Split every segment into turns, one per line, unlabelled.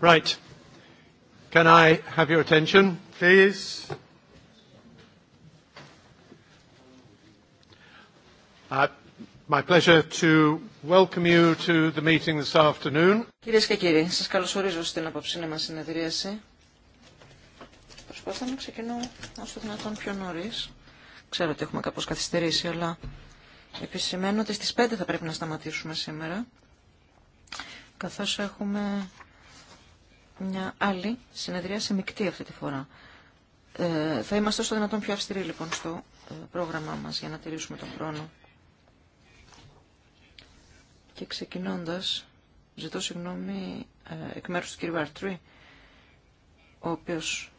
Right. Can I have your attention, please? Uh, my pleasure to welcome you to the meeting this afternoon.
Κυρίες και κύριοι, σας καλωσορίζω στην απόψινή μας συνεδρίαση. Προσπάθησα να ξεκινώ όσο δυνατόν πιο νωρίς. Ξέρω ότι έχουμε κάπως καθυστερήσει, αλλά επισημαίνω ότι στις 5 θα πρέπει να σταματήσουμε σήμερα, καθώς έχουμε μια άλλη συνεδρία σε μεικτή αυτή τη φορά. Ε, θα είμαστε όσο δυνατόν πιο αυστηροί λοιπόν στο ε, πρόγραμμά μας για να τηρήσουμε τον χρόνο. Και ξεκινώντας, ζητώ συγγνώμη ε, εκ μέρους του κ. Βαρτρή, ο οποίος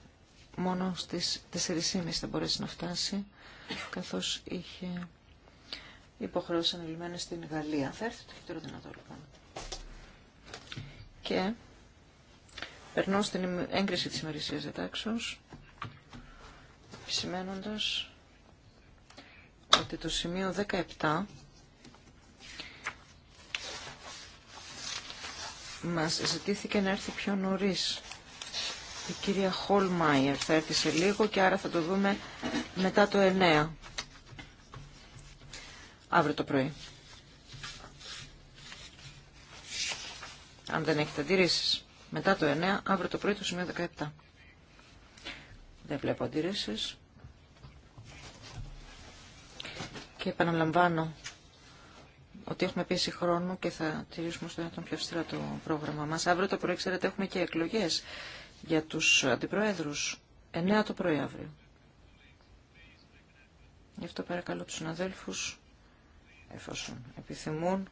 μόνο στις 4.30 θα μπορέσει να φτάσει, καθώς είχε υποχρεώσει ανελειμμένες στην Γαλλία. Θα έρθει το χειρότερο δυνατό λοιπόν. Και Περνώ στην έγκριση της ημερησίας διατάξεως, επισημένοντας ότι το σημείο 17 μας ζητήθηκε να έρθει πιο νωρίς. Η κυρία Χολμάιερ θα έρθει σε λίγο και άρα θα το δούμε μετά το 9. Αύριο το πρωί. Αν δεν έχετε αντιρρήσεις μετά το 9, αύριο το πρωί το σημείο 17. Δεν βλέπω αντιρρήσεις. Και επαναλαμβάνω ότι έχουμε πίεση χρόνου και θα τηρήσουμε στο δυνατόν πιο αυστηρά το πρόγραμμα μας. Αύριο το πρωί, ξέρετε, έχουμε και εκλογές για τους αντιπροέδρους. 9 το πρωί αύριο. Γι' αυτό παρακαλώ τους συναδέλφους, εφόσον επιθυμούν,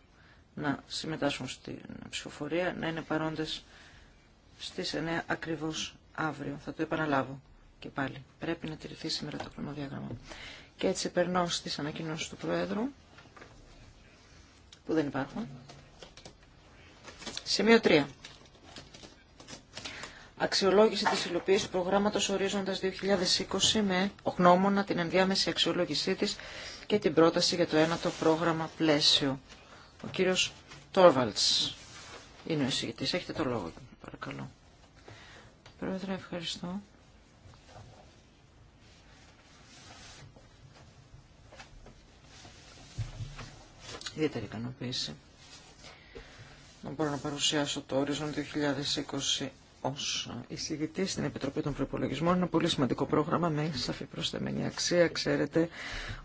να συμμετάσχουν στην ψηφοφορία, να είναι παρόντες στις 9 ακριβώς αύριο. Θα το επαναλάβω και πάλι. Πρέπει να τηρηθεί σήμερα το χρονοδιάγραμμα. Και έτσι περνώ στις ανακοινώσεις του Προέδρου, που δεν υπάρχουν. Σημείο 3. Αξιολόγηση της υλοποίησης προγράμματος ορίζοντας 2020 με γνώμονα την ενδιάμεση αξιολόγησή της και την πρόταση για το ένατο πρόγραμμα πλαίσιο. Ο κύριος Τόρβαλτς είναι ο εισηγητής. Έχετε το λόγο παρακαλώ. Πρόεδρε, ευχαριστώ. Ιδιαίτερη ικανοποίηση. Να μπορώ να παρουσιάσω το όριζον 2020 ως εισηγητή στην Επιτροπή των Προπολογισμών. Ένα πολύ σημαντικό πρόγραμμα με σαφή προσθεμένη αξία. Ξέρετε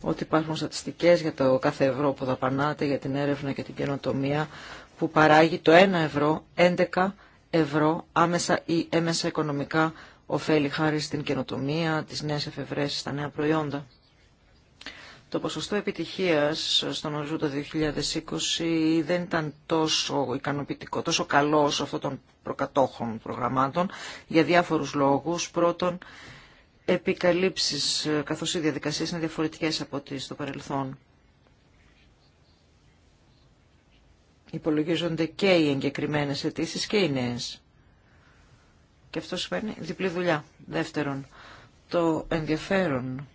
ότι υπάρχουν στατιστικέ για το κάθε ευρώ που δαπανάτε, για την έρευνα και την καινοτομία, που παράγει το 1 ευρώ 11 ευρώ άμεσα ή έμεσα οικονομικά ωφέλη χάρη στην καινοτομία, τις νέες εφευρέσεις, τα νέα προϊόντα. Το ποσοστό επιτυχίας στον το 2020 δεν ήταν τόσο ικανοποιητικό, τόσο καλό όσο αυτό των προκατόχων προγραμμάτων για διάφορους λόγους. Πρώτον, επικαλύψεις καθώς οι διαδικασίες είναι διαφορετικές από τις στο παρελθόν. υπολογίζονται και οι εγκεκριμένε αιτήσει και οι νέε. Και αυτό σημαίνει διπλή δουλειά. Δεύτερον, το ενδιαφέρον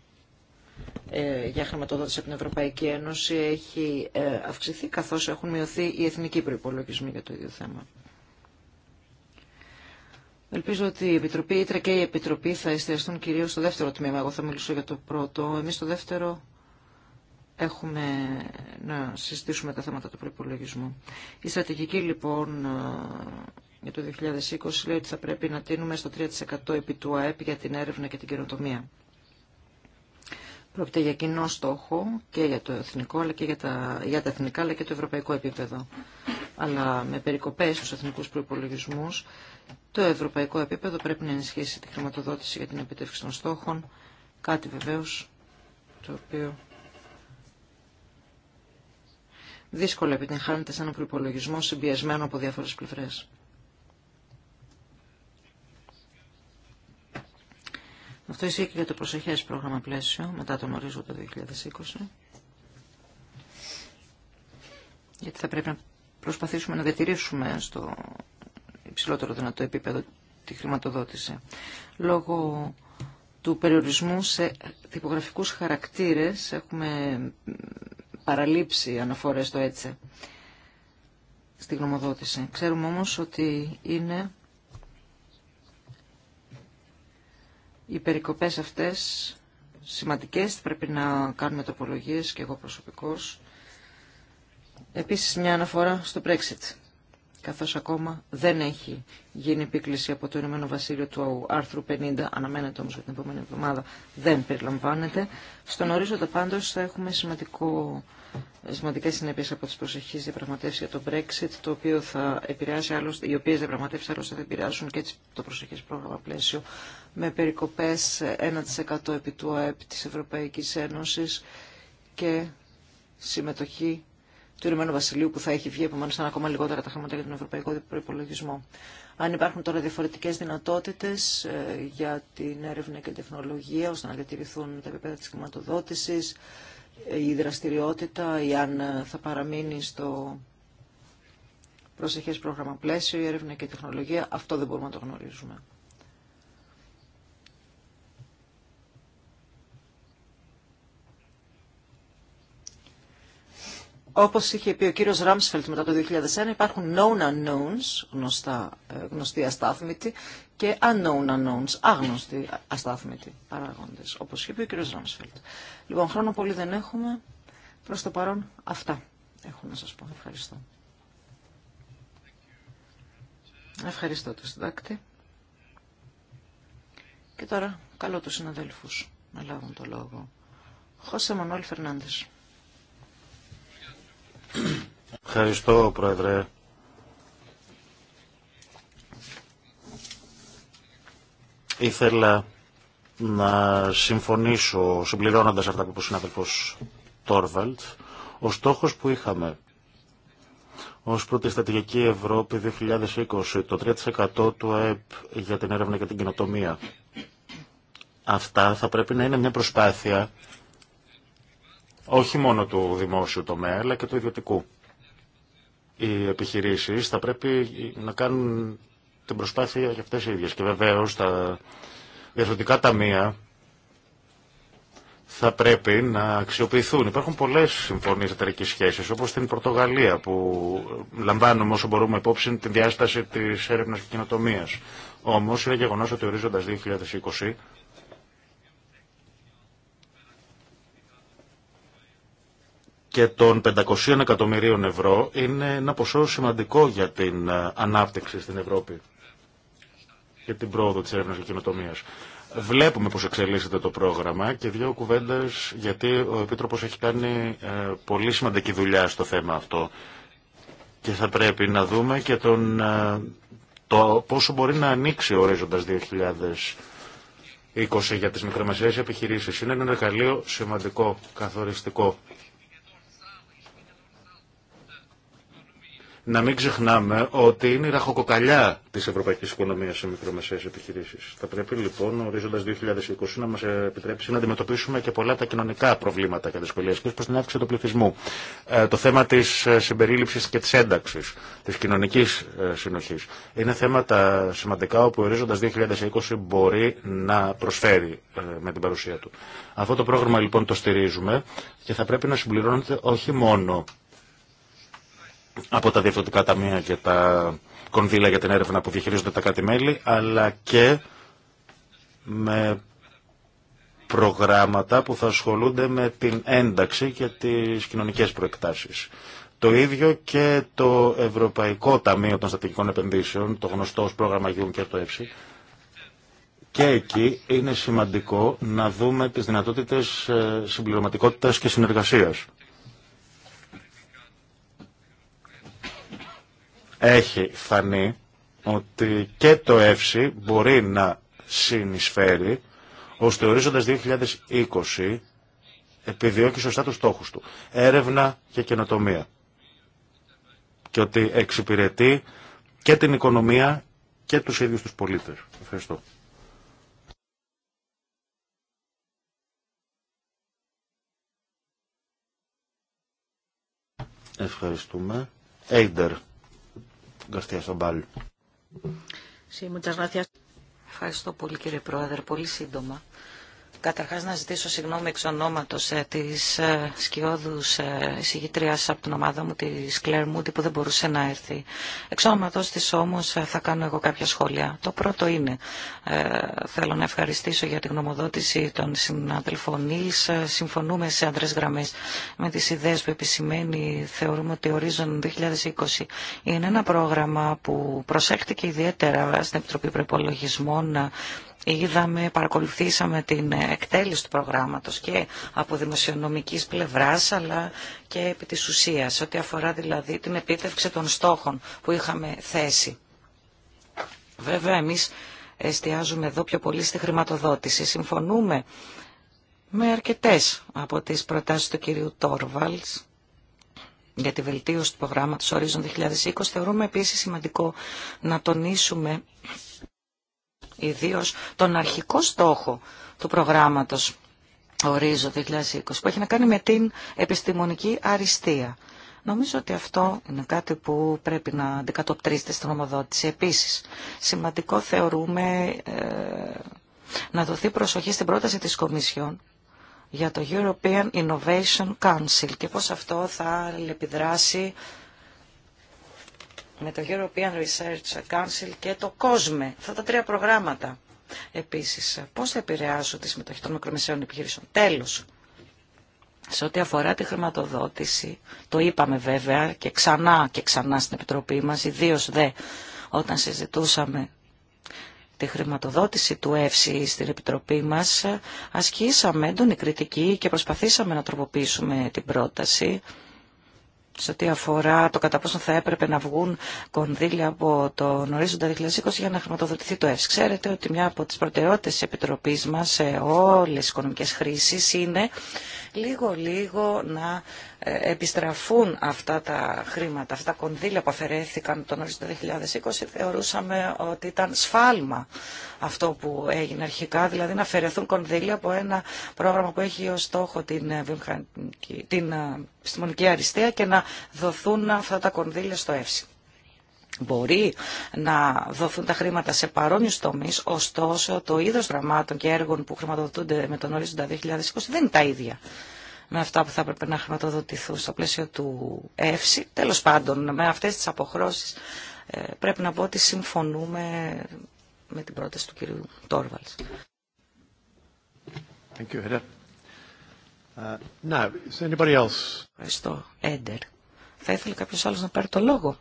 ε, για χρηματοδότηση από την Ευρωπαϊκή Ένωση έχει ε, αυξηθεί καθώς έχουν μειωθεί οι εθνικοί προϋπολογισμοί για το ίδιο θέμα. Ελπίζω ότι η Επιτροπή Ήτρα και η Επιτροπή θα εστιαστούν κυρίως στο δεύτερο τμήμα. Εγώ θα μιλήσω για το πρώτο. Εμείς το δεύτερο έχουμε να συζητήσουμε τα θέματα του προπολογισμού. Η στρατηγική λοιπόν ε, για το 2020 λέει ότι θα πρέπει να τίνουμε στο 3% επί του ΑΕΠ για την έρευνα και την καινοτομία. Πρόκειται για κοινό στόχο και για το εθνικό, αλλά και για τα, για τα εθνικά, αλλά και το ευρωπαϊκό επίπεδο. Αλλά με περικοπές στους εθνικούς προπολογισμού, το ευρωπαϊκό επίπεδο πρέπει να ενισχύσει τη χρηματοδότηση για την επιτεύξη των στόχων, κάτι βεβαίω το οποίο δύσκολα επιτυγχάνεται σε έναν προπολογισμό συμπιεσμένο από διάφορες πλευρέ. Αυτό ισχύει και για το προσεχές πρόγραμμα πλαίσιο μετά τον ορίζοντα 2020. Γιατί θα πρέπει να προσπαθήσουμε να διατηρήσουμε στο υψηλότερο δυνατό επίπεδο τη χρηματοδότηση. Λόγω του περιορισμού σε τυπογραφικούς χαρακτήρες έχουμε παραλείψει αναφορές στο έτσι στη γνωμοδότηση. Ξέρουμε όμως ότι είναι οι περικοπές αυτές σημαντικές, πρέπει να κάνουμε τοπολογίες και εγώ προσωπικώς. Επίσης μια αναφορά στο Brexit καθώς ακόμα δεν έχει γίνει επίκληση από το Ηνωμένο Βασίλειο του άρθρου 50, αναμένεται όμως για την επόμενη εβδομάδα, δεν περιλαμβάνεται. Στον ορίζοντα πάντως θα έχουμε σημαντικό, σημαντικές συνέπειες από τις προσεχείς διαπραγματεύσεις για το Brexit, το οποίο θα επηρεάσει άλλωστε, οι οποίες διαπραγματεύσεις άλλωστε θα επηρεάσουν και το προσεχές πρόγραμμα πλαίσιο με περικοπές 1% επί του ΑΕΠ της Ευρωπαϊκής Ένωσης και συμμετοχή του Ηνωμένου Βασιλείου που θα έχει βγει, επομένω θα είναι ακόμα λιγότερα τα χρήματα για τον ευρωπαϊκό προπολογισμό. Αν υπάρχουν τώρα διαφορετικέ δυνατότητε ε, για την έρευνα και τεχνολογία, ώστε να διατηρηθούν τα επίπεδα τη χρηματοδότηση, ε, η δραστηριότητα ή αν ε, θα παραμείνει στο προσεχές πρόγραμμα πλαίσιο, η έρευνα και η τεχνολογία, αυτό δεν μπορούμε να το γνωρίζουμε. Όπως είχε πει ο κύριος Ράμσφελτ μετά το 2001, υπάρχουν known unknowns, γνωστά, ε, γνωστοί αστάθμητοι, και unknown unknowns, άγνωστοι αστάθμητοι παράγοντες, όπως είχε πει ο κύριος Ράμσφελτ. Λοιπόν, χρόνο πολύ δεν έχουμε. Προς το παρόν αυτά έχω να σας πω. Ευχαριστώ. Ευχαριστώ τον συντάκτη. Και τώρα καλώ τους συναδέλφους να λάβουν το λόγο. Χώσε Μανώλη Φερνάνδης.
Ευχαριστώ, Πρόεδρε. Ήθελα να συμφωνήσω συμπληρώνοντας αυτά που είπε ο συνάδελφος Τόρβαλτ. Ο στόχος που είχαμε ως πρώτη στρατηγική Ευρώπη 2020, το 3% του ΑΕΠ για την έρευνα και την κοινοτομία. Αυτά θα πρέπει να είναι μια προσπάθεια όχι μόνο του δημόσιου τομέα, αλλά και του ιδιωτικού. Οι επιχειρήσει θα πρέπει να κάνουν την προσπάθεια για αυτέ οι ίδιε. Και βεβαίω τα διευθυντικά ταμεία θα πρέπει να αξιοποιηθούν. Υπάρχουν πολλές συμφωνίε εταιρικής σχέσης, όπως στην Πορτογαλία, που λαμβάνουμε όσο μπορούμε υπόψη τη διάσταση τη έρευνα και κοινοτομία. Όμω, είναι γεγονό ότι ορίζοντα 2020 και των 500 εκατομμυρίων ευρώ είναι ένα ποσό σημαντικό για την ε, ανάπτυξη στην Ευρώπη και την πρόοδο της έρευνας και κοινοτομίας. Βλέπουμε πώς εξελίσσεται το πρόγραμμα και δύο κουβέντες γιατί ο Επίτροπος έχει κάνει ε, πολύ σημαντική δουλειά στο θέμα αυτό και θα πρέπει να δούμε και τον, ε, το πόσο μπορεί να ανοίξει ο ορίζοντας 2020 για τις μικρομεσαίες επιχειρήσεις. Είναι ένα εργαλείο σημαντικό, καθοριστικό να μην ξεχνάμε ότι είναι η ραχοκοκαλιά τη ευρωπαϊκή οικονομία σε μικρομεσαίε επιχειρήσει. Θα πρέπει λοιπόν ο ορίζοντα 2020 να μα επιτρέψει να αντιμετωπίσουμε και πολλά τα κοινωνικά προβλήματα και δυσκολίε και προ την αύξηση του πληθυσμού. Ε, το θέμα τη ε, συμπερίληψη και τη ένταξη, τη κοινωνική ε, συνοχή. Είναι θέματα σημαντικά όπου ο ορίζοντα 2020 μπορεί να προσφέρει με την παρουσία του. Αυτό το πρόγραμμα λοιπόν το στηρίζουμε και θα πρέπει να συμπληρώνεται όχι μόνο από τα διευθυντικά ταμεία και τα κονδύλα για την έρευνα που διαχειρίζονται τα κάτι μελη αλλά και με προγράμματα που θα ασχολούνται με την ένταξη και τις κοινωνικές προεκτάσεις. Το ίδιο και το Ευρωπαϊκό Ταμείο των Στατικών Επενδύσεων, το γνωστό ως πρόγραμμα Juncker, το ΕΨΙ, και εκεί είναι σημαντικό να δούμε τις δυνατότητες ε, συμπληρωματικότητας και συνεργασίας έχει φανεί ότι και το ΕΦΣΥ μπορεί να συνεισφέρει ώστε ορίζοντας 2020 επιδιώκει σωστά τους στόχους του. Έρευνα και καινοτομία. Και ότι εξυπηρετεί και την οικονομία και τους ίδιους τους πολίτες. Ευχαριστώ. Ευχαριστούμε. Έιντερ.
Ευχαριστώ πολύ κύριε Πρόεδρε. Πολύ σύντομα. Καταρχάς να ζητήσω συγγνώμη εξ ονόματος ε, της ε, σκιώδους ε, εισηγητρίας από την ομάδα μου της Κλέρ Μούντι που δεν μπορούσε να έρθει. Εξ ονόματος της όμως θα κάνω εγώ κάποια σχόλια. Το πρώτο είναι, θέλω να ευχαριστήσω για την γνωμοδότηση των συναδελφών Ε, Συμφωνούμε σε αντρές γραμμές με τις ιδέες που επισημαίνει. Θεωρούμε ότι ορίζον 2020 είναι ένα πρόγραμμα που προσέχτηκε ιδιαίτερα στην Επιτροπή Προπολογισμών είδαμε, παρακολουθήσαμε την εκτέλεση του προγράμματος και από δημοσιονομικής πλευράς αλλά και επί της ουσίας, ό,τι αφορά δηλαδή την επίτευξη των στόχων που είχαμε θέσει. Βέβαια εμείς εστιάζουμε εδώ πιο πολύ στη χρηματοδότηση. Συμφωνούμε με αρκετές από τις προτάσεις του κυρίου Τόρβαλς για τη βελτίωση του προγράμματος Horizon 2020. Θεωρούμε επίσης σημαντικό να τονίσουμε ιδίως τον αρχικό στόχο του προγράμματος Ορίζω 2020 που έχει να κάνει με την επιστημονική αριστεία. Νομίζω ότι αυτό είναι κάτι που πρέπει να αντικατοπτρίζεται στην ομοδότηση. Επίσης, σημαντικό θεωρούμε ε, να δοθεί προσοχή στην πρόταση της Κομισιόν για το European Innovation Council και πώς αυτό θα επιδράσει με το European Research Council και το COSME. Αυτά τα τρία προγράμματα επίσης. Πώς θα επηρεάσουν τη συμμετοχή των μικρομεσαίων επιχειρήσεων. Τέλος, σε ό,τι αφορά τη χρηματοδότηση, το είπαμε βέβαια και ξανά και ξανά στην Επιτροπή μας, ιδίω δε όταν συζητούσαμε τη χρηματοδότηση του ΕΦΣΙ στην Επιτροπή μας, ασκήσαμε έντονη κριτική και προσπαθήσαμε να τροποποιήσουμε την πρόταση σε ό,τι αφορά το κατά πόσο θα έπρεπε να βγουν κονδύλια από το ορίζοντα 2020 για να χρηματοδοτηθεί το ΕΣ. Ξέρετε ότι μια από τις προτεραιότητες της Επιτροπής μας σε όλες τις οικονομικές χρήσεις είναι λίγο-λίγο να ε, επιστραφούν αυτά τα χρήματα, αυτά τα κονδύλια που αφαιρέθηκαν τον του 2020. Θεωρούσαμε ότι ήταν σφάλμα αυτό που έγινε αρχικά, δηλαδή να αφαιρεθούν κονδύλια από ένα πρόγραμμα που έχει ως στόχο την, ε, την ε, επιστημονική αριστεία και να δοθούν αυτά τα κονδύλια στο ΕΦΣΙ. Μπορεί να δοθούν τα χρήματα σε παρόμοιου τομεί, ωστόσο το είδο δραμάτων και έργων που χρηματοδοτούνται με τον ορίζοντα 2020 δεν είναι τα ίδια με αυτά που θα έπρεπε να χρηματοδοτηθούν στο πλαίσιο του ΕΦΣΥ. Τέλο πάντων, με αυτέ τι αποχρώσει ε, πρέπει να πω ότι συμφωνούμε με την πρόταση του κυρίου Τόρβαλ. Uh, Ευχαριστώ, Έντερ. Θα ήθελε κάποιο άλλο να πάρει το λόγο.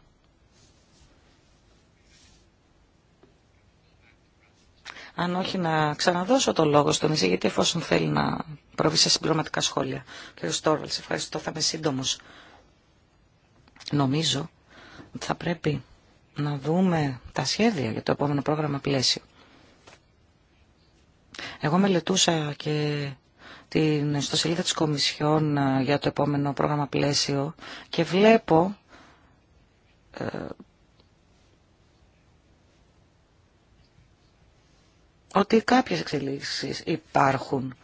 αν όχι να ξαναδώσω το λόγο στον γιατί εφόσον θέλει να προβεί σε συμπληρωματικά σχόλια. Κύριε Στόρβαλ, σε ευχαριστώ, θα είμαι σύντομο. Νομίζω ότι θα πρέπει να δούμε τα σχέδια για το επόμενο πρόγραμμα πλαίσιο. Εγώ μελετούσα και την ιστοσελίδα της Κομισιόν ε, για το επόμενο πρόγραμμα πλαίσιο και βλέπω ε, ότι κάποιες εξελίξεις υπάρχουν.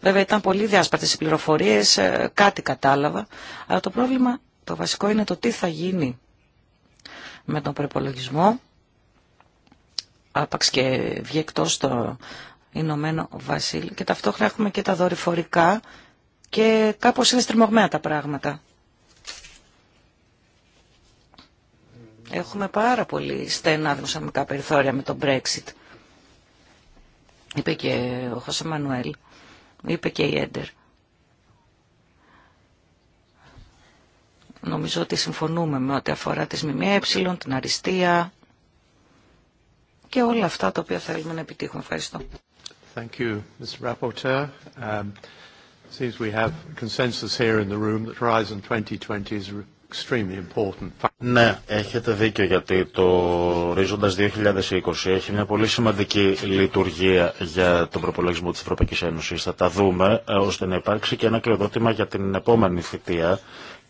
Βέβαια ήταν πολύ διάσπαρτες οι πληροφορίες, ε, κάτι κατάλαβα, αλλά το πρόβλημα το βασικό είναι το τι θα γίνει με τον προπολογισμό, άπαξ και βγει εκτό το Ηνωμένο Βασίλειο και ταυτόχρονα έχουμε και τα δορυφορικά και κάπως είναι στριμωγμένα τα πράγματα. Έχουμε πάρα πολύ στενά δημοσιονομικά περιθώρια με το Brexit είπε και ο Χωσέ Μανουέλ, είπε και η Έντερ. Νομίζω ότι συμφωνούμε με ό,τι αφορά τις ΜΜΕ, την αριστεία και όλα αυτά τα οποία θέλουμε να επιτύχουμε. Ευχαριστώ.
Thank you, Mr. Rapporteur. Um, seems we have consensus here in the room that Horizon 2020 is ναι, έχετε δίκιο γιατί το ορίζοντα 2020 έχει μια πολύ σημαντική λειτουργία για τον προπολογισμό της Ευρωπαϊκής Ένωσης. Θα τα δούμε ε, ώστε να υπάρξει και ένα κληροδότημα για την επόμενη θητεία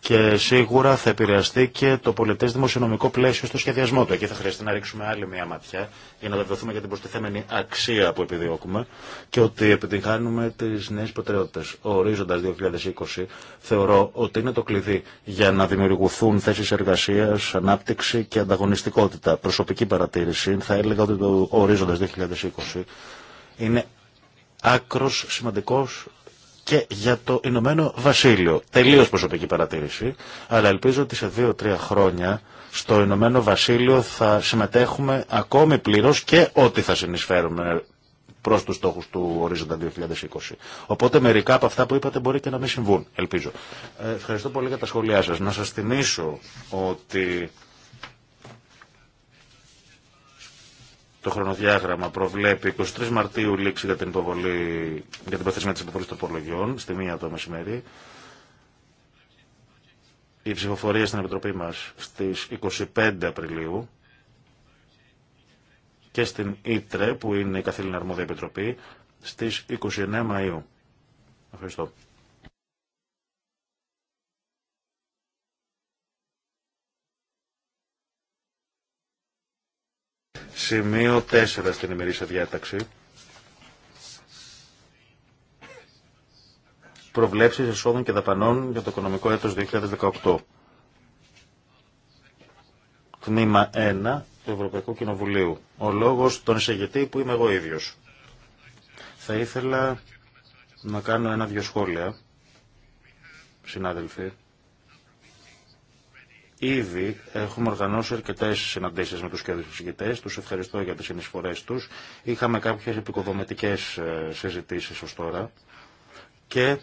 και σίγουρα θα επηρεαστεί και το πολιτέ δημοσιονομικό πλαίσιο στο σχεδιασμό του. Εκεί θα χρειαστεί να ρίξουμε άλλη μία ματιά για να βεβαιωθούμε για την προστιθέμενη αξία που επιδιώκουμε και ότι επιτυγχάνουμε τι νέε προτεραιότητε. Ο ορίζοντα 2020 θεωρώ ότι είναι το κλειδί για να δημιουργηθούν θέσει εργασία, ανάπτυξη και ανταγωνιστικότητα. Προσωπική παρατήρηση θα έλεγα ότι το ορίζοντα 2020 είναι άκρο σημαντικό και για το Ηνωμένο Βασίλειο. Τελείως προσωπική παρατήρηση, αλλά ελπίζω ότι σε δύο-τρία χρόνια στο Ηνωμένο Βασίλειο θα συμμετέχουμε ακόμη πλήρως και ότι θα συνεισφέρουμε προ του στόχου του ορίζοντα 2020. Οπότε μερικά από αυτά που είπατε μπορεί και να μην συμβούν, ελπίζω. Ε, ευχαριστώ πολύ για τα σχόλιά σα. Να σα θυμίσω ότι Το χρονοδιάγραμμα προβλέπει 23 Μαρτίου λήξη για την, υποβολή, για την προθεσμία της υποβολής των στη μία το μεσημέρι. Η ψηφοφορία στην Επιτροπή μας στις 25 Απριλίου και στην Ήτρε, που είναι η καθήλυνα αρμόδια επιτροπή, στις 29 Μαΐου. Ευχαριστώ. Σημείο 4 στην ημερήσια διάταξη. Προβλέψεις εσόδων και δαπανών για το οικονομικό έτος 2018. Τμήμα 1 του Ευρωπαϊκού Κοινοβουλίου. Ο λόγος των εισαγητή που είμαι εγώ ίδιος. Θα ήθελα να κάνω ένα-δυο σχόλια, συνάδελφοι. Ήδη έχουμε οργανώσει αρκετέ συναντήσει με του κέντρου τους Του ευχαριστώ για τι συνεισφορέ του. Είχαμε κάποιε επικοδομητικέ ε, συζητήσει ω τώρα. Και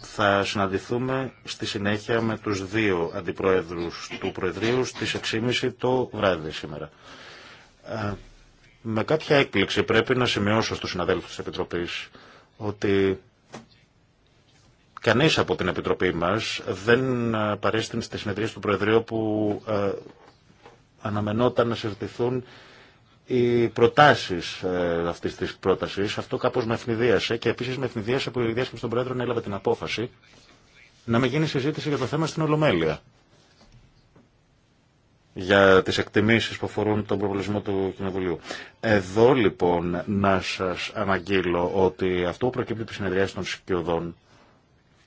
θα συναντηθούμε στη συνέχεια με τους δύο αντιπροέδρους του Προεδρείου στις 6.30 το βράδυ σήμερα. Ε, με κάποια έκπληξη πρέπει να σημειώσω στους συναδέλφους της Επιτροπής ότι Κανείς από την Επιτροπή μας δεν ε, παρέστην στις συνεδρίες του Προεδρείου που ε, αναμενόταν να συζητηθούν οι προτάσεις ε, αυτής της πρότασης. Αυτό κάπως με ευνηδίασε και επίσης με ευνηδίασε που η διάσκεψη των Προέδρων έλαβε την απόφαση να με γίνει συζήτηση για το θέμα στην Ολομέλεια για τις εκτιμήσεις που αφορούν τον προβολισμό του Κοινοβουλίου. Εδώ λοιπόν να σας αναγγείλω ότι αυτό που προκύπτει από τη συνεδριάση των σκιωδών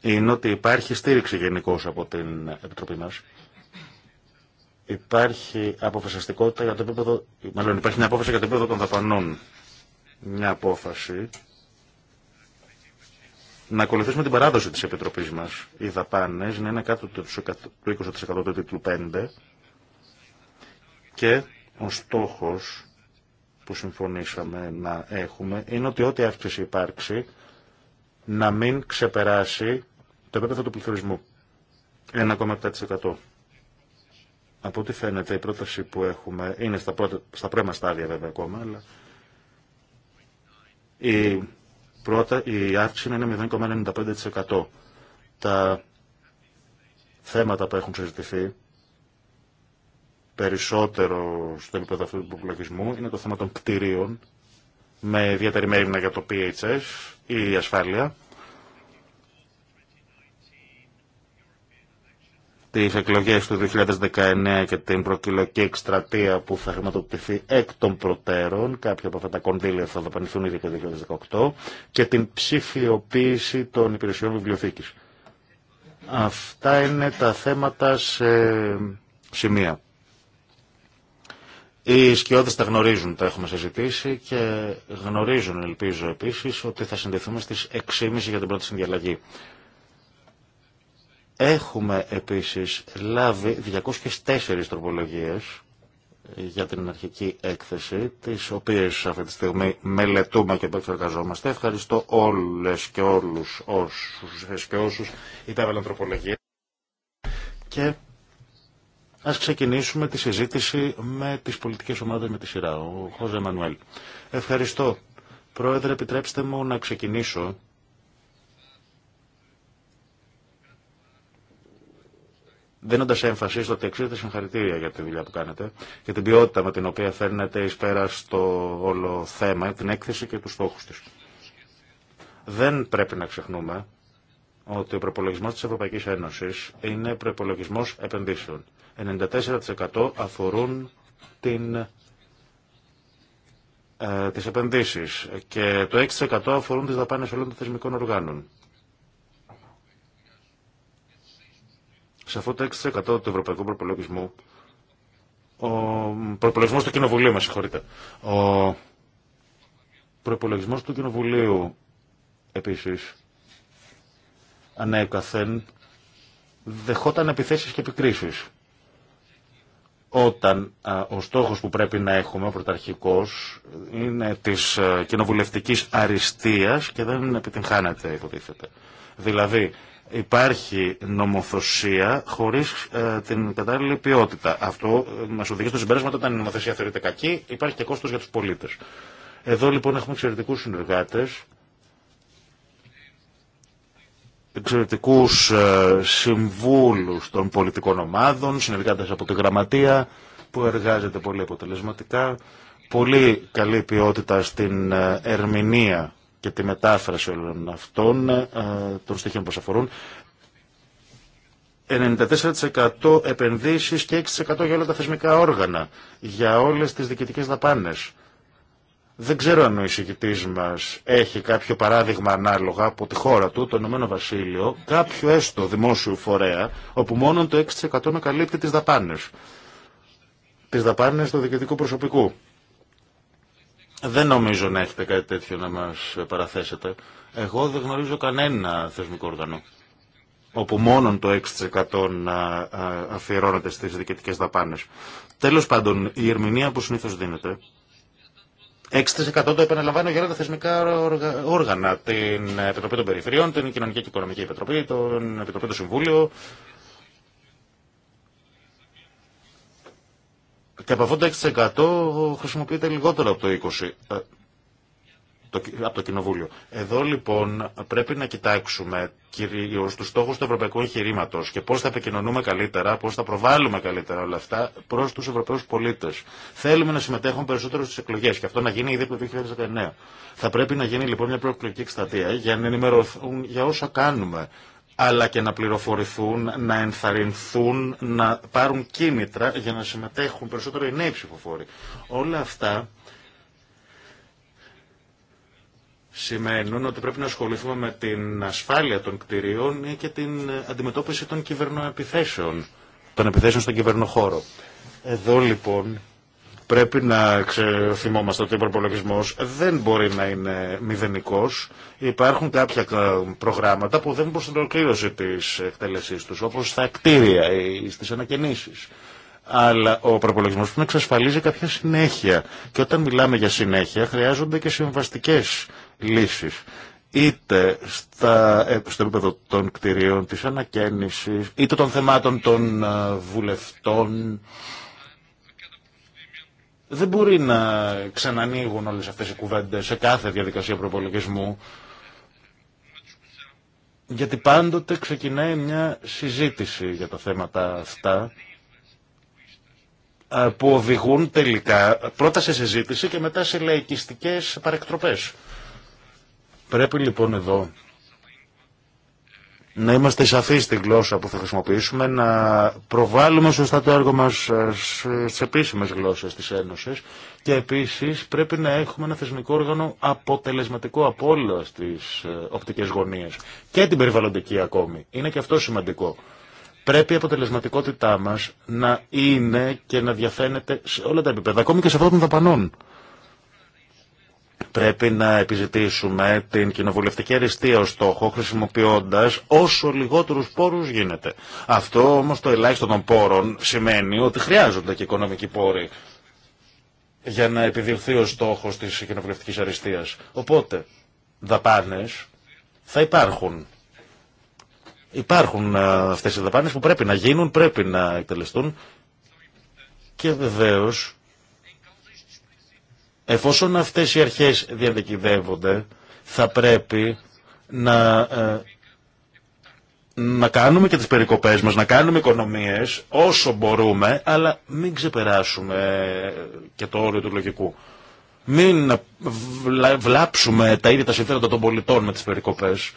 είναι ότι υπάρχει στήριξη γενικώ από την Επιτροπή μας. Υπάρχει αποφασιστικότητα για το επίπεδο, μάλλον υπάρχει μια απόφαση για το επίπεδο των δαπανών. Μια απόφαση να ακολουθήσουμε την παράδοση της Επιτροπής μας. Οι δαπάνες να είναι κάτω του 20% του τίτλου 5 και ο στόχος που συμφωνήσαμε να έχουμε είναι ότι ό,τι αύξηση υπάρξει να μην ξεπεράσει το επίπεδο του πληθωρισμού. 1,7%. Από ό,τι φαίνεται η πρόταση που έχουμε είναι στα, πρώτα, στα στάδια βέβαια ακόμα, αλλά η, πρώτα, αύξηση είναι 0,95%. Τα θέματα που έχουν συζητηθεί περισσότερο στο επίπεδο αυτού του πληθωρισμού είναι το θέμα των κτηρίων με ιδιαίτερη μέρημνα για το PHS ή η ασφάλεια τις εκλογές του 2019 και την προκυλοκή εκστρατεία που θα χρηματοδοτηθεί εκ των προτέρων, κάποια από αυτά τα κονδύλια θα δαπανηθούν ήδη το 2018, και την ψηφιοποίηση των υπηρεσιών βιβλιοθήκης. Αυτά είναι τα θέματα σε σημεία. Οι σκιώδες τα γνωρίζουν, τα έχουμε συζητήσει και γνωρίζουν, ελπίζω επίσης, ότι θα συνδεθούμε στις 6.30 για την πρώτη συνδιαλλαγή. Έχουμε επίσης λάβει 204 τροπολογίες για την αρχική έκθεση, τις οποίες αυτή τη στιγμή μελετούμε και επεξεργαζόμαστε. Ευχαριστώ όλες και όλους όσους και όσους υπέβαλαν τροπολογία. Και ας ξεκινήσουμε τη συζήτηση με τις πολιτικές ομάδες με τη σειρά. Ο Χώζε Μανουέλ. Ευχαριστώ. Πρόεδρε, επιτρέψτε μου να ξεκινήσω δίνοντα έμφαση στο ότι εξήρετε συγχαρητήρια για τη δουλειά που κάνετε και την ποιότητα με την οποία φέρνετε ει πέρα στο όλο θέμα, την έκθεση και του στόχου τη. Δεν πρέπει να ξεχνούμε ότι ο προπολογισμό τη Ευρωπαϊκή Ένωση είναι προπολογισμό επενδύσεων. 94% αφορούν την ε, τις επενδύσεις και το 6% αφορούν τις δαπάνες όλων των θεσμικών οργάνων. σε αυτό το 6% του ευρωπαϊκού προπολογισμού, ο προπολογισμό του Κοινοβουλίου, με συγχωρείτε, ο προπολογισμό του Κοινοβουλίου επίση ανέκαθεν δεχόταν επιθέσεις και επικρίσεις. Όταν ο στόχος που πρέπει να έχουμε, ο πρωταρχικός, είναι της α, ε, κοινοβουλευτικής αριστείας και δεν επιτυγχάνεται, υποτίθεται. Δηλαδή, υπάρχει νομοθεσία χωρίς ε, την κατάλληλη ποιότητα. Αυτό ε, μας οδηγεί στο συμπέρασμα ότι όταν η νομοθεσία θεωρείται κακή υπάρχει και κόστος για τους πολίτες. Εδώ λοιπόν έχουμε εξαιρετικούς συνεργάτες, εξαιρετικούς ε, συμβούλους των πολιτικών ομάδων, συνεργάτες από τη γραμματεία που εργάζεται πολύ αποτελεσματικά, πολύ καλή ποιότητα στην ερμηνεία και τη μετάφραση όλων αυτών ε, των στοιχείων που αφορούν. 94% επενδύσεις και 6% για όλα τα θεσμικά όργανα, για όλες τις διοικητικές δαπάνες. Δεν ξέρω αν ο εισηγητής μας έχει κάποιο παράδειγμα ανάλογα από τη χώρα του, το Ηνωμένο Βασίλειο, κάποιο έστω δημόσιο φορέα, όπου μόνο το 6% να καλύπτει τι δαπάνε. Τι δαπάνε του διοικητικού προσωπικού. Δεν νομίζω να έχετε κάτι τέτοιο να μας παραθέσετε. Εγώ δεν γνωρίζω κανένα θεσμικό όργανο όπου μόνον το 6% αφιερώνεται στις διοικητικές δαπάνες. Τέλος πάντων, η ερμηνεία που συνήθως δίνεται 6% το επαναλαμβάνω για όλα τα θεσμικά όργανα. Την Επιτροπή των Περιφερειών, την Κοινωνική και Οικονομική Επιτροπή, τον Επιτροπή του Συμβούλιο, Και από αυτό το 6% χρησιμοποιείται λιγότερο από το 20% ε, από το Κοινοβούλιο. Εδώ λοιπόν πρέπει να κοιτάξουμε κυρίω του στόχου του ευρωπαϊκού εγχειρήματο και πώ θα επικοινωνούμε καλύτερα, πώ θα προβάλλουμε καλύτερα όλα αυτά προ του Ευρωπαίου πολίτε. Θέλουμε να συμμετέχουν περισσότερο στι εκλογέ και αυτό να γίνει ήδη από το 2019. Θα πρέπει να γίνει λοιπόν μια προεκλογική εκστατεία για να ενημερωθούν για όσα κάνουμε, αλλά και να πληροφορηθούν, να ενθαρρυνθούν, να πάρουν κίνητρα για να συμμετέχουν περισσότερο οι νέοι ψηφοφόροι. Όλα αυτά σημαίνουν ότι πρέπει να ασχοληθούμε με την ασφάλεια των κτηρίων και την αντιμετώπιση των κυβερνοεπιθέσεων, των επιθέσεων στον κυβερνοχώρο. Εδώ λοιπόν Πρέπει να θυμόμαστε ότι ο προπολογισμό δεν μπορεί να είναι μηδενικό. Υπάρχουν κάποια προγράμματα που δεν προ την ολοκλήρωση τη εκτέλεσή του, όπω στα κτίρια ή στι ανακαινήσει. Αλλά ο προπολογισμό πρέπει να εξασφαλίζει κάποια συνέχεια. Και όταν μιλάμε για συνέχεια, χρειάζονται και συμβαστικέ λύσει είτε στα, ε, στο επίπεδο των κτηρίων, της ανακαίνησης, είτε των θεμάτων των ε, βουλευτών, δεν μπορεί να ξανανοίγουν όλες αυτές οι κουβέντες σε κάθε διαδικασία προπολογισμού. Γιατί πάντοτε ξεκινάει μια συζήτηση για τα θέματα αυτά που οδηγούν τελικά πρώτα σε συζήτηση και μετά σε λαϊκιστικές παρεκτροπές. Πρέπει λοιπόν εδώ να είμαστε σαφεί στην γλώσσα που θα χρησιμοποιήσουμε, να προβάλλουμε σωστά το έργο μας ε, στι επίσημε γλώσσες τη Ένωση. και επίσης πρέπει να έχουμε ένα θεσμικό όργανο αποτελεσματικό από όλε τι ε, οπτικέ γωνίες και την περιβαλλοντική ακόμη. Είναι και αυτό σημαντικό. Πρέπει η αποτελεσματικότητά μα να είναι και να διαφαίνεται σε όλα τα επίπεδα, ακόμη και σε αυτό των δαπανών. Πρέπει να επιζητήσουμε την κοινοβουλευτική αριστεία ως στόχο χρησιμοποιώντας όσο λιγότερους πόρους γίνεται. Αυτό όμως το ελάχιστο των πόρων σημαίνει ότι χρειάζονται και οικονομικοί πόροι για να επιδιωθεί ο στόχος της κοινοβουλευτικής αριστείας. Οπότε, δαπάνες θα υπάρχουν. Υπάρχουν ε, αυτές οι δαπάνες που πρέπει να γίνουν, πρέπει να εκτελεστούν και βεβαίως Εφόσον αυτές οι αρχές διαδικηδεύονται, θα πρέπει να, ε, να κάνουμε και τις περικοπές μας, να κάνουμε οικονομίες όσο μπορούμε, αλλά μην ξεπεράσουμε και το όριο του λογικού. Μην βλάψουμε τα ίδια τα συμφέροντα των πολιτών με τις περικοπές.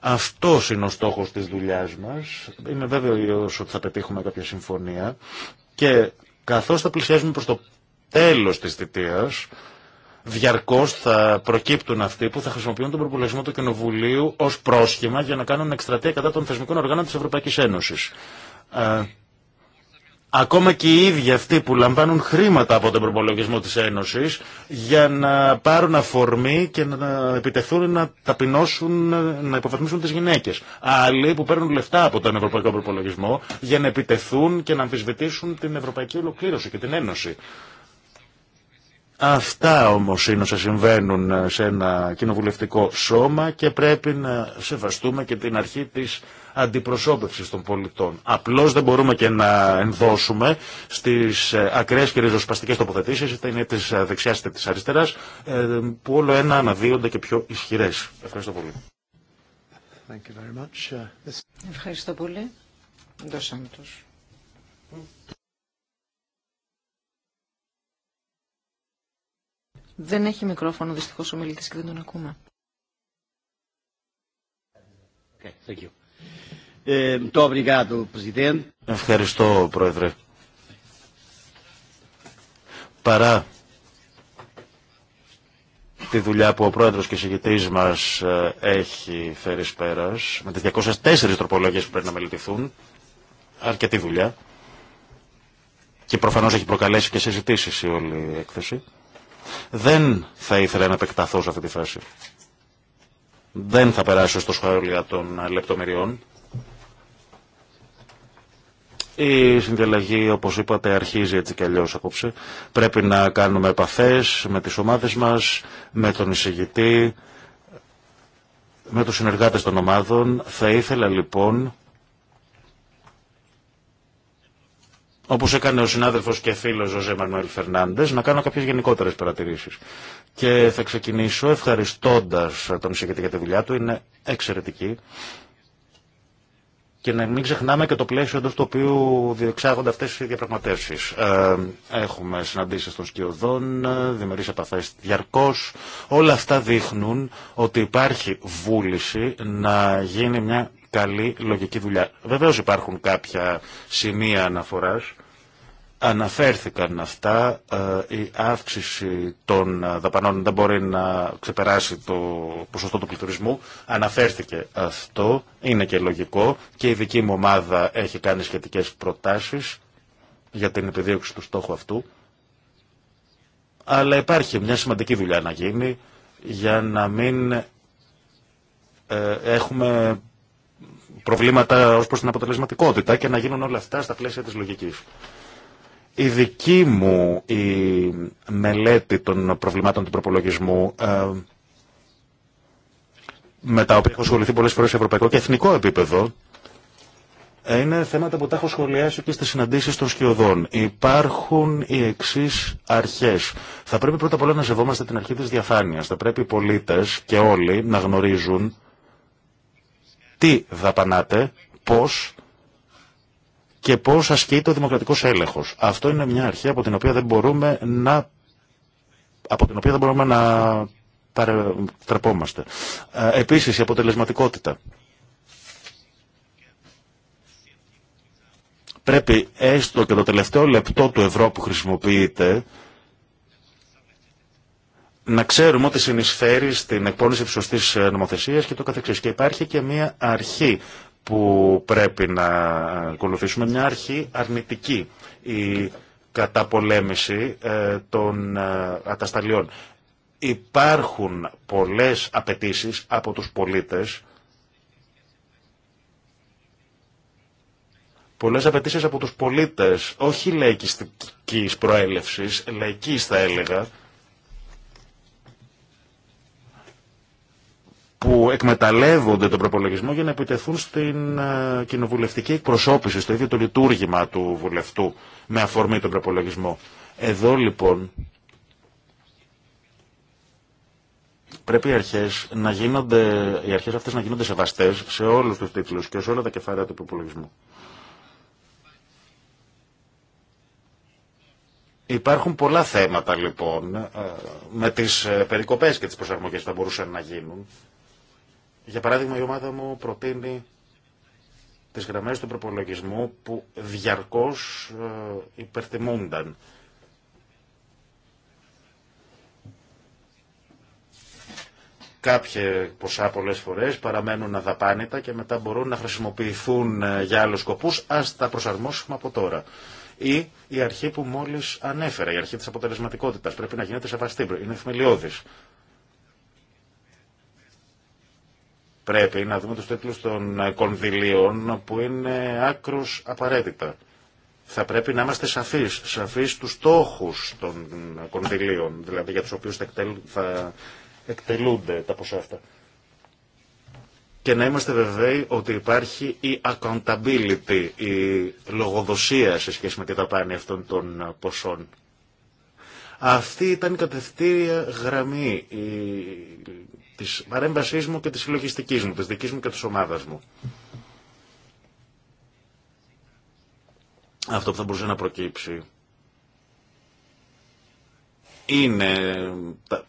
Αυτό είναι ο στόχος της δουλειάς μας. είναι βέβαιο ότι θα πετύχουμε κάποια συμφωνία και καθώς θα πλησιάζουμε προς το τέλος της θητείας διαρκώς θα προκύπτουν αυτοί που θα χρησιμοποιούν τον προπολογισμό του Κοινοβουλίου ως πρόσχημα για να κάνουν εκστρατεία κατά των θεσμικών οργάνων της Ευρωπαϊκής Ένωσης. Ε, ακόμα και οι ίδιοι αυτοί που λαμβάνουν χρήματα από τον προπολογισμό της Ένωσης για να πάρουν αφορμή και να επιτεθούν να ταπεινώσουν, να υποβαθμίσουν τις γυναίκες. Άλλοι που παίρνουν λεφτά από τον Ευρωπαϊκό Προπολογισμό για να επιτεθούν και να αμφισβητήσουν την Ευρωπαϊκή Ολοκλήρωση και την Ένωση. Αυτά όμως είναι όσα συμβαίνουν ε, σε ένα κοινοβουλευτικό σώμα και πρέπει να σεβαστούμε και την αρχή της αντιπροσώπευσης των πολιτών. Απλώς δεν μπορούμε και να ενδώσουμε στις ε, ακραίες και ριζοσπαστικές τοποθετήσεις, είτε είναι της ε, δεξιάς είτε της αριστεράς, που όλο ένα αναδύονται και πιο ισχυρές. Ευχαριστώ πολύ.
Ευχαριστώ πολύ. Δεν έχει μικρόφωνο δυστυχώ ο μιλητή και δεν τον ακούμε.
Okay, thank ε, Ευχαριστώ, Πρόεδρε. Παρά τη δουλειά που ο Πρόεδρος και συγκεκριτής μας ε, έχει φέρει σπέρας, με τις 204 τροπολογίες που πρέπει να μελετηθούν, αρκετή δουλειά, και προφανώς έχει προκαλέσει και συζητήσει η όλη έκθεση, δεν θα ήθελα να επεκταθώ σε αυτή τη φάση. Δεν θα περάσω στο σχόλια των λεπτομεριών. Η συνδιαλλαγή, όπως είπατε, αρχίζει έτσι και αλλιώς απόψε. Πρέπει να κάνουμε επαφές με τις ομάδες μας, με τον εισηγητή, με τους συνεργάτες των ομάδων. Θα ήθελα λοιπόν όπω έκανε ο συνάδελφο και φίλο Ζωζέ Μανουέλ Φερνάντε, να κάνω κάποιε γενικότερε παρατηρήσει. Και θα ξεκινήσω ευχαριστώντα τον συγκεκριτή για τη δουλειά του, είναι εξαιρετική. Και να μην ξεχνάμε και το πλαίσιο εντό του οποίου διεξάγονται αυτέ οι διαπραγματεύσει. Ε, έχουμε συναντήσει των σκιωδών, διμερεί επαφέ διαρκώ. Όλα αυτά δείχνουν ότι υπάρχει βούληση να γίνει μια καλή λογική δουλειά. Βεβαίω υπάρχουν κάποια σημεία αναφοράς. Αναφέρθηκαν αυτά. Ε, η αύξηση των ε, δαπανών δεν μπορεί να ξεπεράσει το ποσοστό του πληθωρισμού. Αναφέρθηκε αυτό. Είναι και λογικό. Και η δική μου ομάδα έχει κάνει σχετικέ προτάσει για την επιδίωξη του στόχου αυτού. Αλλά υπάρχει μια σημαντική δουλειά να γίνει για να μην ε, έχουμε προβλήματα ως προς την αποτελεσματικότητα και να γίνουν όλα αυτά στα πλαίσια της λογικής. Η δική μου η μελέτη των προβλημάτων του προπολογισμού ε, με τα οποία έχω σχοληθεί πολλές φορές σε ευρωπαϊκό και εθνικό επίπεδο είναι θέματα που τα έχω σχολιάσει και στις συναντήσεις των σκιωδών. Υπάρχουν οι εξή αρχές. Θα πρέπει πρώτα απ' όλα να σεβόμαστε την αρχή της διαφάνειας. Θα πρέπει οι πολίτες και όλοι να γνωρίζουν τι δαπανάτε, πώς και πώς ασκείται ο δημοκρατικός έλεγχος. Αυτό είναι μια αρχή από την οποία δεν μπορούμε να, από την οποία δεν μπορούμε να τρεπόμαστε. Ε, επίσης η αποτελεσματικότητα. Πρέπει έστω και το τελευταίο λεπτό του ευρώ που χρησιμοποιείται να ξέρουμε ότι συνεισφέρει στην εκπόνηση της σωστή ε, νομοθεσίας και το καθεξής. Και υπάρχει και μια αρχή που πρέπει να ακολουθήσουμε, μια αρχή αρνητική, η καταπολέμηση ε, των ε, ατασταλιών. Υπάρχουν πολλές απαιτήσει από τους πολίτες, πολλές απαιτήσει από τους πολίτες, όχι λαϊκιστικής προέλευσης, λαϊκής θα έλεγα, που εκμεταλλεύονται τον προπολογισμό για να επιτεθούν στην ε, κοινοβουλευτική εκπροσώπηση, στο ίδιο το λειτουργήμα του βουλευτού με αφορμή τον προπολογισμό. Εδώ λοιπόν πρέπει οι αρχές, να γίνονται, οι αρχές αυτές να γίνονται σεβαστές σε όλους τους τίτλους και σε όλα τα κεφάλαια του προπολογισμού. Υπάρχουν πολλά θέματα λοιπόν ε, με τις ε, περικοπές και τις προσαρμογές που θα μπορούσαν να γίνουν για παράδειγμα, η ομάδα μου προτείνει τις γραμμές του προπολογισμού που διαρκώς ε, υπερτιμούνταν. Κάποια ποσά πολλές φορές παραμένουν αδαπάνητα και μετά μπορούν να χρησιμοποιηθούν ε, για άλλους σκοπούς. Ας τα προσαρμόσουμε από τώρα. Ή η αρχή που μόλις ανέφερα, η αρχή της αποτελεσματικότητας. Πρέπει να γίνεται σεβαστή, είναι θεμελιώδης. Πρέπει να δούμε τους τίτλους των ε, κονδυλίων που είναι άκρος απαραίτητα. Θα πρέπει να είμαστε σαφείς, σαφείς στους στόχους των ε, κονδυλίων, δηλαδή για τους οποίους θα, εκτελ, εκτελούνται τα ποσά αυτά. Και να είμαστε βεβαίοι ότι υπάρχει η accountability, η λογοδοσία σε σχέση με τη δαπάνη αυτών των ε, ποσών. Αυτή ήταν η κατευθύνια γραμμή, η Τη παρέμβασή μου και τη συλλογιστική μου, τη δική μου και τη ομάδα μου. Αυτό που θα μπορούσε να προκύψει είναι τα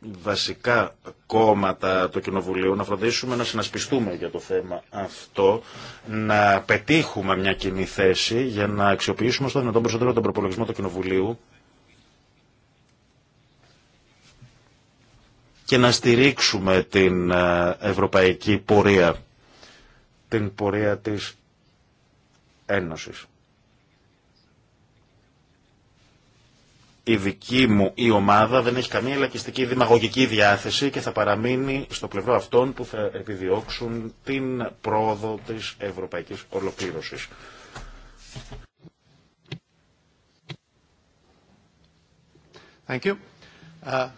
βασικά κόμματα του Κοινοβουλίου να φροντίσουμε να συνασπιστούμε για το θέμα αυτό, να πετύχουμε μια κοινή θέση για να αξιοποιήσουμε στο δυνατόν περισσότερο τον προπολογισμό του Κοινοβουλίου και να στηρίξουμε την ε, ευρωπαϊκή πορεία, την πορεία της Ένωσης. Η δική μου η ομάδα δεν έχει καμία ελακιστική δημαγωγική διάθεση και θα παραμείνει στο πλευρό αυτών που θα επιδιώξουν την πρόοδο της ευρωπαϊκής ολοκλήρωσης. Thank you. Uh,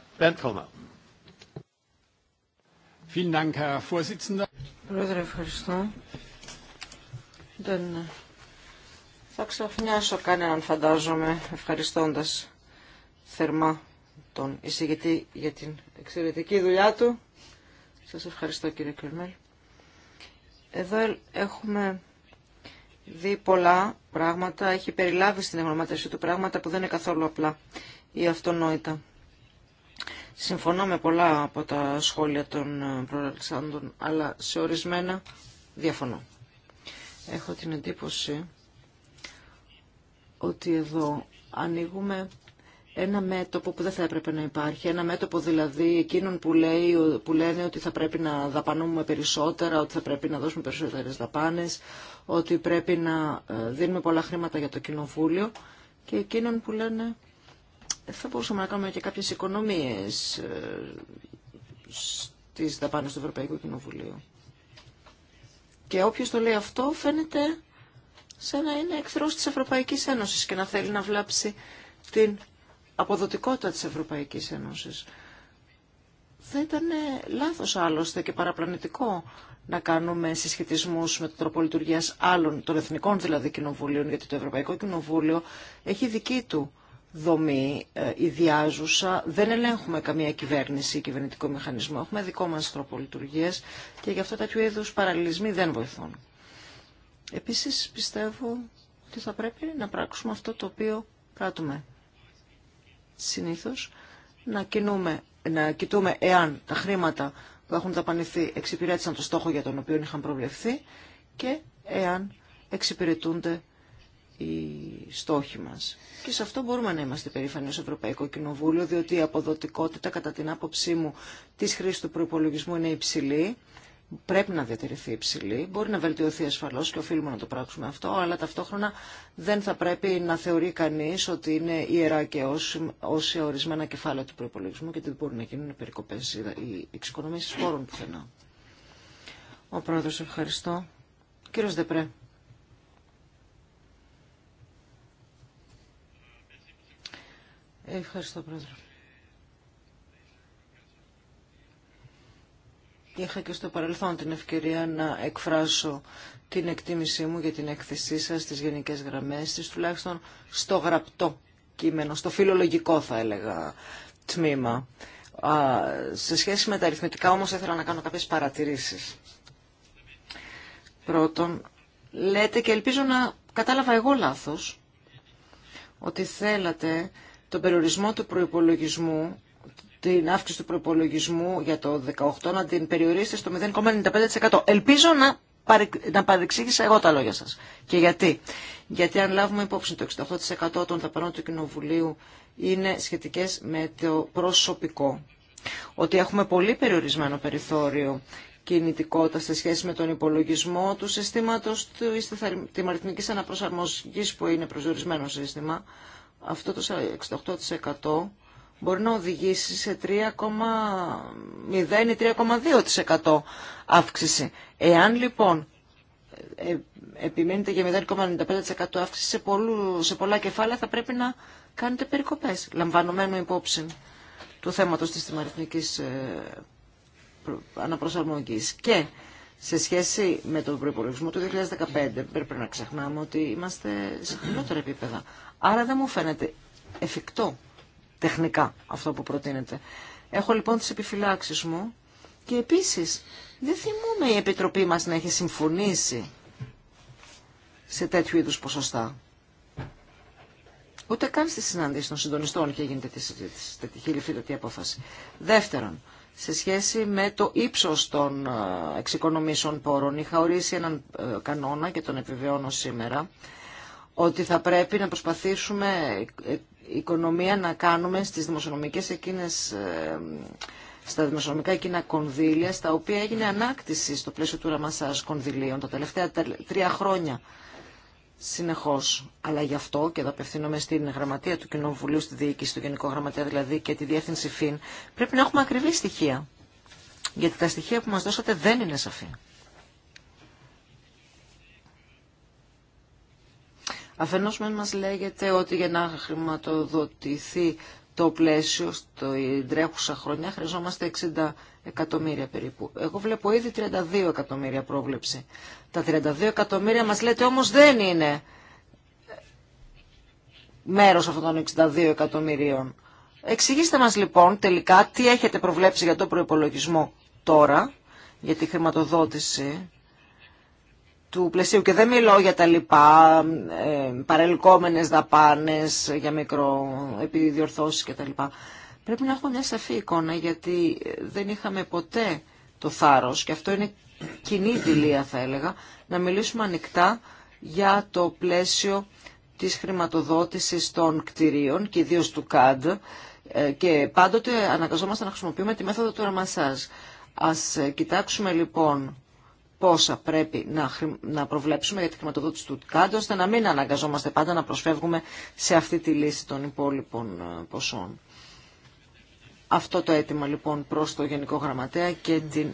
Πρόεδρε, ευχαριστώ. Δεν ε, θα ξαφνιάσω κανέναν, φαντάζομαι, ευχαριστώντας θερμά τον εισηγητή για την εξαιρετική δουλειά του. Σας ευχαριστώ κύριε Κερμέλ. Εδώ ε, έχουμε δει πολλά πράγματα, έχει περιλάβει στην εγγραμματευσή του πράγματα που δεν είναι καθόλου απλά ή αυτονόητα. Συμφωνώ με πολλά από τα σχόλια των ε, προαλεξάντων, αλλά σε ορισμένα διαφωνώ. Έχω την εντύπωση ότι εδώ ανοίγουμε ένα μέτωπο που δεν θα έπρεπε να υπάρχει, ένα μέτωπο δηλαδή εκείνων που, λέει, που λένε ότι θα πρέπει να δαπανούμε περισσότερα, ότι θα πρέπει να δώσουμε περισσότερες δαπάνες, ότι πρέπει να ε, δίνουμε πολλά χρήματα για το κοινοβούλιο και εκείνων που λένε θα μπορούσαμε να κάνουμε και κάποιες οικονομίες ε, στις δαπάνες του Ευρωπαϊκού Κοινοβουλίου. Και όποιος το λέει αυτό φαίνεται σαν να είναι εχθρός της Ευρωπαϊκής Ένωσης και να θέλει να βλάψει την αποδοτικότητα της Ευρωπαϊκής Ένωσης. Θα ήταν ε, λάθος άλλωστε και παραπλανητικό να κάνουμε συσχετισμούς με τον τρόπο λειτουργία άλλων, των εθνικών δηλαδή κοινοβουλίων, γιατί το Ευρωπαϊκό Κοινοβούλιο έχει δική του δομή, ε, ιδιάζουσα. Δεν ελέγχουμε καμία κυβέρνηση ή κυβερνητικό μηχανισμό. Έχουμε δικό μας τρόπο λειτουργίας και γι' αυτό τέτοιου είδου παραλληλισμοί δεν βοηθούν. Επίσης πιστεύω ότι θα πρέπει να πράξουμε αυτό το οποίο πράττουμε. Συνήθως να, να κοιτούμε εάν τα χρήματα που έχουν ταπανηθεί εξυπηρέτησαν το στόχο για τον οποίο είχαν προβλεφθεί και εάν εξυπηρετούνται οι στόχοι μας. Και σε αυτό μπορούμε να είμαστε περήφανοι ως Ευρωπαϊκό Κοινοβούλιο, διότι η αποδοτικότητα, κατά την άποψή μου, της χρήσης του προπολογισμού είναι υψηλή. Πρέπει να διατηρηθεί υψηλή. Μπορεί να βελτιωθεί ασφαλώ και οφείλουμε να το πράξουμε αυτό, αλλά ταυτόχρονα δεν θα πρέπει να θεωρεί κανεί ότι είναι ιερά και όσοι ορισμένα κεφάλαια του προπολογισμού και ότι μπορούν να γίνουν περικοπέ ή εξοικονομήσει πόρων πουθενά. Ο πρόεδρο, ευχαριστώ. Κύριο Δεπρέ. Ευχαριστώ, Πρόεδρε. Είχα και στο παρελθόν την ευκαιρία να εκφράσω την εκτίμησή μου για την έκθεσή σας στις γενικές γραμμές της, τουλάχιστον στο γραπτό κείμενο, στο φιλολογικό θα έλεγα τμήμα. Α, σε σχέση με τα αριθμητικά όμως ήθελα να κάνω κάποιες παρατηρήσεις. Πρώτον, λέτε και ελπίζω να κατάλαβα εγώ λάθος, ότι θέλατε τον περιορισμό του προϋπολογισμού, την αύξηση του προϋπολογισμού για το 2018 να την περιορίσετε στο 0,95%. Ελπίζω να να παρεξήγησα εγώ τα λόγια σας. Και γιατί. Γιατί αν λάβουμε υπόψη το 68% των ταπανών του Κοινοβουλίου είναι σχετικές με το προσωπικό. Ότι έχουμε πολύ περιορισμένο περιθώριο κινητικότητα σε σχέση με τον υπολογισμό του συστήματος τη τιμαριθμικής αναπροσαρμογής που είναι προσδιορισμένο σύστημα αυτό το 68% μπορεί να οδηγήσει σε 3,0 ή 3,2% αύξηση. Εάν λοιπόν ε, επιμένετε για 0,95% αύξηση σε, σε πολλά κεφάλαια θα πρέπει να κάνετε περικοπές, λαμβανομένου υπόψη του θέματος της θυμαριθμικής ε, αναπροσαρμογής. Και σε σχέση με τον προπολογισμό του 2015 πρέπει να ξεχνάμε ότι είμαστε σε χαμηλότερα επίπεδα Άρα δεν μου φαίνεται εφικτό τεχνικά αυτό που προτείνεται. Έχω λοιπόν τις επιφυλάξεις μου και επίσης δεν θυμούμε η Επιτροπή μας να έχει συμφωνήσει σε τέτοιου είδους ποσοστά. Ούτε καν στη συνάντηση των συντονιστών και γίνεται τη συζήτηση, τέτοια τι απόφαση. Δεύτερον, σε σχέση με το ύψος των ε, εξοικονομήσεων πόρων, είχα ορίσει έναν ε, κανόνα και τον επιβεώνω σήμερα, ότι θα πρέπει να προσπαθήσουμε ε, οικονομία να κάνουμε στις δημοσιονομικές εκείνες, ε, στα δημοσιονομικά εκείνα κονδύλια, στα οποία έγινε ανάκτηση στο πλαίσιο του ραμασάζ κονδυλίων τα τελευταία τρία χρόνια συνεχώς. Αλλά γι' αυτό και εδώ απευθύνομαι στην γραμματεία του Κοινοβουλίου, στη διοίκηση, του Γενικό Γραμματέα δηλαδή και τη διεύθυνση ΦΙΝ, πρέπει να έχουμε ακριβή στοιχεία. Γιατί τα στοιχεία που μας δώσατε δεν είναι σαφή. Αφενός μεν μας λέγεται ότι για να χρηματοδοτηθεί το πλαίσιο στο τρέχουσα χρονιά χρειαζόμαστε 60 εκατομμύρια περίπου. Εγώ βλέπω ήδη 32 εκατομμύρια πρόβλεψη. Τα 32 εκατομμύρια μας λέτε όμως δεν είναι μέρος αυτών των 62 εκατομμυρίων. Εξηγήστε μας λοιπόν τελικά τι έχετε προβλέψει για τον προϋπολογισμό τώρα, για τη χρηματοδότηση του πλαισίου και δεν μιλώ για τα λοιπά, ε, παρελκόμενες δαπάνες για μικρό επιδιορθώσεις και τα λοιπά. Πρέπει να έχουμε μια σαφή εικόνα γιατί δεν είχαμε ποτέ το θάρρος και αυτό είναι κοινή δηλία θα έλεγα να μιλήσουμε ανοιχτά για το πλαίσιο της χρηματοδότησης των κτηρίων και ιδίω του ΚΑΔ ε, και πάντοτε αναγκαζόμαστε να χρησιμοποιούμε τη μέθοδο του ραμασάζ. Ας ε, κοιτάξουμε λοιπόν πόσα πρέπει να, προβλέψουμε για τη χρηματοδότηση του ΚΑΝΤ, ώστε να μην αναγκαζόμαστε πάντα να προσφεύγουμε σε αυτή τη λύση των υπόλοιπων ε, ποσών. Αυτό το αίτημα λοιπόν προς το Γενικό Γραμματέα και την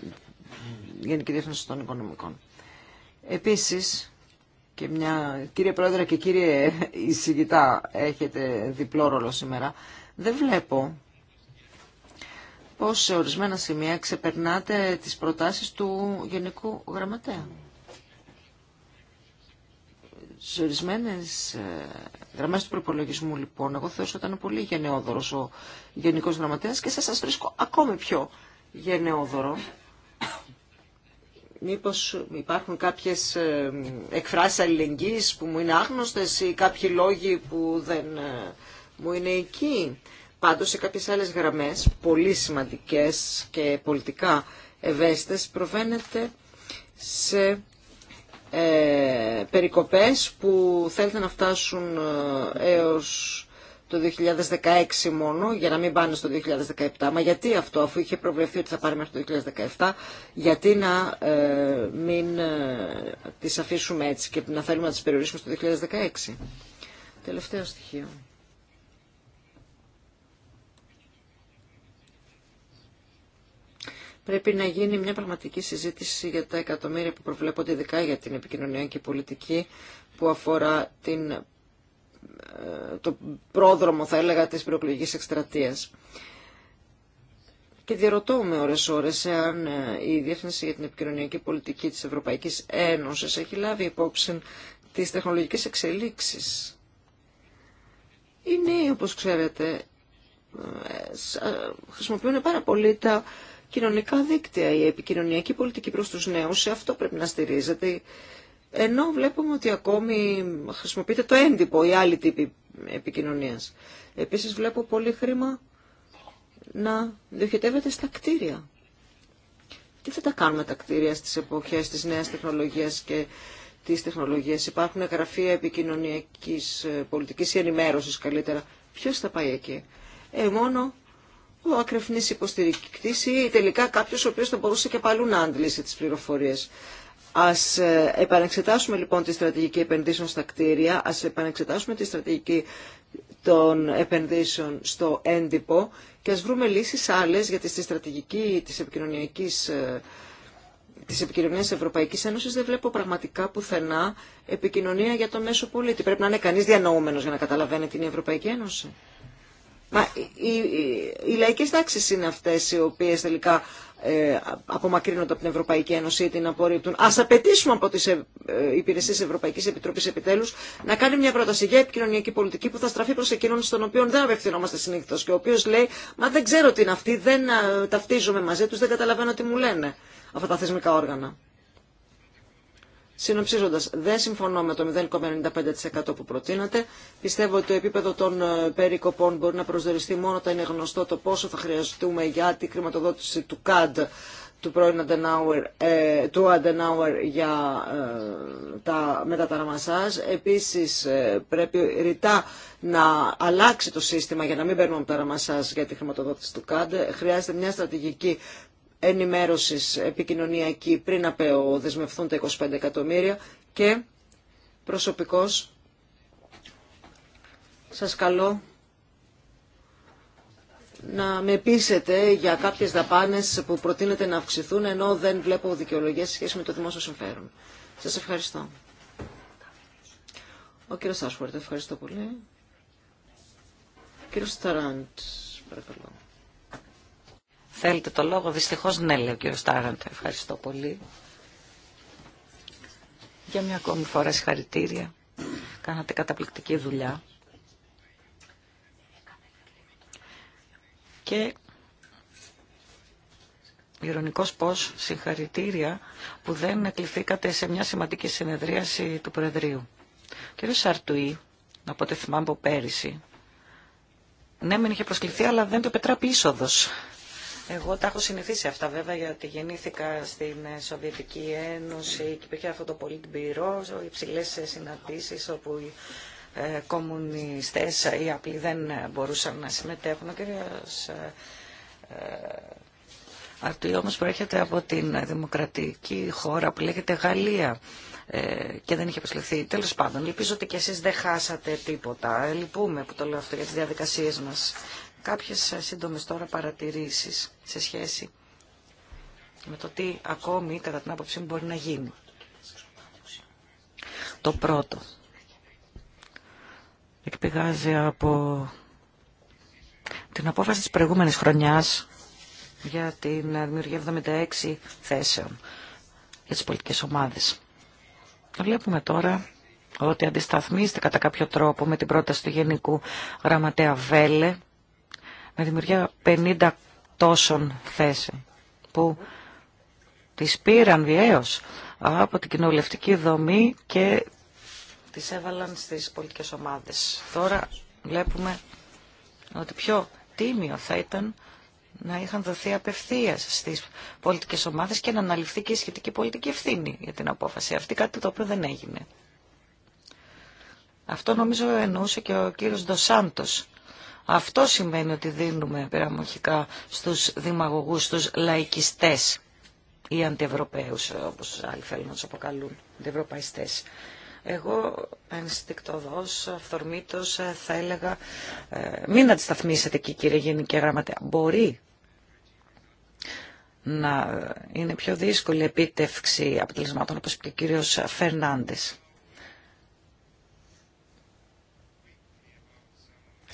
Γενική Διεύθυνση των Οικονομικών. Επίσης, και μια... κύριε Πρόεδρε και κύριε Ισηγητά, έχετε διπλό ρόλο σήμερα, δεν βλέπω πως σε ορισμένα σημεία ξεπερνάτε τις προτάσεις του Γενικού Γραμματέα. Σε ορισμένε ε, γραμμέ του προπολογισμού, λοιπόν, εγώ θεωρώ ότι ήταν πολύ γενναιόδωρο ο Γενικό Γραμματέα και σα βρίσκω ακόμη πιο γενναιόδωρο. Μήπω υπάρχουν κάποιε εκφράσει αλληλεγγύη που μου είναι άγνωστε ή κάποιοι λόγοι που δεν ε, μου είναι εκεί. Πάντως σε κάποιες άλλες γραμμές, πολύ σημαντικές και πολιτικά ευαίσθητες, προβαίνεται σε ε, περικοπές που θέλετε να φτάσουν ε, έως το 2016 μόνο, για να μην πάνε στο 2017. Μα γιατί αυτό, αφού είχε προβλεφθεί ότι θα πάρει μέχρι το 2017, γιατί να ε, μην ε, τις αφήσουμε έτσι και να θέλουμε να τις περιορίσουμε στο 2016. Τελευταίο στοιχείο. Πρέπει να γίνει μια πραγματική συζήτηση για τα εκατομμύρια που προβλέπονται ειδικά για την επικοινωνιακή πολιτική που αφορά την, ε, το πρόδρομο, θα έλεγα, της προεκλογικής εκστρατείας. Και διαρωτώ με ώρες ώρες εάν ε, η Διεύθυνση για την Επικοινωνιακή Πολιτική της Ευρωπαϊκής Ένωσης έχει λάβει υπόψη τις τεχνολογικές εξελίξεις. Είναι, όπως ξέρετε, ε, χρησιμοποιούν πάρα πολύ τα κοινωνικά δίκτυα, η επικοινωνιακή πολιτική προς τους νέους, σε αυτό πρέπει να στηρίζεται. Ενώ βλέπουμε ότι ακόμη χρησιμοποιείται το έντυπο, ή άλλοι τύποι επικοινωνίας. Επίσης βλέπω πολύ χρήμα να διοχετεύεται στα κτίρια. Τι θα τα κάνουμε τα κτίρια στις εποχές της νέας τεχνολογίας και της τεχνολογίας. Υπάρχουν γραφεία επικοινωνιακής ε, πολιτικής ή ενημέρωσης καλύτερα. Ποιος θα πάει εκεί. Ε, μόνο ο ακριβή υποστηρικτής ή τελικά κάποιος ο οποίος θα μπορούσε και παλού να αντλήσει τις πληροφορίες. Ας ε, επανεξετάσουμε λοιπόν τη στρατηγική επενδύσεων στα κτίρια, ας επανεξετάσουμε τη στρατηγική των επενδύσεων στο έντυπο και ας βρούμε λύσεις άλλες γιατί στη στρατηγική της επικοινωνιακής ε, της επικοινωνίας Ευρωπαϊκής Ένωσης δεν βλέπω πραγματικά πουθενά επικοινωνία για το μέσο πολίτη. Πρέπει να είναι κανείς διανοούμενος για να καταλαβαίνει την Ευρωπαϊκή Ένωση. Μα οι, οι, οι λαϊκές τάξεις είναι αυτές οι οποίες τελικά ε, απομακρύνονται από την Ευρωπαϊκή Ένωση ή την απορρίπτουν. Ας απαιτήσουμε από τις ε, ε, υπηρεσίες Ευρωπαϊκής Επιτροπής επιτέλους να κάνει μια πρόταση για επικοινωνιακή πολιτική που θα στραφεί προς εκείνον στον οποίο δεν απευθυνόμαστε συνήθως και ο οποίος λέει «Μα δεν ξέρω τι είναι αυτοί, δεν ε, ταυτίζομαι μαζί τους, δεν καταλαβαίνω τι μου λένε αυτά τα θεσμικά όργανα». Συνοψίζοντα, δεν συμφωνώ με το 0,95% που προτείνατε. Πιστεύω ότι το επίπεδο των ε, περικοπών μπορεί να προσδιοριστεί μόνο όταν είναι γνωστό το πόσο θα χρειαστούμε για τη χρηματοδότηση του CAD του πρώην Adenauer, ε, του Adenauer για ε, τα μεταταραμασάζ. Επίσης ε, πρέπει ρητά να αλλάξει το σύστημα για να μην παίρνουμε τα για τη χρηματοδότηση του ΚΑΝΤ. Χρειάζεται μια στρατηγική ενημέρωσης επικοινωνιακή πριν να δεσμευθούν τα 25 εκατομμύρια και προσωπικός σας καλώ να με πείσετε για κάποιες δαπάνες που προτείνετε να αυξηθούν ενώ δεν βλέπω δικαιολογίες σε σχέση με το δημόσιο συμφέρον. Σας ευχαριστώ. Ο κύριος Άσφορτ, ευχαριστώ πολύ. κύριος Ταράντ, παρακαλώ.
Θέλετε το λόγο. δυστυχώ ναι, λέει ο κύριο Τάραντ. Ευχαριστώ πολύ. Για μια ακόμη φορά συγχαρητήρια. Κάνατε καταπληκτική δουλειά. Και ηρωνικός πώς συγχαρητήρια που δεν εκλειφθήκατε σε μια σημαντική συνεδρίαση του Προεδρείου. Ο κ. Σαρτουή, από ό,τι θυμάμαι από πέρυσι, ναι, μεν είχε προσκληθεί, αλλά δεν το πετράπει είσοδο εγώ τα έχω συνηθίσει αυτά βέβαια γιατί γεννήθηκα στην ε, Σοβιετική Ένωση και υπήρχε αυτό το οι υψηλέ ε, συναντήσει όπου οι ε, κομμουνιστές η απλοί δεν μπορούσαν να συμμετέχουν. Ο κύριος Αρτουή όμως προέρχεται από την δημοκρατική χώρα που λέγεται Γαλλία και δεν είχε προσληφθεί. Τέλος πάντων, ελπίζω ότι κι εσείς δεν χάσατε τίποτα. Λυπούμε που το λέω αυτό για τις διαδικασίες μας. Κάποιες σύντομες τώρα παρατηρήσεις σε σχέση με το τι ακόμη κατά την άποψή μου μπορεί να γίνει. Το πρώτο. Εκπηγάζει από την απόφαση της προηγούμενης χρονιάς για την δημιουργία 76 θέσεων για τις πολιτικές ομάδες. Βλέπουμε τώρα ότι αντισταθμίστε κατά κάποιο τρόπο με την πρόταση του Γενικού Γραμματέα Βέλε με δημιουργία 50 τόσων θέσεων που τις πήραν βιαίως από την κοινοβουλευτική δομή και τις έβαλαν στις πολιτικές ομάδες. Τώρα βλέπουμε ότι πιο τίμιο θα ήταν να είχαν δοθεί απευθεία στι πολιτικέ ομάδε και να αναλυφθεί και η σχετική πολιτική ευθύνη για την απόφαση αυτή, κάτι το οποίο δεν έγινε. Αυτό νομίζω εννοούσε και ο κύριος Ντοσάντος αυτό σημαίνει ότι δίνουμε πειραμοχικά στους δημαγωγούς, στους λαϊκιστές ή αντιευρωπαίους, όπως άλλοι θέλουν να τους αποκαλούν, αντιευρωπαϊστές. Εγώ ενστικτοδός, αυθορμήτως ε, θα έλεγα ε, μην αντισταθμίσετε εκεί κύριε Γενική Γραμματέα. Μπορεί να είναι πιο δύσκολη επίτευξη αποτελεσμάτων όπως είπε και ο κύριος Φερνάντες.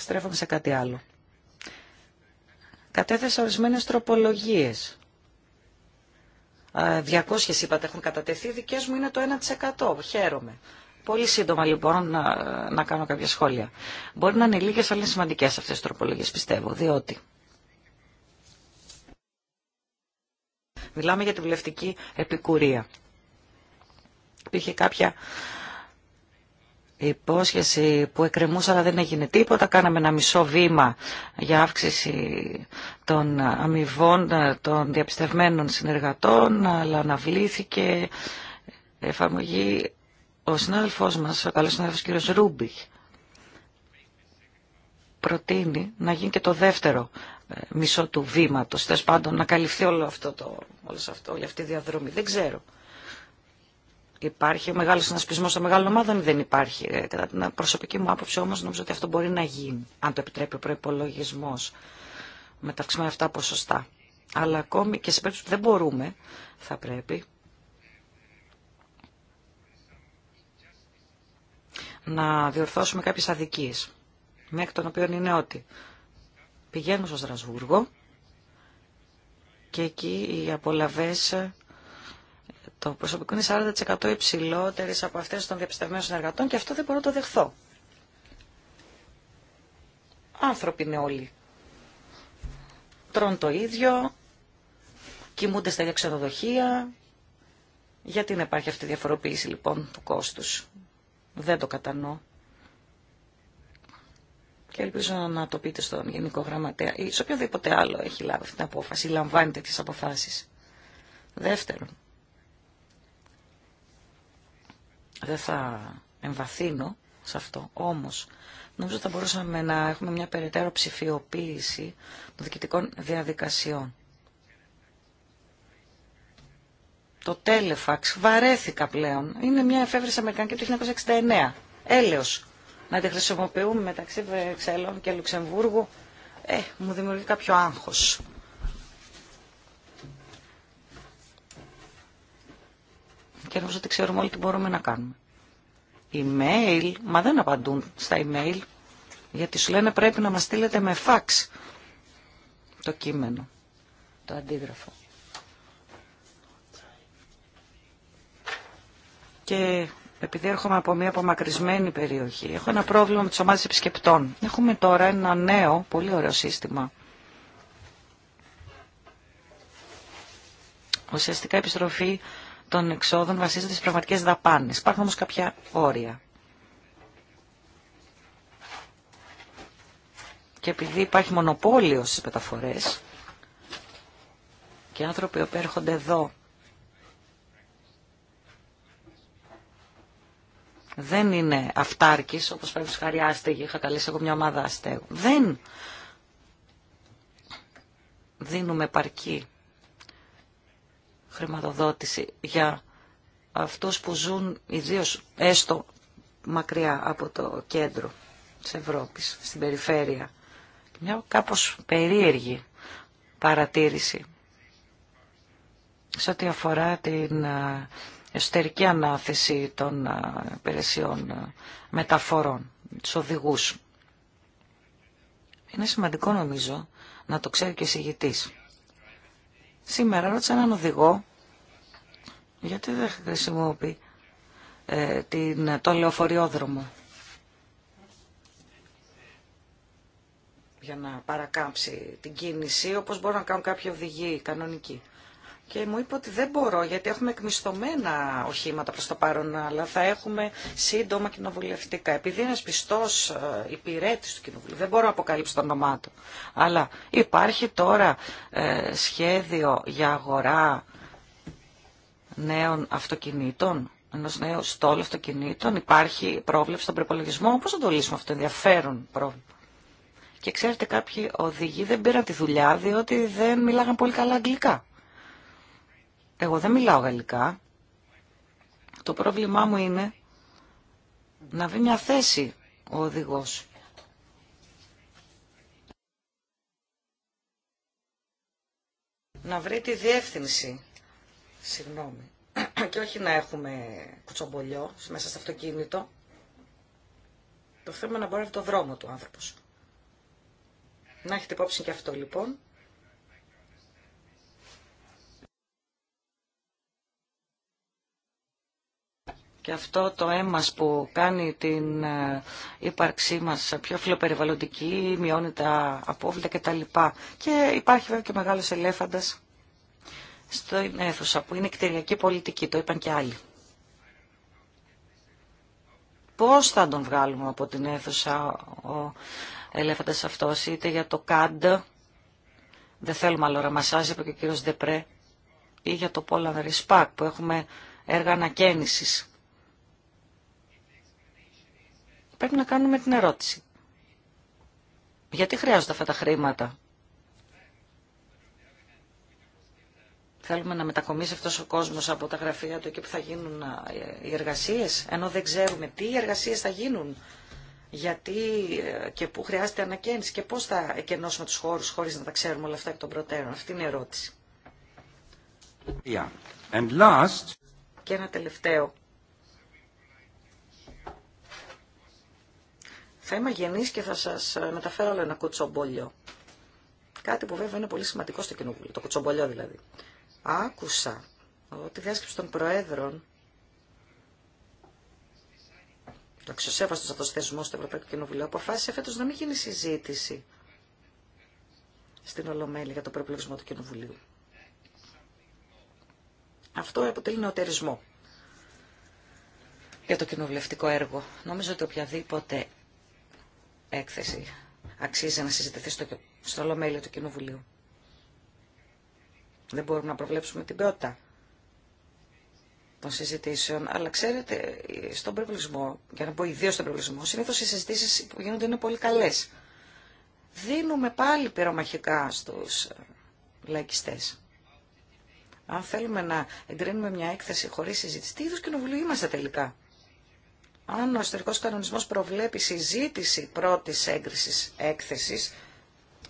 Στρέφομαι σε κάτι άλλο. Κατέθεσα ορισμένες τροπολογίες. 200 είπατε έχουν κατατεθεί, δικές μου είναι το 1%. Χαίρομαι. Πολύ σύντομα λοιπόν να, να κάνω κάποια σχόλια. Μπορεί να είναι λίγες, αλλά είναι σημαντικές αυτές οι τροπολογίες πιστεύω, διότι... Μιλάμε για τη βουλευτική επικουρία. Υπήρχε κάποια υπόσχεση που εκκρεμούσα αλλά δεν έγινε τίποτα. Κάναμε ένα μισό βήμα για αύξηση των αμοιβών των διαπιστευμένων συνεργατών, αλλά αναβλήθηκε εφαρμογή ο συνάδελφός μας, ο καλός συνάδελφος κύριος Ρούμπιχ, προτείνει να γίνει και το δεύτερο ε, μισό του βήματος, θες πάντων να καλυφθεί όλο αυτό, το, όλο αυτό, αυτή τη διαδρομή. Δεν ξέρω Υπάρχει μεγάλο συνασπισμό των μεγάλων ομάδων δεν υπάρχει. Ε, κατά την προσωπική μου άποψη όμω νομίζω ότι αυτό μπορεί να γίνει, αν το επιτρέπει ο προπολογισμό με τα αυξημένα αυτά ποσοστά. Αλλά ακόμη και σε περίπτωση που δεν μπορούμε, θα πρέπει να διορθώσουμε κάποιες αδικίες. Μια εκ των οποίων είναι ότι πηγαίνουμε στο Στρασβούργο και εκεί οι απολαβές το προσωπικό είναι 40% υψηλότερη από αυτέ των διαπιστευμένων συνεργατών και αυτό δεν μπορώ να το δεχθώ. Άνθρωποι είναι όλοι. Τρώνε το ίδιο, κοιμούνται στα ίδια ξενοδοχεία. Γιατί να υπάρχει αυτή η διαφοροποίηση λοιπόν του κόστου. Δεν το κατανοώ. Και ελπίζω να το πείτε στον Γενικό Γραμματέα ή σε οποιοδήποτε άλλο έχει λάβει αυτή την απόφαση ή λαμβάνει τέτοιε αποφάσει. Δεύτερον, Δεν θα εμβαθύνω σε αυτό, όμως νομίζω ότι θα μπορούσαμε να έχουμε μια περαιτέρω ψηφιοποίηση των διοικητικών διαδικασιών. Το τέλεφαξ βαρέθηκα πλέον. Είναι μια εφεύρεση Αμερικανική του 1969. Έλεος. Να τη χρησιμοποιούμε μεταξύ Βρεξελών και Λουξεμβούργου. Ε, μου δημιουργεί κάποιο άγχος. και νομίζω ότι ξέρουμε όλοι τι μπορούμε να κάνουμε. Email, μα δεν απαντούν στα email, γιατί σου λένε πρέπει να μας στείλετε με fax το κείμενο, το αντίγραφο. Και επειδή έρχομαι από μια απομακρυσμένη περιοχή, έχω ένα πρόβλημα με τις ομάδες επισκεπτών. Έχουμε τώρα ένα νέο, πολύ ωραίο σύστημα. Ουσιαστικά επιστροφή των εξόδων βασίζονται στις πραγματικές δαπάνες. Υπάρχουν όμως κάποια όρια. Και επειδή υπάρχει μονοπόλιο στις μεταφορές και άνθρωποι που έρχονται εδώ δεν είναι αυτάρκης, όπως πρέπει να άστεγοι, είχα καλέσει εγώ μια ομάδα αστέγων. Δεν δίνουμε παρκή χρηματοδότηση για αυτούς που ζουν ιδίως έστω μακριά από το κέντρο της Ευρώπης, στην περιφέρεια. Μια κάπως περίεργη παρατήρηση σε ό,τι αφορά την ε, εσωτερική ανάθεση των ε, υπηρεσιών ε, μεταφορών, τους οδηγούς. Είναι σημαντικό νομίζω να το ξέρει και ο συγητής. Σήμερα ρώτησα έναν οδηγό γιατί δεν χρησιμοποιεί ε, την, τον λεωφοριόδρομο για να παρακάμψει την κίνηση, όπως μπορούν να κάνουν κάποιοι οδηγοί κανονικοί και μου είπε ότι δεν μπορώ γιατί έχουμε εκμισθωμένα οχήματα προς το παρόν αλλά θα έχουμε σύντομα κοινοβουλευτικά. Επειδή είναι πιστός ε, υπηρέτης του κοινοβουλίου δεν μπορώ να αποκαλύψω το όνομά του. Αλλά υπάρχει τώρα ε, σχέδιο για αγορά νέων αυτοκινήτων, ενό νέου στόλου αυτοκινήτων. Υπάρχει πρόβλεψη στον προπολογισμό. Πώ θα το λύσουμε αυτό το ενδιαφέρον πρόβλημα. Και ξέρετε, κάποιοι οδηγοί δεν πήραν τη δουλειά διότι δεν μιλάγαν πολύ καλά αγγλικά. Εγώ δεν μιλάω γαλλικά. Το πρόβλημά μου είναι να βρει μια θέση ο οδηγός. Να βρει τη διεύθυνση. Συγγνώμη. Και όχι να έχουμε κουτσομπολιό μέσα στο αυτοκίνητο. Το θέμα να μπορεί να το δρόμο του άνθρωπος. Να έχετε υπόψη και αυτό λοιπόν. Και αυτό το αίμα που κάνει την ε, ύπαρξή μας πιο φιλοπεριβαλλοντική, μειώνει τα απόβλητα κτλ. Και υπάρχει βέβαια και μεγάλος ελέφαντας στην αίθουσα που είναι κτηριακή πολιτική, το είπαν και άλλοι. Πώς θα τον βγάλουμε από την αίθουσα ο ελέφαντας αυτός, είτε για το καντ, δεν θέλουμε άλλο ραμασάζ, είπε και ο κύριος Δεπρέ, ή για το Polar Respack που έχουμε έργα ανακαίνησης. πρέπει να κάνουμε την ερώτηση. Γιατί χρειάζονται αυτά τα χρήματα. Θέλουμε να μετακομίσει αυτός ο κόσμος από τα γραφεία του εκεί που θα γίνουν οι εργασίες, ενώ δεν ξέρουμε τι εργασίες θα γίνουν, γιατί ε, και πού χρειάζεται ανακαίνιση και πώς θα εκενώσουμε τους χώρους χωρίς να τα ξέρουμε όλα αυτά εκ των προτέρων. Αυτή είναι η ερώτηση.
And last...
Και ένα τελευταίο Θα είμαι γενή και θα σα ε, μεταφέρω άλλο ένα κουτσομπολιό. Κάτι που βέβαια είναι πολύ σημαντικό στο κοινοβούλιο, το κουτσομπολιό δηλαδή. Άκουσα ότι η διάσκεψη των Προέδρων το αξιοσέβαστο αυτό θεσμό στο Ευρωπαϊκό Κοινοβουλίο αποφάσισε φέτο να μην γίνει συζήτηση στην Ολομέλη για το προπολογισμό του Κοινοβουλίου. Αυτό αποτελεί νεοτερισμό για το κοινοβουλευτικό έργο. Νομίζω ότι οποιαδήποτε έκθεση αξίζει να συζητηθεί στο, στο του Κοινοβουλίου. Δεν μπορούμε να προβλέψουμε την ποιότητα των συζητήσεων, αλλά ξέρετε, στον προβλησμό για να πω ιδίω στον προβλησμό, συνήθω οι συζητήσει που γίνονται είναι πολύ καλέ. Δίνουμε πάλι πυρομαχικά στου ε, λαϊκιστέ. Αν θέλουμε να εγκρίνουμε μια έκθεση χωρί συζήτηση, τι είδου κοινοβουλίου είμαστε τελικά αν ο ιστορικός κανονισμός προβλέπει συζήτηση πρώτης έγκρισης έκθεσης,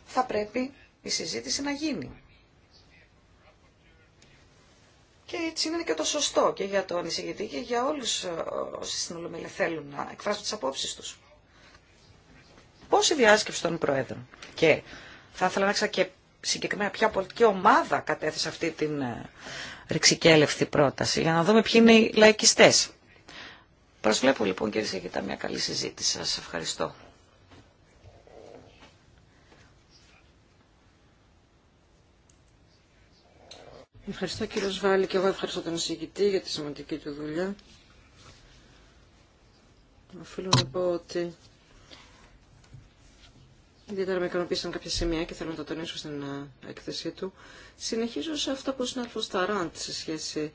θα πρέπει η συζήτηση να γίνει. Και έτσι είναι και το σωστό και για τον εισηγητή και για όλους όσοι στην Ολομέλη θέλουν να εκφράσουν τις απόψεις τους. Πώς η διάσκεψη των Προέδρων και θα ήθελα να ξέρω και συγκεκριμένα ποια πολιτική ομάδα κατέθεσε αυτή την ε, ρηξικέλευτη πρόταση για να δούμε ποιοι είναι οι λαϊκιστές. Προσβλέπω λοιπόν κύριε Σιγητά μια καλή συζήτηση. Σας ευχαριστώ.
Ευχαριστώ κύριο Σβάλη, και εγώ ευχαριστώ τον εισηγητή για τη σημαντική του δουλειά. Οφείλω να πω ότι ιδιαίτερα με ικανοποίησαν κάποια σημεία και θέλω να τα τονίσω στην ε, έκθεσή του. Συνεχίζω σε αυτό που στα Ταράντ σε σχέση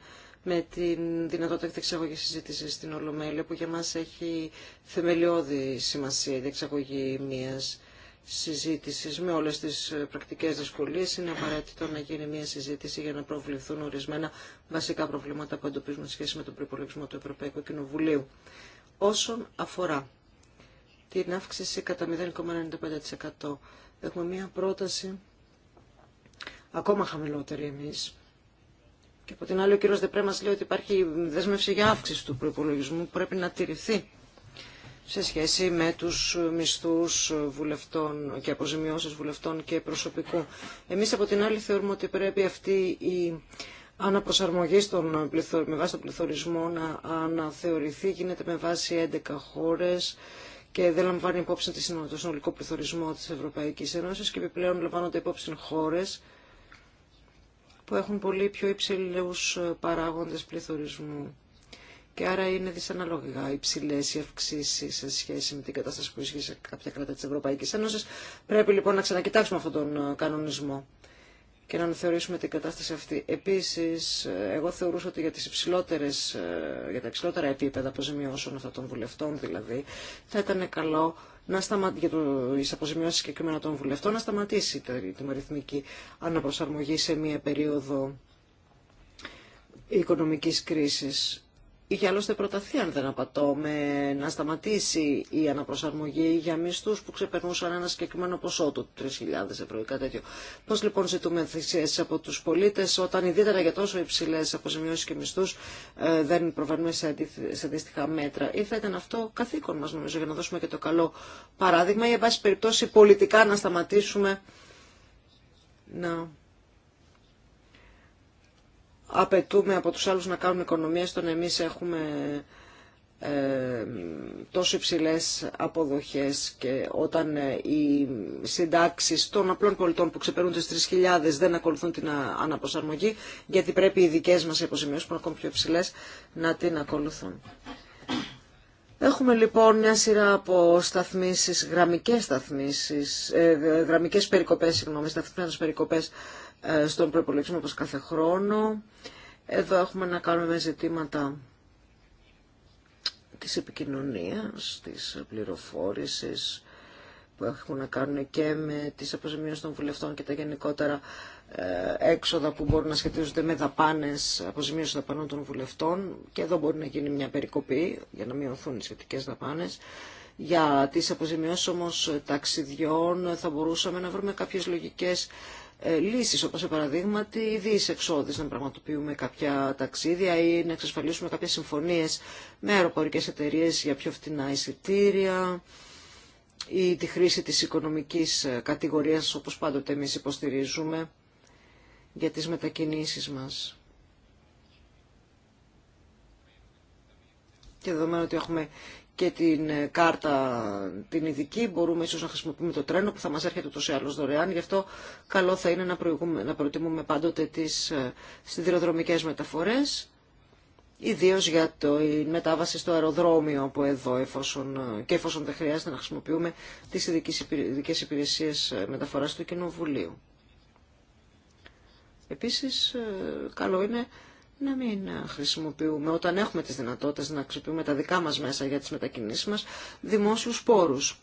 με την δυνατότητα εξαγωγής συζήτησης στην Ολομέλεια, που για μας έχει θεμελιώδη σημασία η διεξαγωγή μιας συζήτησης με όλες τις πρακτικές δυσκολίες. Είναι απαραίτητο να γίνει μια συζήτηση για να προβληθούν ορισμένα βασικά προβλήματα που εντοπίζουμε σχέση με τον προπολογισμό του Ευρωπαϊκού Κοινοβουλίου. Όσον αφορά την αύξηση κατά 0,95%. Έχουμε μία πρόταση ακόμα χαμηλότερη εμείς και από την άλλη ο κύριος Δεπρέ μας λέει ότι υπάρχει δέσμευση για αύξηση του προϋπολογισμού που πρέπει να τηρηθεί σε σχέση με τους μισθούς βουλευτών και αποζημιώσεις βουλευτών και προσωπικού. Εμείς από την άλλη θεωρούμε ότι πρέπει αυτή η αναπροσαρμογή στον πληθω... με βάση τον πληθωρισμό να αναθεωρηθεί, γίνεται με βάση 11 χώρες και δεν λαμβάνει υπόψη το συνολικό πληθωρισμό της Ευρωπαϊκής Ένωσης και επιπλέον λαμβάνονται υπόψη χώρες που έχουν πολύ πιο υψηλούς ε, παράγοντες πληθωρισμού. Και άρα είναι δυσαναλογικά υψηλέ οι αυξήσει σε σχέση με την κατάσταση που ισχύει σε κάποια κράτη τη Ευρωπαϊκή Ένωση. Πρέπει λοιπόν να ξανακοιτάξουμε αυτόν τον ε, κανονισμό και να θεωρήσουμε την κατάσταση αυτή. Επίση, ε, εγώ θεωρούσα ότι για, τις υψηλότερες, για τα υψηλότερα επίπεδα αποζημιώσεων αυτών των βουλευτών δηλαδή, θα ήταν καλό να σταματήσει, για τις αποζημιώσεις συγκεκριμένα των βουλευτών, να σταματήσει την αριθμική αναπροσαρμογή σε μία περίοδο οικονομικής κρίσης. Είχε άλλωστε προταθεί, αν δεν απατώ, με να σταματήσει η αναπροσαρμογή για μισθού που ξεπερνούσαν ένα συγκεκριμένο ποσό του, 3.000 ευρώ ή κάτι τέτοιο. Πώ λοιπόν ζητούμε θυσίε από του πολίτε, όταν ιδιαίτερα για τόσο υψηλέ αποζημιώσεις και μισθούς ε, δεν προβαίνουμε σε, αντίστοιχα μέτρα. Ή θα ήταν αυτό καθήκον μα νομίζω για να δώσουμε και το καλό παράδειγμα ή εν πάση περιπτώσει πολιτικά να σταματήσουμε να απαιτούμε από τους άλλους να κάνουν οικονομίες όταν εμείς έχουμε ε, τόσο υψηλές αποδοχές και όταν ε, οι συντάξεις των απλών πολιτών που ξεπερνούν τις 3.000 δεν ακολουθούν την αναπροσαρμογή γιατί πρέπει οι δικές μας υποζημιώσεις που είναι ακόμη πιο υψηλές να την ακολουθούν. Έχουμε λοιπόν μια σειρά από σταθμίσεις, γραμμικές σταθμίσεις, ε, περικοπές, συγγνώμη, σταθμίσεις περικοπές ε, στον προπολογισμό όπως κάθε χρόνο. Εδώ έχουμε να κάνουμε ζητήματα της επικοινωνίας, της πληροφόρησης, που έχουν να κάνουν και με τις αποζημίωσεις των βουλευτών και τα γενικότερα ε, έξοδα που μπορούν να σχετίζονται με δαπάνες, των δαπανών των βουλευτών και εδώ μπορεί να γίνει μια περικοπή για να μειωθούν οι σχετικές δαπάνες. Για τις αποζημιώσεις όμως ταξιδιών θα μπορούσαμε να βρούμε κάποιες λογικές ε, λύσεις, όπως σε τη οι διεισεξόδεις, να πραγματοποιούμε κάποια ταξίδια ή να εξασφαλίσουμε κάποιες συμφωνίες με αεροπορικές εταιρείες για πιο φτηνά εισιτήρια ή τη χρήση της οικονομικής ε, κατηγορίας, όπως πάντοτε εμείς υποστηρίζουμε, για τις μετακινήσεις μας. Και δεδομένου ότι έχουμε και την ε, κάρτα την ειδική. Μπορούμε ίσως να χρησιμοποιούμε το τρένο που θα μας έρχεται το ή άλλως δωρεάν. Γι' αυτό καλό θα είναι να, να προτιμούμε πάντοτε τις ε, σιδηροδρομικές μεταφορές. Ιδίω για το, η μετάβαση στο αεροδρόμιο από εδώ εφόσον, ε, και εφόσον δεν χρειάζεται να χρησιμοποιούμε τις ειδικέ υπηρεσίες μεταφοράς του Κοινοβουλίου. Επίσης, καλό είναι να μην ε, χρησιμοποιούμε, όταν έχουμε τις δυνατότητες να χρησιμοποιούμε τα δικά μας μέσα για τις μετακινήσεις μας, δημόσιους πόρους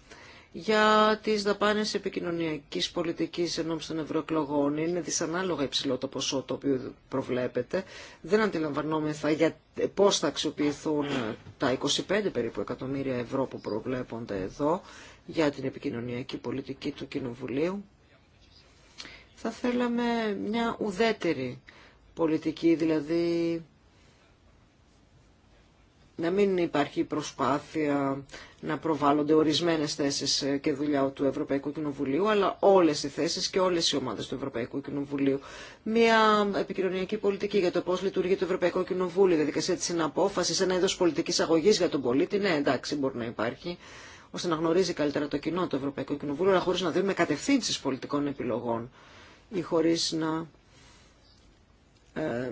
για τις δαπάνες επικοινωνιακής πολιτικής ενώπιση των ευρωεκλογών. Είναι δυσανάλογα υψηλό το ποσό το οποίο προβλέπεται. Δεν αντιλαμβανόμεθα για ε, πώς θα αξιοποιηθούν ε, τα 25 περίπου εκατομμύρια ευρώ που προβλέπονται εδώ για την επικοινωνιακή πολιτική του Κοινοβουλίου. Θα θέλαμε μια ουδέτερη πολιτική, δηλαδή να μην υπάρχει προσπάθεια να προβάλλονται ορισμένες θέσεις και δουλειά του Ευρωπαϊκού Κοινοβουλίου, αλλά όλες οι θέσεις και όλες οι ομάδες του Ευρωπαϊκού Κοινοβουλίου. Μια επικοινωνιακή πολιτική για το πώς λειτουργεί το Ευρωπαϊκό Κοινοβούλιο, η διαδικασία της συναπόφασης, ένα είδος πολιτικής αγωγής για τον πολίτη, ναι εντάξει μπορεί να υπάρχει ώστε να γνωρίζει καλύτερα το κοινό το Ευρωπαϊκό Κοινοβούλιο, αλλά χωρίς να δίνουμε κατευθύνσεις πολιτικών επιλογών ή χωρίς να ε,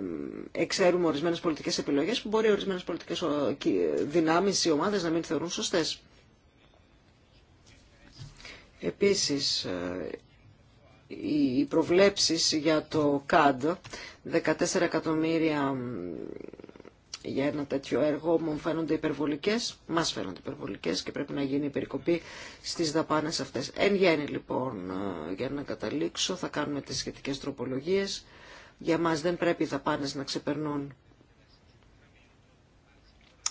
εξέρουμε ορισμένες πολιτικές επιλογές που μπορεί ορισμένες πολιτικές δυνάμει ή ομάδες να μην θεωρούν σωστέ. Επίσης, ε, οι προβλέψεις για το ΚΑΔ, 14 εκατομμύρια για ένα τέτοιο έργο μου φαίνονται υπερβολικές, μας φαίνονται υπερβολικές και πρέπει να γίνει η περικοπή στις δαπάνες αυτές. Εν γέννη λοιπόν, ε, για να καταλήξω, θα κάνουμε τις σχετικές τροπολογίες για μας δεν πρέπει οι δαπάνες να ξεπερνούν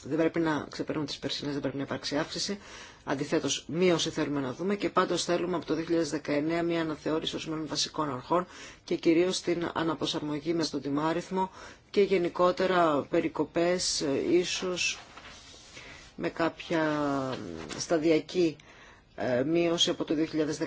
δεν πρέπει να ξεπερνούν τις περσινές, δεν πρέπει να υπάρξει αύξηση. Αντιθέτως, μείωση θέλουμε να δούμε και πάντως θέλουμε από το 2019 μια αναθεώρηση ορισμένων βασικών αρχών και κυρίως την αναποσαρμογή με στον τιμάριθμο και γενικότερα περικοπές ε, ίσως με κάποια σταδιακή ε, μείωση από το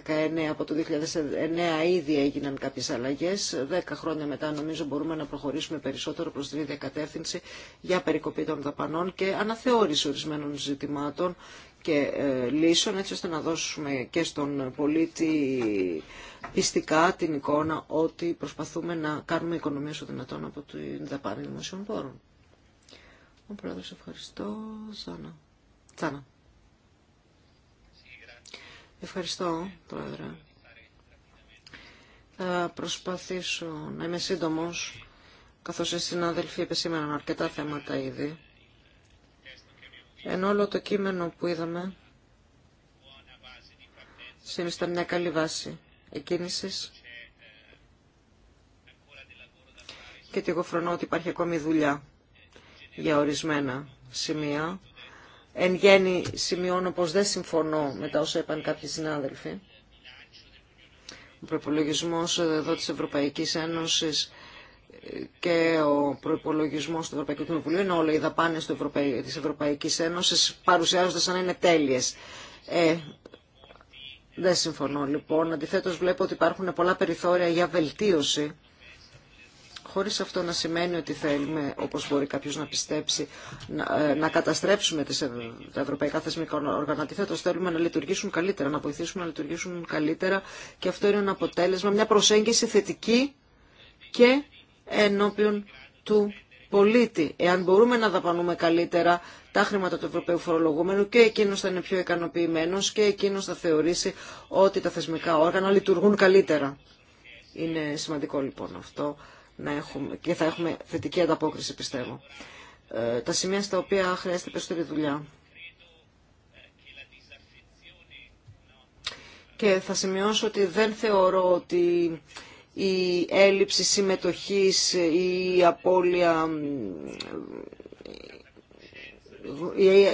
2019. Από το 2009 ήδη έγιναν κάποιες αλλαγές. Δέκα χρόνια μετά νομίζω μπορούμε να προχωρήσουμε περισσότερο προς την ίδια κατεύθυνση για περικοπή των δαπανών και αναθεώρηση ορισμένων ζητημάτων και ε, λύσεων έτσι ώστε να δώσουμε και στον πολίτη πιστικά την εικόνα ότι προσπαθούμε να κάνουμε οικονομία όσο δυνατόν από την δαπάνη δημοσίων πόρων. Ο πρόεδρος ευχαριστώ. Σάνα. Ευχαριστώ, Πρόεδρε. Θα προσπαθήσω να είμαι σύντομος, καθώς οι συνάδελφοι σήμερα αρκετά θέματα ήδη. Ενώ όλο το κείμενο που είδαμε συνιστά μια καλή βάση εκκίνησης και τη γοφρονώ ότι υπάρχει ακόμη δουλειά για ορισμένα σημεία Εν γέννη σημειώνω πως δεν συμφωνώ με τα όσα είπαν κάποιοι συνάδελφοι. Ο προπολογισμό ε, εδώ της Ευρωπαϊκής Ένωσης ε, και ο προπολογισμό του Ευρωπαϊκού Κοινοβουλίου είναι όλα οι δαπάνε τη Ευρωπαϊκή Ένωση παρουσιάζονται σαν να είναι τέλειες. Ε, δεν συμφωνώ λοιπόν. Αντιθέτως βλέπω ότι υπάρχουν πολλά περιθώρια για βελτίωση χωρίς αυτό να σημαίνει ότι θέλουμε, όπως μπορεί κάποιος να πιστέψει, να, ε, καταστρέψουμε τις, ε, τα ευρωπαϊκά θεσμικά όργανα. Αντιθέτως θέλουμε να λειτουργήσουν καλύτερα, να βοηθήσουμε να λειτουργήσουν καλύτερα και αυτό είναι ένα αποτέλεσμα, μια προσέγγιση θετική και ενώπιον του πολίτη. Εάν μπορούμε να δαπανούμε καλύτερα τα χρήματα του Ευρωπαίου Φορολογούμενου και εκείνος θα είναι πιο ικανοποιημένος και εκείνος θα θεωρήσει ότι τα θεσμικά όργανα λειτουργούν καλύτερα. Είναι σημαντικό λοιπόν αυτό να έχουμε, και θα έχουμε θετική ανταπόκριση πιστεύω. Ε, τα σημεία στα οποία χρειάζεται περισσότερη δουλειά. Και θα σημειώσω ότι δεν θεωρώ ότι η έλλειψη συμμετοχής ή η απώλεια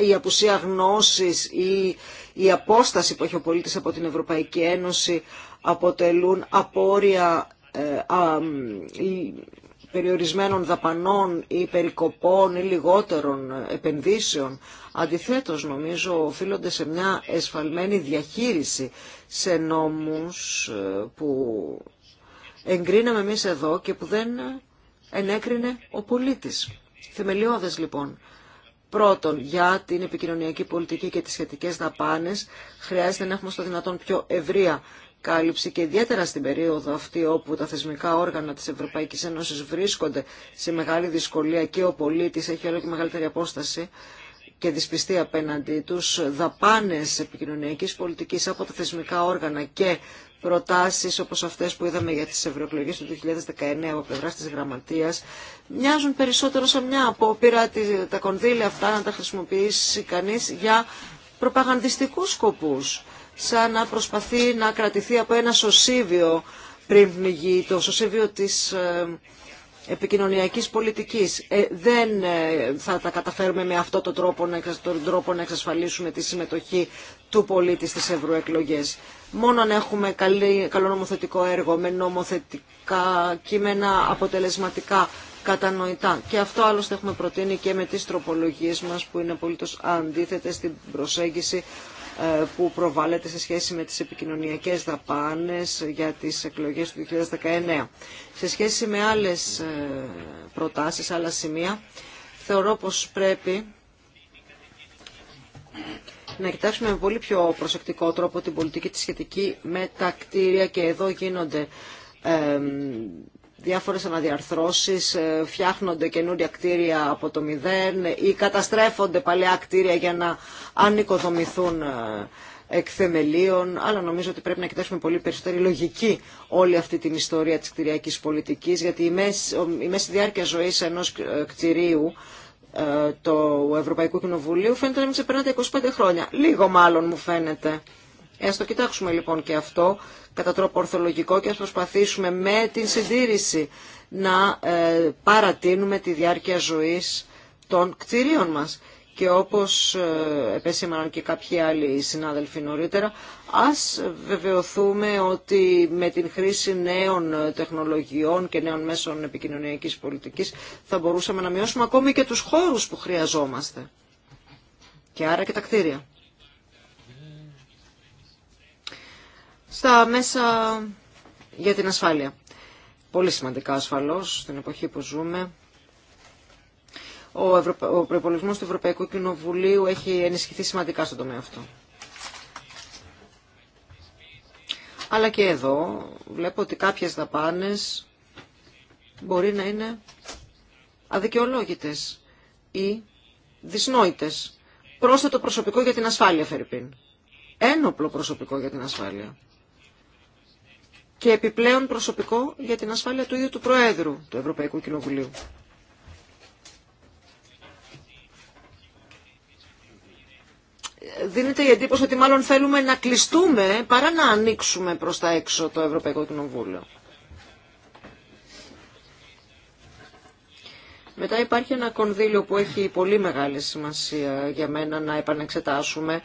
η απουσία γνώσης ή η απόσταση που έχει ο πολίτης από την Ευρωπαϊκή Ένωση αποτελούν απόρρια ε, περιορισμένων δαπανών ή περικοπών ή λιγότερων επενδύσεων. Αντιθέτως, νομίζω, οφείλονται σε μια εσφαλμένη διαχείριση σε νόμους ε, που εγκρίναμε εμείς εδώ και που δεν ενέκρινε ο πολίτης. Θεμελιώδες, λοιπόν. Πρώτον, για την επικοινωνιακή πολιτική και τις σχετικές δαπάνες χρειάζεται να έχουμε στο δυνατόν πιο ευρεία κάλυψη και ιδιαίτερα στην περίοδο αυτή όπου τα θεσμικά όργανα της Ευρωπαϊκής Ένωσης βρίσκονται σε μεγάλη δυσκολία και ο πολίτης έχει όλο και μεγαλύτερη απόσταση και δυσπιστεί απέναντί τους δαπάνες επικοινωνιακής πολιτικής από τα θεσμικά όργανα και προτάσεις όπως αυτές που είδαμε για τις ευρωεκλογές του 2019 από πλευράς της γραμματείας μοιάζουν περισσότερο σαν μια απόπειρα τα κονδύλια αυτά να τα χρησιμοποιήσει κανείς για προπαγανδιστικούς σκοπούς σαν να προσπαθεί να κρατηθεί από ένα σωσίβιο πριν πνιγεί, το σωσίβιο της ε, επικοινωνιακής πολιτικής. Ε, δεν ε, θα τα καταφέρουμε με αυτόν τον τρόπο, να, τρόπο να εξασφαλίσουμε τη συμμετοχή του πολίτη στις ευρωεκλογές. Μόνο αν έχουμε καλό νομοθετικό έργο με νομοθετικά κείμενα αποτελεσματικά κατανοητά. Και αυτό άλλωστε έχουμε προτείνει και με τις τροπολογίες μας που είναι απολύτως αντίθετες στην προσέγγιση ε, που προβάλλεται σε σχέση με τις επικοινωνιακές δαπάνες για τις εκλογές του 2019. Σε σχέση με άλλες ε, προτάσεις, άλλα σημεία, θεωρώ πως πρέπει να κοιτάξουμε με πολύ πιο προσεκτικό τρόπο την πολιτική τη σχετική με τα κτίρια και εδώ γίνονται ε, διάφορες αναδιαρθρώσεις, ε, φτιάχνονται καινούρια κτίρια από το μηδέν ή καταστρέφονται παλαιά κτίρια για να ανοικοδομηθούν ε, θεμελίων. αλλά νομίζω ότι πρέπει να κοιτάξουμε πολύ περισσότερη λογική όλη αυτή την ιστορία της κτηριακής πολιτικής, γιατί η μέση, η διάρκεια ζωής ενός ε, κτηρίου του Ευρωπαϊκού Κοινοβουλίου φαίνεται να μην ξεπερνάται 25 χρόνια. Λίγο μάλλον μου φαίνεται. ας το κοιτάξουμε λοιπόν και αυτό κατά τρόπο ορθολογικό και ας προσπαθήσουμε με την συντήρηση να ε, παρατείνουμε τη διάρκεια ζωής των κτηρίων μας. Και όπως ε, επεσήμαναν και κάποιοι άλλοι συνάδελφοι νωρίτερα, ας βεβαιωθούμε ότι με την χρήση νέων τεχνολογιών και νέων μέσων επικοινωνιακής πολιτικής θα μπορούσαμε να μειώσουμε ακόμη και τους χώρους που χρειαζόμαστε. Και άρα και τα κτίρια. στα μέσα για την ασφάλεια. Πολύ σημαντικά ασφαλώς στην εποχή που ζούμε. Ο, Ευρω... ο του Ευρωπαϊκού Κοινοβουλίου έχει ενισχυθεί σημαντικά στον τομέα αυτό. Αλλά και εδώ βλέπω ότι κάποιες δαπάνες μπορεί να είναι αδικαιολόγητες ή δυσνόητες. Πρόσθετο προσωπικό για την ασφάλεια, Φερρυπίν. Ένοπλο προσωπικό για την ασφάλεια και επιπλέον προσωπικό για την ασφάλεια του ίδιου του Προέδρου του Ευρωπαϊκού Κοινοβουλίου. Δίνεται η εντύπωση ότι μάλλον θέλουμε να κλειστούμε παρά να ανοίξουμε προς τα έξω το Ευρωπαϊκό Κοινοβούλιο. Μετά υπάρχει ένα κονδύλιο που έχει πολύ μεγάλη σημασία για μένα να επανεξετάσουμε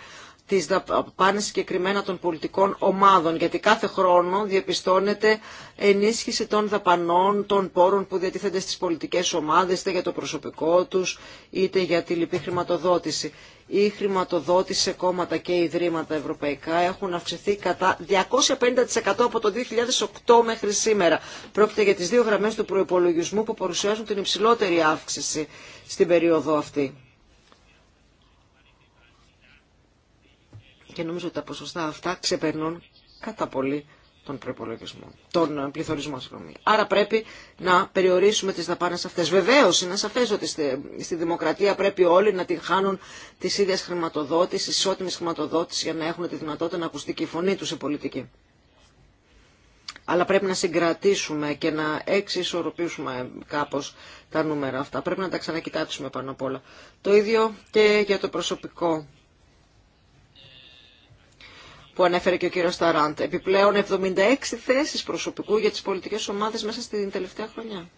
τις δαπάνες συγκεκριμένα των πολιτικών ομάδων, γιατί κάθε χρόνο διαπιστώνεται ενίσχυση των δαπανών, των πόρων που διατίθενται στις πολιτικές ομάδες, είτε για το προσωπικό τους, είτε για τη λυπή χρηματοδότηση. Η χρηματοδότηση σε κόμματα και ιδρύματα ευρωπαϊκά έχουν αυξηθεί κατά 250% από το 2008 μέχρι σήμερα. Πρόκειται για τις δύο γραμμές του προϋπολογισμού που παρουσιάζουν την υψηλότερη αύξηση στην περίοδο αυτή. και νομίζω ότι τα ποσοστά αυτά ξεπερνούν κατά πολύ τον προπολογισμό, τον ε, πληθωρισμό, συγγνώμη. Άρα πρέπει να περιορίσουμε τι δαπάνε αυτέ. Βεβαίω, είναι σαφέ ότι στη δημοκρατία πρέπει όλοι να τη χάνουν τη ίδια χρηματοδότηση, ισότιμη χρηματοδότηση, για να έχουν τη δυνατότητα να ακουστεί και η φωνή του σε πολιτική. Αλλά πρέπει να συγκρατήσουμε και να εξισορροπήσουμε κάπω τα νούμερα αυτά. Πρέπει να τα ξανακοιτάξουμε πάνω απ' όλα. Το ίδιο και για το προσωπικό που ανέφερε και ο κύριος Ταράντ. Επιπλέον 76 θέσεις προσωπικού για τις πολιτικές ομάδες μέσα στην τελευταία χρονιά.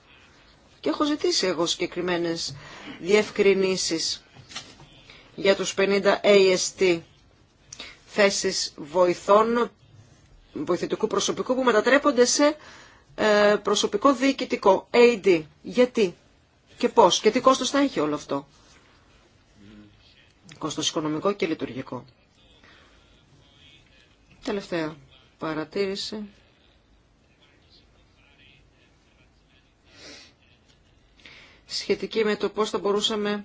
Και έχω ζητήσει εγώ συγκεκριμένε διευκρινήσεις για τους 50 AST θέσεις βοηθών, βοηθητικού προσωπικού που μετατρέπονται σε ε, προσωπικό διοικητικό, AD. Γιατί και πώς και τι κόστος θα έχει όλο αυτό. Mm. Κόστος οικονομικό και λειτουργικό. Τελευταία παρατήρηση. Σχετική με το πώς θα μπορούσαμε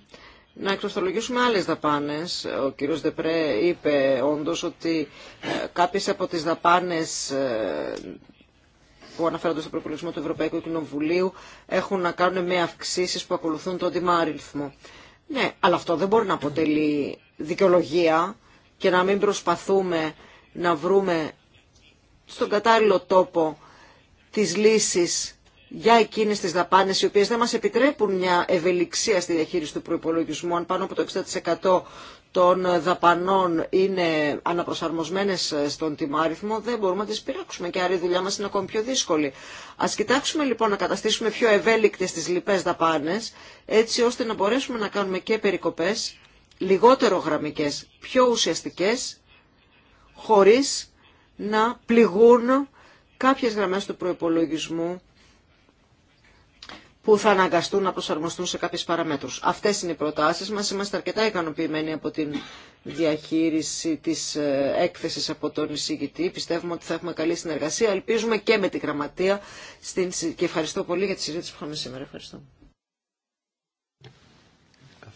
να εξορθολογήσουμε άλλες δαπάνες. Ο κύριος Δεπρέ είπε όντως ότι ε, κάποιες από τις δαπάνες ε, που αναφέρονται στο προπολογισμό του Ευρωπαϊκού Κοινοβουλίου έχουν να κάνουν με αυξήσεις που ακολουθούν τον αντιμάριλθμο. Ναι, αλλά αυτό δεν μπορεί να αποτελεί δικαιολογία και να μην προσπαθούμε να βρούμε στον κατάλληλο τόπο τις λύσεις για εκείνες τις δαπάνες οι οποίες δεν μας επιτρέπουν μια ευελιξία στη διαχείριση του προϋπολογισμού αν πάνω από το 60% των δαπανών είναι αναπροσαρμοσμένες στον τιμάριθμο δεν μπορούμε να τις πειράξουμε και άρα η δουλειά μας είναι ακόμη πιο δύσκολη. Ας κοιτάξουμε λοιπόν να καταστήσουμε πιο ευέλικτες τις λοιπές δαπάνες έτσι ώστε να μπορέσουμε να κάνουμε και περικοπές λιγότερο γραμμικές, πιο ουσιαστικές χωρίς να πληγούν κάποιες γραμμές του προϋπολογισμού που θα αναγκαστούν να προσαρμοστούν σε κάποιες παραμέτρους. Αυτές είναι οι προτάσεις μας. Είμαστε αρκετά ικανοποιημένοι από την διαχείριση της ε, έκθεσης από τον εισηγητή. Πιστεύουμε ότι θα έχουμε καλή συνεργασία. Ελπίζουμε και με τη γραμματεία. Και ευχαριστώ πολύ για τη συζήτηση που είχαμε σήμερα. Ευχαριστώ.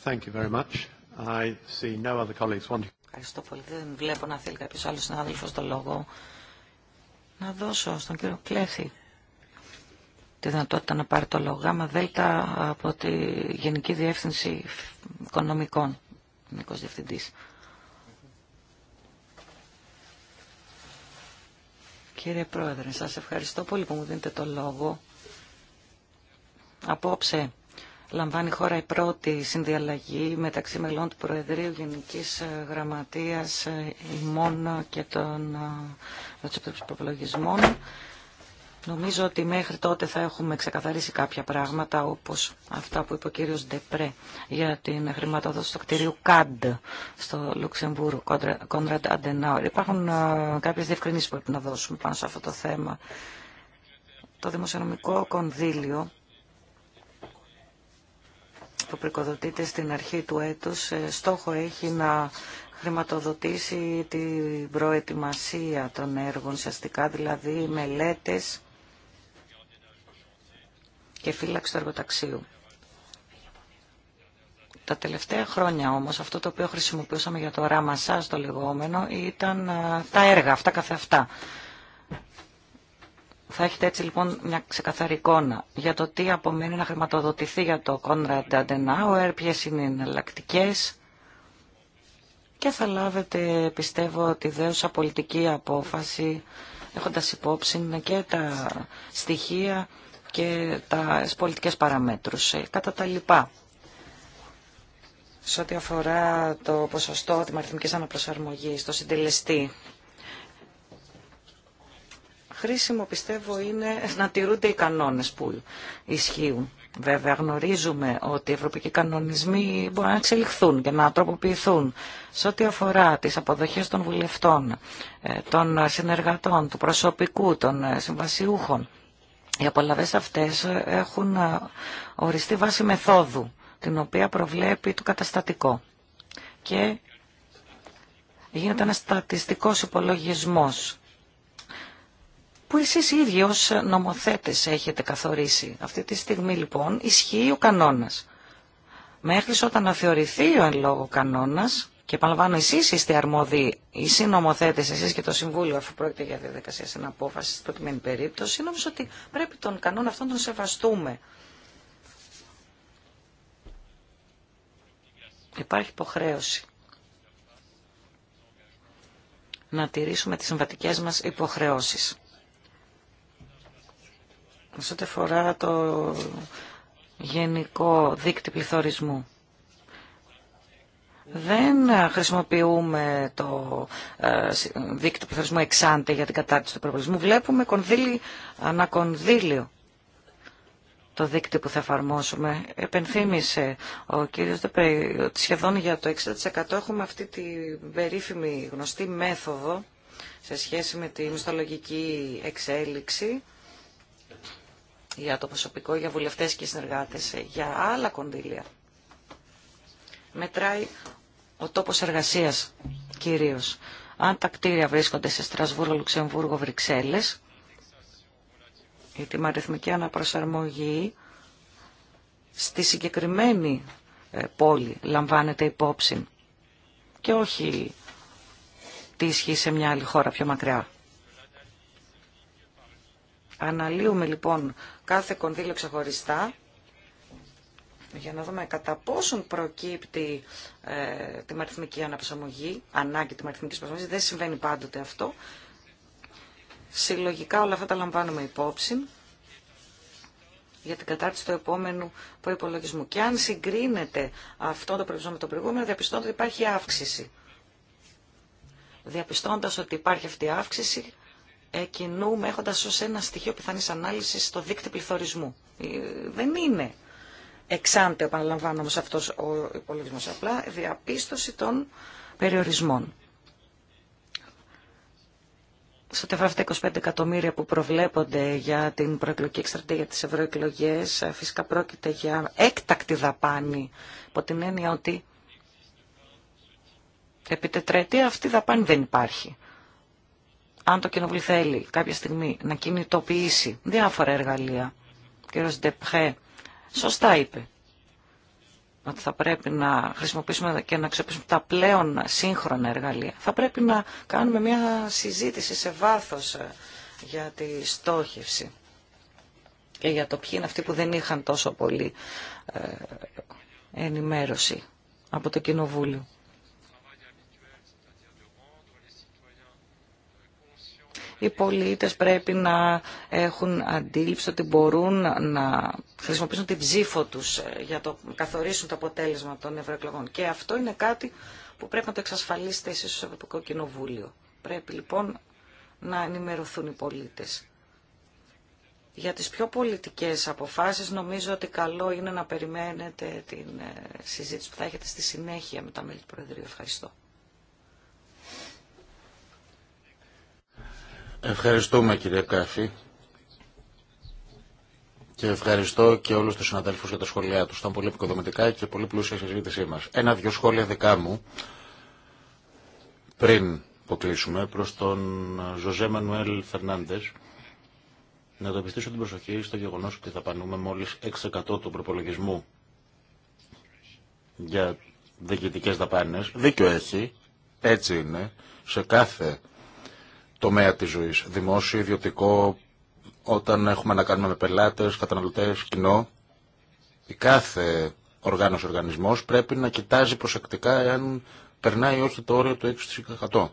Thank you very much. I see no other colleagues wanting...
Ευχαριστώ πολύ. Δεν βλέπω να θέλει κάποιο άλλο συνάδελφο το λόγο. Να δώσω στον κύριο Κλέφη τη δυνατότητα να πάρει το λόγο γάμα δέλτα από τη Γενική Διεύθυνση Οικονομικών, Νίκο Κύριε Πρόεδρε, σας ευχαριστώ πολύ που μου δίνετε το λόγο. Απόψε λαμβάνει η χώρα η πρώτη συνδιαλλαγή μεταξύ μελών του Προεδρείου Γενικής Γραμματείας ε, ημών και των ε, προπολογισμών. Νομίζω ότι μέχρι τότε θα έχουμε ξεκαθαρίσει κάποια πράγματα όπως αυτά που είπε ο κύριος Ντεπρέ για την χρηματοδότηση του κτηρίου ΚΑΝΤ στο Λουξεμβούργο, Κόντραντ Αντενάουρ. Υπάρχουν ε, κάποιες διευκρινήσεις που πρέπει να δώσουμε πάνω σε αυτό το θέμα. Το δημοσιονομικό κονδύλιο που πρικοδοτείται στην αρχή του έτους ε, στόχο έχει να χρηματοδοτήσει την προετοιμασία των έργων, ουσιαστικά δηλαδή μελέτες και φύλαξη του εργοταξίου. Τα τελευταία χρόνια όμως αυτό το οποίο χρησιμοποιούσαμε για το ράμα το λεγόμενο ήταν ε, τα έργα, αυτά καθεαυτά. Θα έχετε έτσι λοιπόν μια ξεκαθαρή εικόνα για το τι απομένει να χρηματοδοτηθεί για το Conrad Adenauer, ποιε είναι οι εναλλακτικέ και θα λάβετε πιστεύω τη δέουσα πολιτική απόφαση έχοντας υπόψη και τα στοιχεία και τα πολιτικές παραμέτρους. Ε, κατά τα λοιπά, σε ό,τι αφορά το ποσοστό δημαρχημικής αναπροσαρμογής, το συντελεστή, χρήσιμο πιστεύω είναι να τηρούνται οι κανόνες που ισχύουν. Βέβαια γνωρίζουμε ότι οι ευρωπαϊκοί κανονισμοί μπορούν να εξελιχθούν και να τροποποιηθούν σε ό,τι αφορά τις αποδοχές των βουλευτών, ε, των συνεργατών, του προσωπικού, των ε, συμβασιούχων. Οι απολαβές αυτές ε, έχουν οριστεί βάση μεθόδου, την οποία προβλέπει το καταστατικό. Και γίνεται ένας στατιστικός υπολογισμός που εσείς ίδιοι ως νομοθέτες έχετε καθορίσει. Αυτή τη στιγμή λοιπόν ισχύει ο κανόνας. Μέχρι όταν να ο εν λόγω κανόνας, και επαναλαμβάνω εσείς είστε αρμόδιοι, οι συνομοθέτες, εσείς και το Συμβούλιο, αφού πρόκειται για διαδικασία στην απόφαση, στην προκειμένη περίπτωση, νομίζω ότι πρέπει τον κανόνα αυτόν τον σεβαστούμε. Υπάρχει υποχρέωση να τηρήσουμε τις συμβατικές μας υποχρεώσεις σε ό,τι αφορά το γενικό δίκτυο πληθωρισμού. Δεν χρησιμοποιούμε το ε, δίκτυο πληθωρισμού εξάντε για την κατάρτιση του προβλησμού. Βλέπουμε κονδύλι ανακονδύλιο το δίκτυο που θα εφαρμόσουμε. Επενθύμησε ο κύριος Δεπρέ ότι σχεδόν για το 60% έχουμε αυτή την περίφημη γνωστή μέθοδο σε σχέση με τη μισθολογική εξέλιξη για το προσωπικό, για βουλευτές και συνεργάτες, για άλλα κονδύλια. Μετράει ο τόπος εργασίας κυρίως. Αν τα κτίρια βρίσκονται σε Στρασβούργο, Λουξεμβούργο, Βρυξέλλες, η τιμαριθμική αναπροσαρμογή στη συγκεκριμένη ε, πόλη λαμβάνεται υπόψη και όχι τι ισχύει σε μια άλλη χώρα πιο μακριά. Αναλύουμε λοιπόν κάθε κονδύλιο ξεχωριστά για να δούμε κατά πόσον προκύπτει ε, τη μαριθμική αναπροσαρμογή, ανάγκη τη μαριθμικής προσαρμογή Δεν συμβαίνει πάντοτε αυτό. Συλλογικά όλα αυτά τα λαμβάνουμε υπόψη για την κατάρτιση του επόμενου προπολογισμού. Και αν συγκρίνεται αυτό το προηγούμενο με το προηγούμενο, διαπιστώνεται ότι υπάρχει αύξηση. Διαπιστώντα ότι υπάρχει αυτή η αύξηση, κινούμε έχοντας ως ένα στοιχείο πιθανής ανάλυσης το δίκτυο πληθωρισμού. Ε, δεν είναι εξάντε, επαναλαμβάνω όμως αυτός ο υπολογισμό απλά διαπίστωση των περιορισμών. Στο ό,τι 25 εκατομμύρια που προβλέπονται για την προεκλογική εκστρατεία της ευρωεκλογής, ε, φυσικά πρόκειται για έκτακτη δαπάνη, υπό την έννοια ότι επί τετραετία αυτή δαπάνη δεν υπάρχει αν το κοινοβούλιο θέλει κάποια στιγμή να κινητοποιήσει διάφορα εργαλεία, ο κ. Ντεπχέ σωστά είπε ότι θα πρέπει να χρησιμοποιήσουμε και να αξιοποιήσουμε τα πλέον σύγχρονα εργαλεία. Θα πρέπει να κάνουμε μια συζήτηση σε βάθος ε, για τη στόχευση και για το ποιοι είναι αυτοί που δεν είχαν τόσο πολύ ε, ενημέρωση από το Κοινοβούλιο. οι πολίτες πρέπει να έχουν αντίληψη ότι μπορούν να χρησιμοποιήσουν την ψήφο τους ε, για να καθορίσουν το αποτέλεσμα των ευρωεκλογών. Και αυτό είναι κάτι που πρέπει να το εξασφαλίσετε εσείς στο Ευρωπαϊκό Κοινοβούλιο. Πρέπει λοιπόν να ενημερωθούν οι πολίτες. Για τις πιο πολιτικές αποφάσεις νομίζω ότι καλό είναι να περιμένετε την ε, συζήτηση που θα έχετε στη συνέχεια με τα μέλη του Προεδρείου. Ευχαριστώ.
Ευχαριστούμε κύριε Κάφη και ευχαριστώ και όλους τους συναδέλφους για τα σχόλιά τους. Ήταν πολύ επικοδομητικά και πολύ πλούσια η συζήτησή μας. Ένα-δυο σχόλια δικά μου πριν που κλείσουμε προς τον Ζωζέ Μανουέλ Φερνάντες να το επιστήσω την προσοχή στο γεγονός ότι θα πανούμε μόλις 6% του προπολογισμού για διοικητικές δαπάνες. Δίκιο έχει, έτσι είναι, σε κάθε τομέα της ζωής. Δημόσιο, ιδιωτικό, όταν έχουμε να κάνουμε με πελάτες, καταναλωτές, κοινό. Η κάθε οργάνωση οργανισμός πρέπει να κοιτάζει προσεκτικά εάν περνάει όχι το όριο του 6%.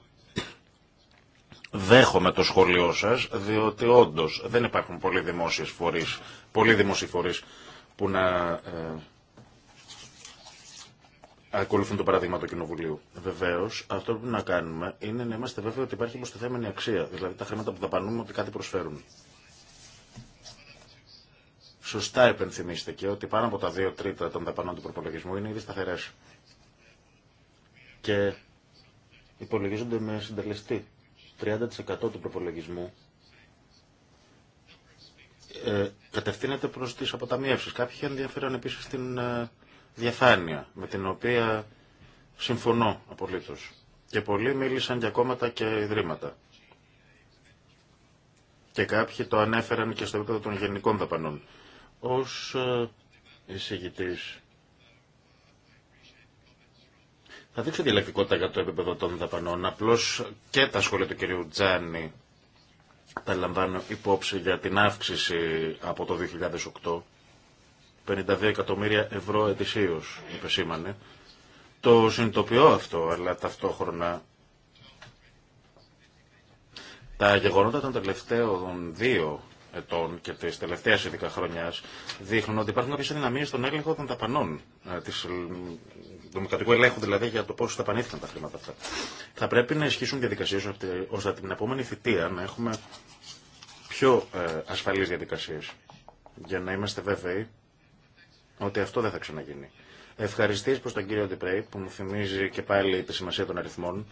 Δέχομαι το σχόλιο σας, διότι όντως δεν υπάρχουν πολλοί δημόσιες φορείς, πολλοί δημόσιοι φορείς που να ε, ακολουθούν το παράδειγμα του Κοινοβουλίου. Βεβαίω, αυτό που πρέπει να κάνουμε είναι να είμαστε βέβαιοι ότι υπάρχει υποστηθέμενη αξία. Δηλαδή τα χρήματα που δαπανούμε ότι κάτι προσφέρουν. Σωστά επενθυμίστε και ότι πάνω από τα δύο τρίτα των δαπανών του προπολογισμού είναι ήδη σταθερέ. Και υπολογίζονται με συντελεστή. 30% του προπολογισμού ε, κατευθύνεται προ τι αποταμιεύσει. Κάποιοι ενδιαφέρον επίση στην ε, διαφάνεια, με την οποία συμφωνώ απολύτως. Και πολλοί μίλησαν για κόμματα και ιδρύματα. Και κάποιοι το ανέφεραν και στο επίπεδο των γενικών δαπανών. Ως ε, εισηγητής θα δείξω διαλεκτικότητα για το επίπεδο των δαπανών. Απλώ και τα σχόλια του κυρίου Τζάνι τα λαμβάνω υπόψη για την αύξηση από το 2008 52 εκατομμύρια ευρώ ετησίως, σήμανε. Το συνειδητοποιώ αυτό, αλλά ταυτόχρονα τα γεγονότα των τελευταίων δύο ετών και τη τελευταία ειδικά χρονιά δείχνουν ότι υπάρχουν κάποιε αδυναμίε στον έλεγχο των ταπανών, ε, της, δημοκρατικού ελέγχου δηλαδή για το πώ ταπανήθηκαν τα χρήματα αυτά. Θα πρέπει να ισχύσουν διαδικασίε ώστε την επόμενη θητεία να έχουμε πιο ε, ασφαλείς διαδικασίε για να είμαστε βέβαιοι ότι αυτό δεν θα ξαναγίνει. Ευχαριστίες προς τον κύριο Ντιπρέη που μου θυμίζει και πάλι τη σημασία των αριθμών.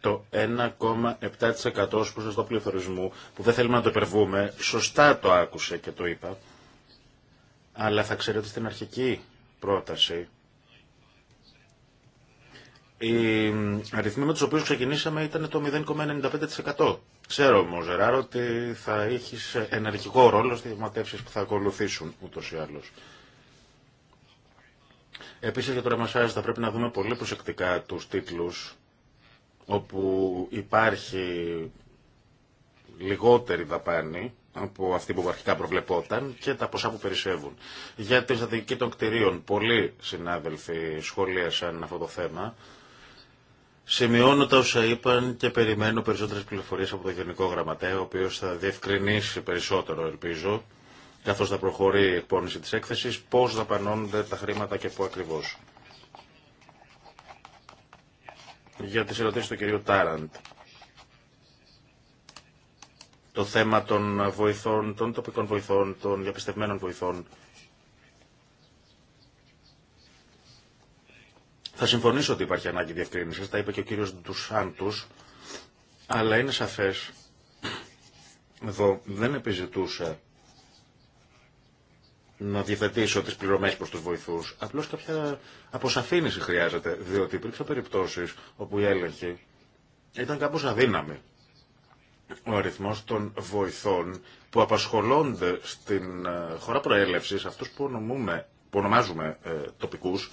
Το 1,7% ως προς το πληθωρισμού που δεν θέλουμε να το υπερβούμε, σωστά το άκουσε και το είπα, αλλά θα ξέρετε στην αρχική πρόταση οι αριθμοί με τους οποίους ξεκινήσαμε ήταν το 0,95%. Ξέρω όμω, Ζεράρο, ότι θα έχει ενεργικό ρόλο στις δημοτεύσεις που θα ακολουθήσουν ούτως ή άλλως. Επίσης για το Ρεμασάζ θα πρέπει να δούμε πολύ προσεκτικά τους τίτλους όπου υπάρχει λιγότερη δαπάνη από αυτή που αρχικά προβλεπόταν και τα ποσά που περισσεύουν. Για τη στρατηγική των κτηρίων, πολλοί συνάδελφοι σχολίασαν αυτό το θέμα. Σημειώνω τα όσα είπαν και περιμένω περισσότερες πληροφορίες από το Γενικό Γραμματέα, ο οποίος θα διευκρινίσει περισσότερο, ελπίζω, καθώς θα προχωρεί η εκπόνηση της έκθεσης, πώς δαπανώνονται τα χρήματα και πού ακριβώ. Για τι ερωτήσει του κυρίου Τάραντ. Το θέμα των βοηθών, των τοπικών βοηθών, των διαπιστευμένων βοηθών Θα συμφωνήσω ότι υπάρχει ανάγκη διευκρίνηση, τα είπε και ο κύριος Ντουσάντου, αλλά είναι σαφές, εδώ δεν επιζητούσε να διευθετήσω τις πληρωμές προς τους βοηθούς, απλώς κάποια αποσαφήνιση χρειάζεται, διότι υπήρξαν περιπτώσει, όπου η έλεγχη ήταν κάπως αδύναμη. Ο αριθμό των βοηθών που απασχολώνται στην ε, χώρα προέλευση αυτού που, ονομάζουμε ε, τοπικούς,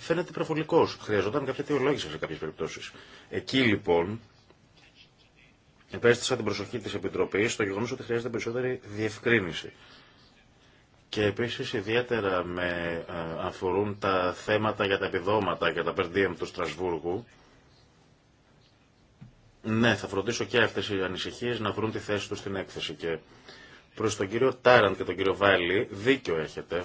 φαίνεται υπερβολικό. Χρειαζόταν κάποια αιτιολόγηση σε κάποιε περιπτώσει. Εκεί λοιπόν επέστησα την προσοχή τη Επιτροπή στο γεγονό ότι χρειάζεται περισσότερη διευκρίνηση. Και επίση ιδιαίτερα με ε, αφορούν τα θέματα για τα επιδόματα και τα περντίεμ του Στρασβούργου. Ναι, θα φροντίσω και αυτέ οι ανησυχίε να βρουν τη θέση του στην έκθεση. Και προ τον κύριο Τάραντ και τον κύριο Βάλλη, δίκιο έχετε.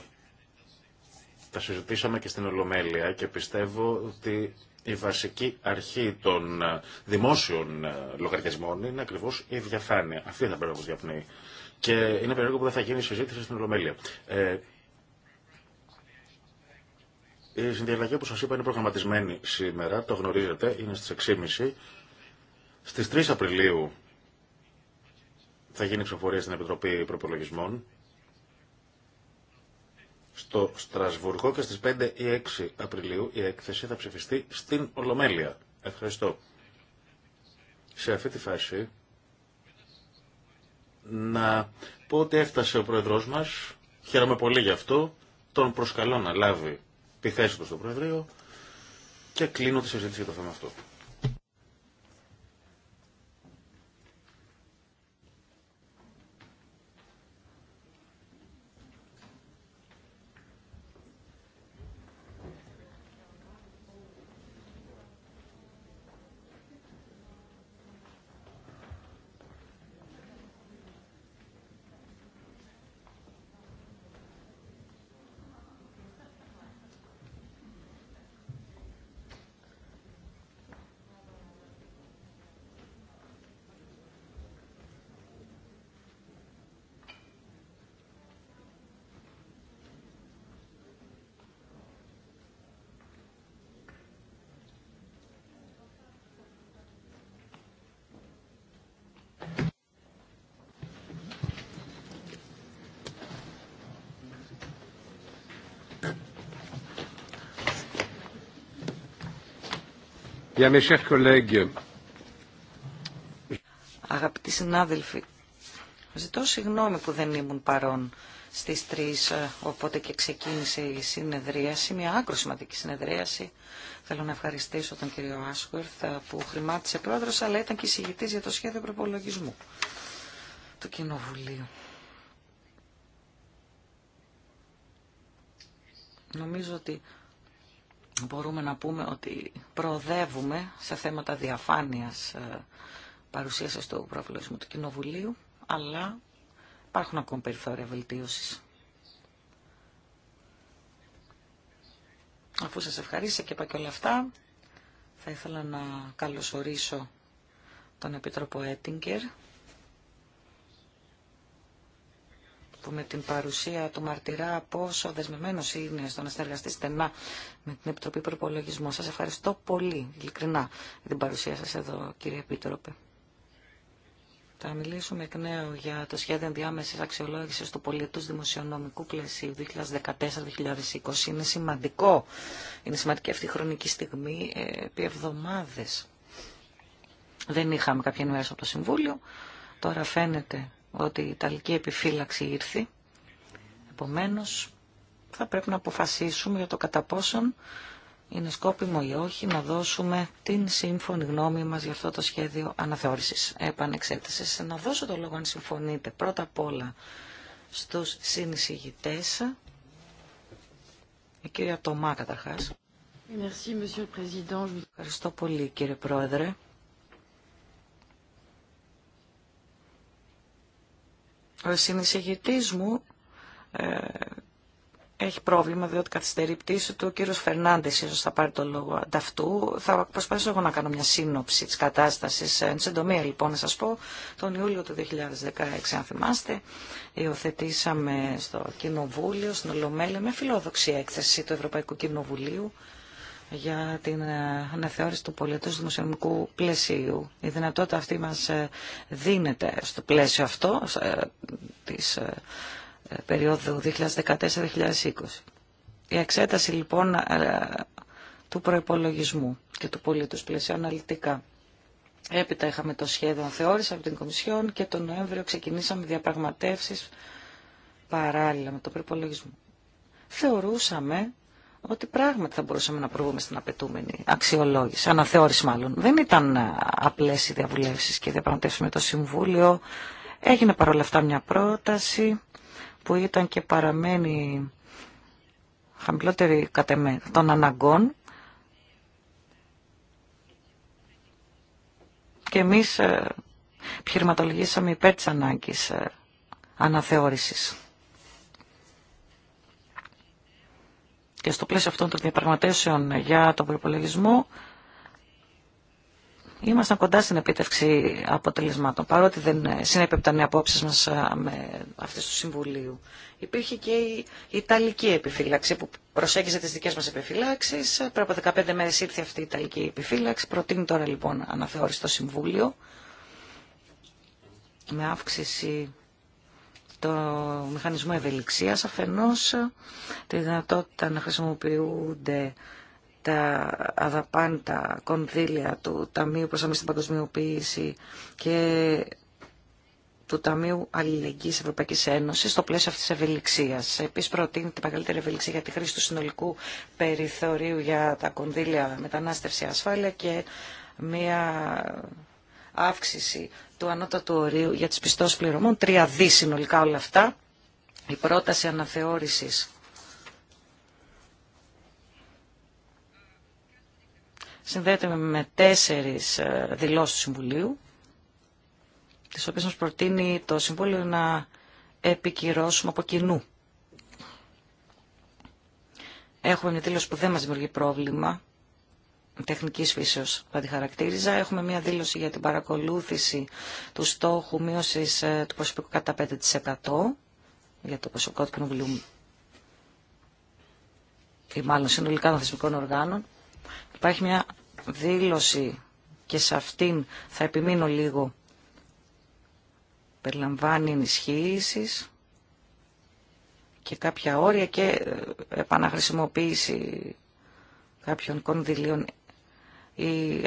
Τα συζητήσαμε και στην Ολομέλεια και πιστεύω ότι η βασική αρχή των ε, δημόσιων ε, λογαριασμών είναι ακριβώ η διαφάνεια. Αυτή η πρέπει που διαπνέει. Και είναι περίεργο που δεν θα γίνει συζήτηση στην Ολομέλεια. Ε, η συνδιαλλαγή, που σα είπα, είναι προγραμματισμένη σήμερα. Το γνωρίζετε. Είναι στι 6.30. Στι 3 Απριλίου θα γίνει ψηφοφορία στην Επιτροπή Προπολογισμών στο Στρασβουργό και στις 5 ή 6 Απριλίου η έκθεση θα ψηφιστεί στην Ολομέλεια. Ευχαριστώ. Σε αυτή τη φάση να πω ότι έφτασε ο Πρόεδρός μας, χαίρομαι πολύ γι' αυτό, τον προσκαλώ να λάβει τη θέση του στο Προεδρείο και κλείνω τη συζήτηση για το θέμα αυτό.
Αγαπητοί συνάδελφοι, ζητώ συγγνώμη που δεν ήμουν παρόν στις τρεις ε, οπότε και ξεκίνησε η συνεδρίαση, μια άκρο σημαντική συνεδρίαση. Θέλω να ευχαριστήσω τον κύριο Άσχουρθ ε, που χρημάτισε πρόεδρος, αλλά ήταν και συγητής για το σχέδιο προπολογισμού του Κοινοβουλίου. Νομίζω ότι μπορούμε να πούμε ότι προοδεύουμε σε θέματα διαφάνειας ε, παρουσίασης του προβλέψιμου του Κοινοβουλίου, αλλά υπάρχουν ακόμα περιθώρια βελτίωσης. Αφού σας ευχαρίστησα και είπα και όλα αυτά, θα ήθελα να καλωσορίσω τον Επίτροπο Έτιγκερ που με την παρουσία του μαρτυρά πόσο δεσμευμένο είναι στο να συνεργαστεί στενά με την Επιτροπή Προπολογισμού. Σα ευχαριστώ πολύ, ειλικρινά, για την παρουσία σα εδώ, κύριε Επίτροπε. Θα μιλήσουμε εκ νέου για το σχέδιο ενδιάμεση αξιολόγηση του πολιτου δημοσιονομικου δημοσιονομικού πλαισίου 2014-2020. Είναι σημαντικό, είναι σημαντική αυτή η χρονική στιγμή, ε, επί εβδομάδε Δεν είχαμε κάποια ενημέρωση από το Συμβούλιο. Τώρα φαίνεται ότι η Ιταλική επιφύλαξη ήρθε. Επομένως, θα πρέπει να αποφασίσουμε για το κατά πόσον είναι σκόπιμο ή όχι να δώσουμε την σύμφωνη γνώμη μας για αυτό το σχέδιο αναθεώρησης, επανεξέτασης. Να δώσω το λόγο αν συμφωνείτε πρώτα απ' όλα στους συνεισηγητές. Η κυρία Τωμά καταρχάς. Ευχαριστώ πολύ κύριε Πρόεδρε. Ο συνεισηγητής μου ε, έχει πρόβλημα διότι καθυστερεί πτήση του. Ο κύριος Φερνάντες ίσως θα πάρει το λόγο ανταυτού. Θα προσπαθήσω εγώ να κάνω μια σύνοψη της κατάστασης. Ε, εν συντομία λοιπόν να σας πω, τον Ιούλιο του 2016 αν θυμάστε, υιοθετήσαμε στο Κοινοβούλιο, στην Ολομέλεια, με φιλόδοξη έκθεση του Ευρωπαϊκού Κοινοβουλίου για την ε, αναθεώρηση του πολιτού δημοσιονομικού πλαισίου. Η δυνατότητα αυτή μας ε, δίνεται στο πλαίσιο αυτό ε, της περίοδου 2014-2020. Η εξέταση λοιπόν του προϋπολογισμού και του πολίτου πλαισίου αναλυτικά. Έπειτα είχαμε το σχέδιο θεώρηση από την Κομισιόν και τον Νοέμβριο ξεκινήσαμε διαπραγματεύσεις παράλληλα με το προπολογισμό. Θεωρούσαμε ότι πράγματι θα μπορούσαμε να προβούμε στην απαιτούμενη αξιολόγηση, αναθεώρηση μάλλον. Δεν ήταν απλές οι διαβουλεύσεις και διαπραγματεύσεις με το Συμβούλιο. Έγινε παρόλα αυτά μια πρόταση που ήταν και παραμένει χαμηλότερη κατ' εμέ των αναγκών και εμείς ε, επιχειρηματολογήσαμε υπέρ της ανάγκης ε, αναθεώρησης. Και στο πλαίσιο αυτών των διαπραγματεύσεων για τον προπολογισμό ήμασταν κοντά στην επίτευξη αποτελεσμάτων, παρότι δεν συνέπεπταν οι απόψεις μας με αυτές του Συμβουλίου. Υπήρχε και η Ιταλική επιφύλαξη που προσέγγιζε τις δικές μας επιφυλάξεις. Πριν από 15 μέρες ήρθε αυτή η Ιταλική επιφύλαξη. Προτείνει τώρα λοιπόν αναθεώρηση το Συμβούλιο με αύξηση το μηχανισμό ευελιξίας, αφενός τη δυνατότητα να χρησιμοποιούνται τα αδαπάντα κονδύλια του Ταμείου Προσαμής στην Παγκοσμιοποίηση και του Ταμείου αλληλεγγύης Ευρωπαϊκή Ένωση στο πλαίσιο αυτή τη ευελιξία. Επίση, προτείνει την μεγαλύτερη ευελιξία για τη χρήση του συνολικού περιθωρίου για τα κονδύλια μετανάστευση ασφάλεια και μία αύξηση του ανώτατου ορίου για τις πιστώσεις πληρωμών, τρία δι συνολικά όλα αυτά. Η πρόταση αναθεώρησης συνδέεται με τέσσερις ε, δηλώσεις του Συμβουλίου, τις οποίες μας προτείνει το Συμβούλιο να επικυρώσουμε από κοινού. Έχουμε μια δήλωση που δεν μας δημιουργεί πρόβλημα, Τεχνική φύσεως θα τη χαρακτήριζα. Έχουμε μία δήλωση για την παρακολούθηση του στόχου μείωση ε, του προσωπικού κατά 5% για το προσωπικό του κοινοβουλίου ή μάλλον συνολικά των θεσμικών οργάνων. Υπάρχει μια δήλωση και σε αυτήν θα επιμείνω λίγο. Περιλαμβάνει ενισχύσει και κάποια όρια και ε, επαναχρησιμοποίηση κάποιων κονδυλίων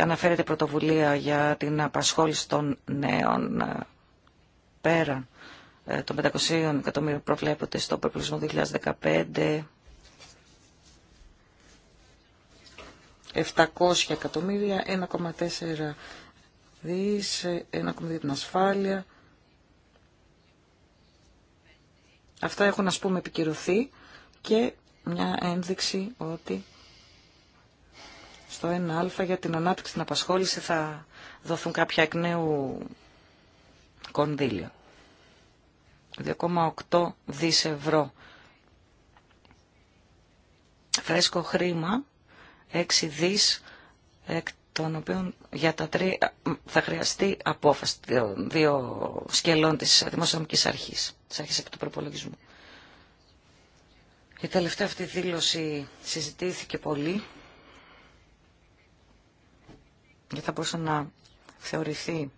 αναφέρεται πρωτοβουλία για την απασχόληση των νέων ε, πέραν ε, των 500 εκατομμύρων προβλέπονται στο προπλησμό 2015. 700 εκατομμύρια, 1,4 δις, 1,2 ε, την ασφάλεια. Αυτά έχουν ας πούμε επικυρωθεί και μια ένδειξη ότι στο 1α για την ανάπτυξη την απασχόληση θα δοθούν κάποια εκ νέου κονδύλια. 2,8 δηλαδή δις ευρώ. Φρέσκο χρήμα, 6 δις, εκ των οποίων για τα τρία θα χρειαστεί απόφαση των δύο σκελών της Δημοσιονομικής Αρχής, της Αρχής επί του Προπολογισμού. Η τελευταία αυτή δήλωση συζητήθηκε πολύ γιατί θα μπορούσε να θεωρηθεί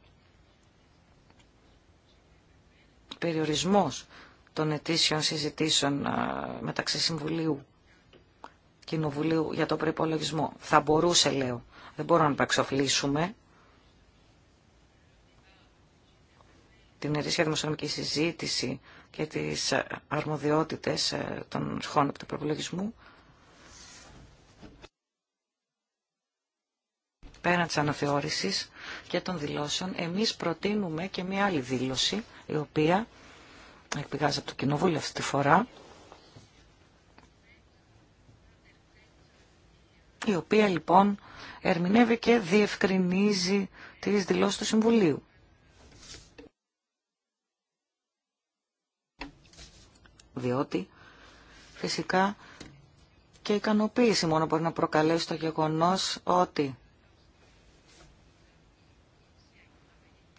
περιορισμός των αιτήσιων συζητήσεων ε, μεταξύ Συμβουλίου Κοινοβουλίου για το προϋπολογισμό. Θα μπορούσε, λέω. Δεν μπορούμε να επαξοφλήσουμε την ερήσια δημοσιονομική συζήτηση και τις ε, αρμοδιότητες ε, των σχόλων του προϋπολογισμού πέραν της αναθεώρησης και των δηλώσεων, εμείς προτείνουμε και μια άλλη δήλωση, η οποία εκπηγάζει από το Κοινοβούλιο αυτή τη φορά, η οποία λοιπόν ερμηνεύει και διευκρινίζει τις δηλώσεις του Συμβουλίου. Διότι φυσικά και ικανοποίηση μόνο μπορεί να προκαλέσει το γεγονός ότι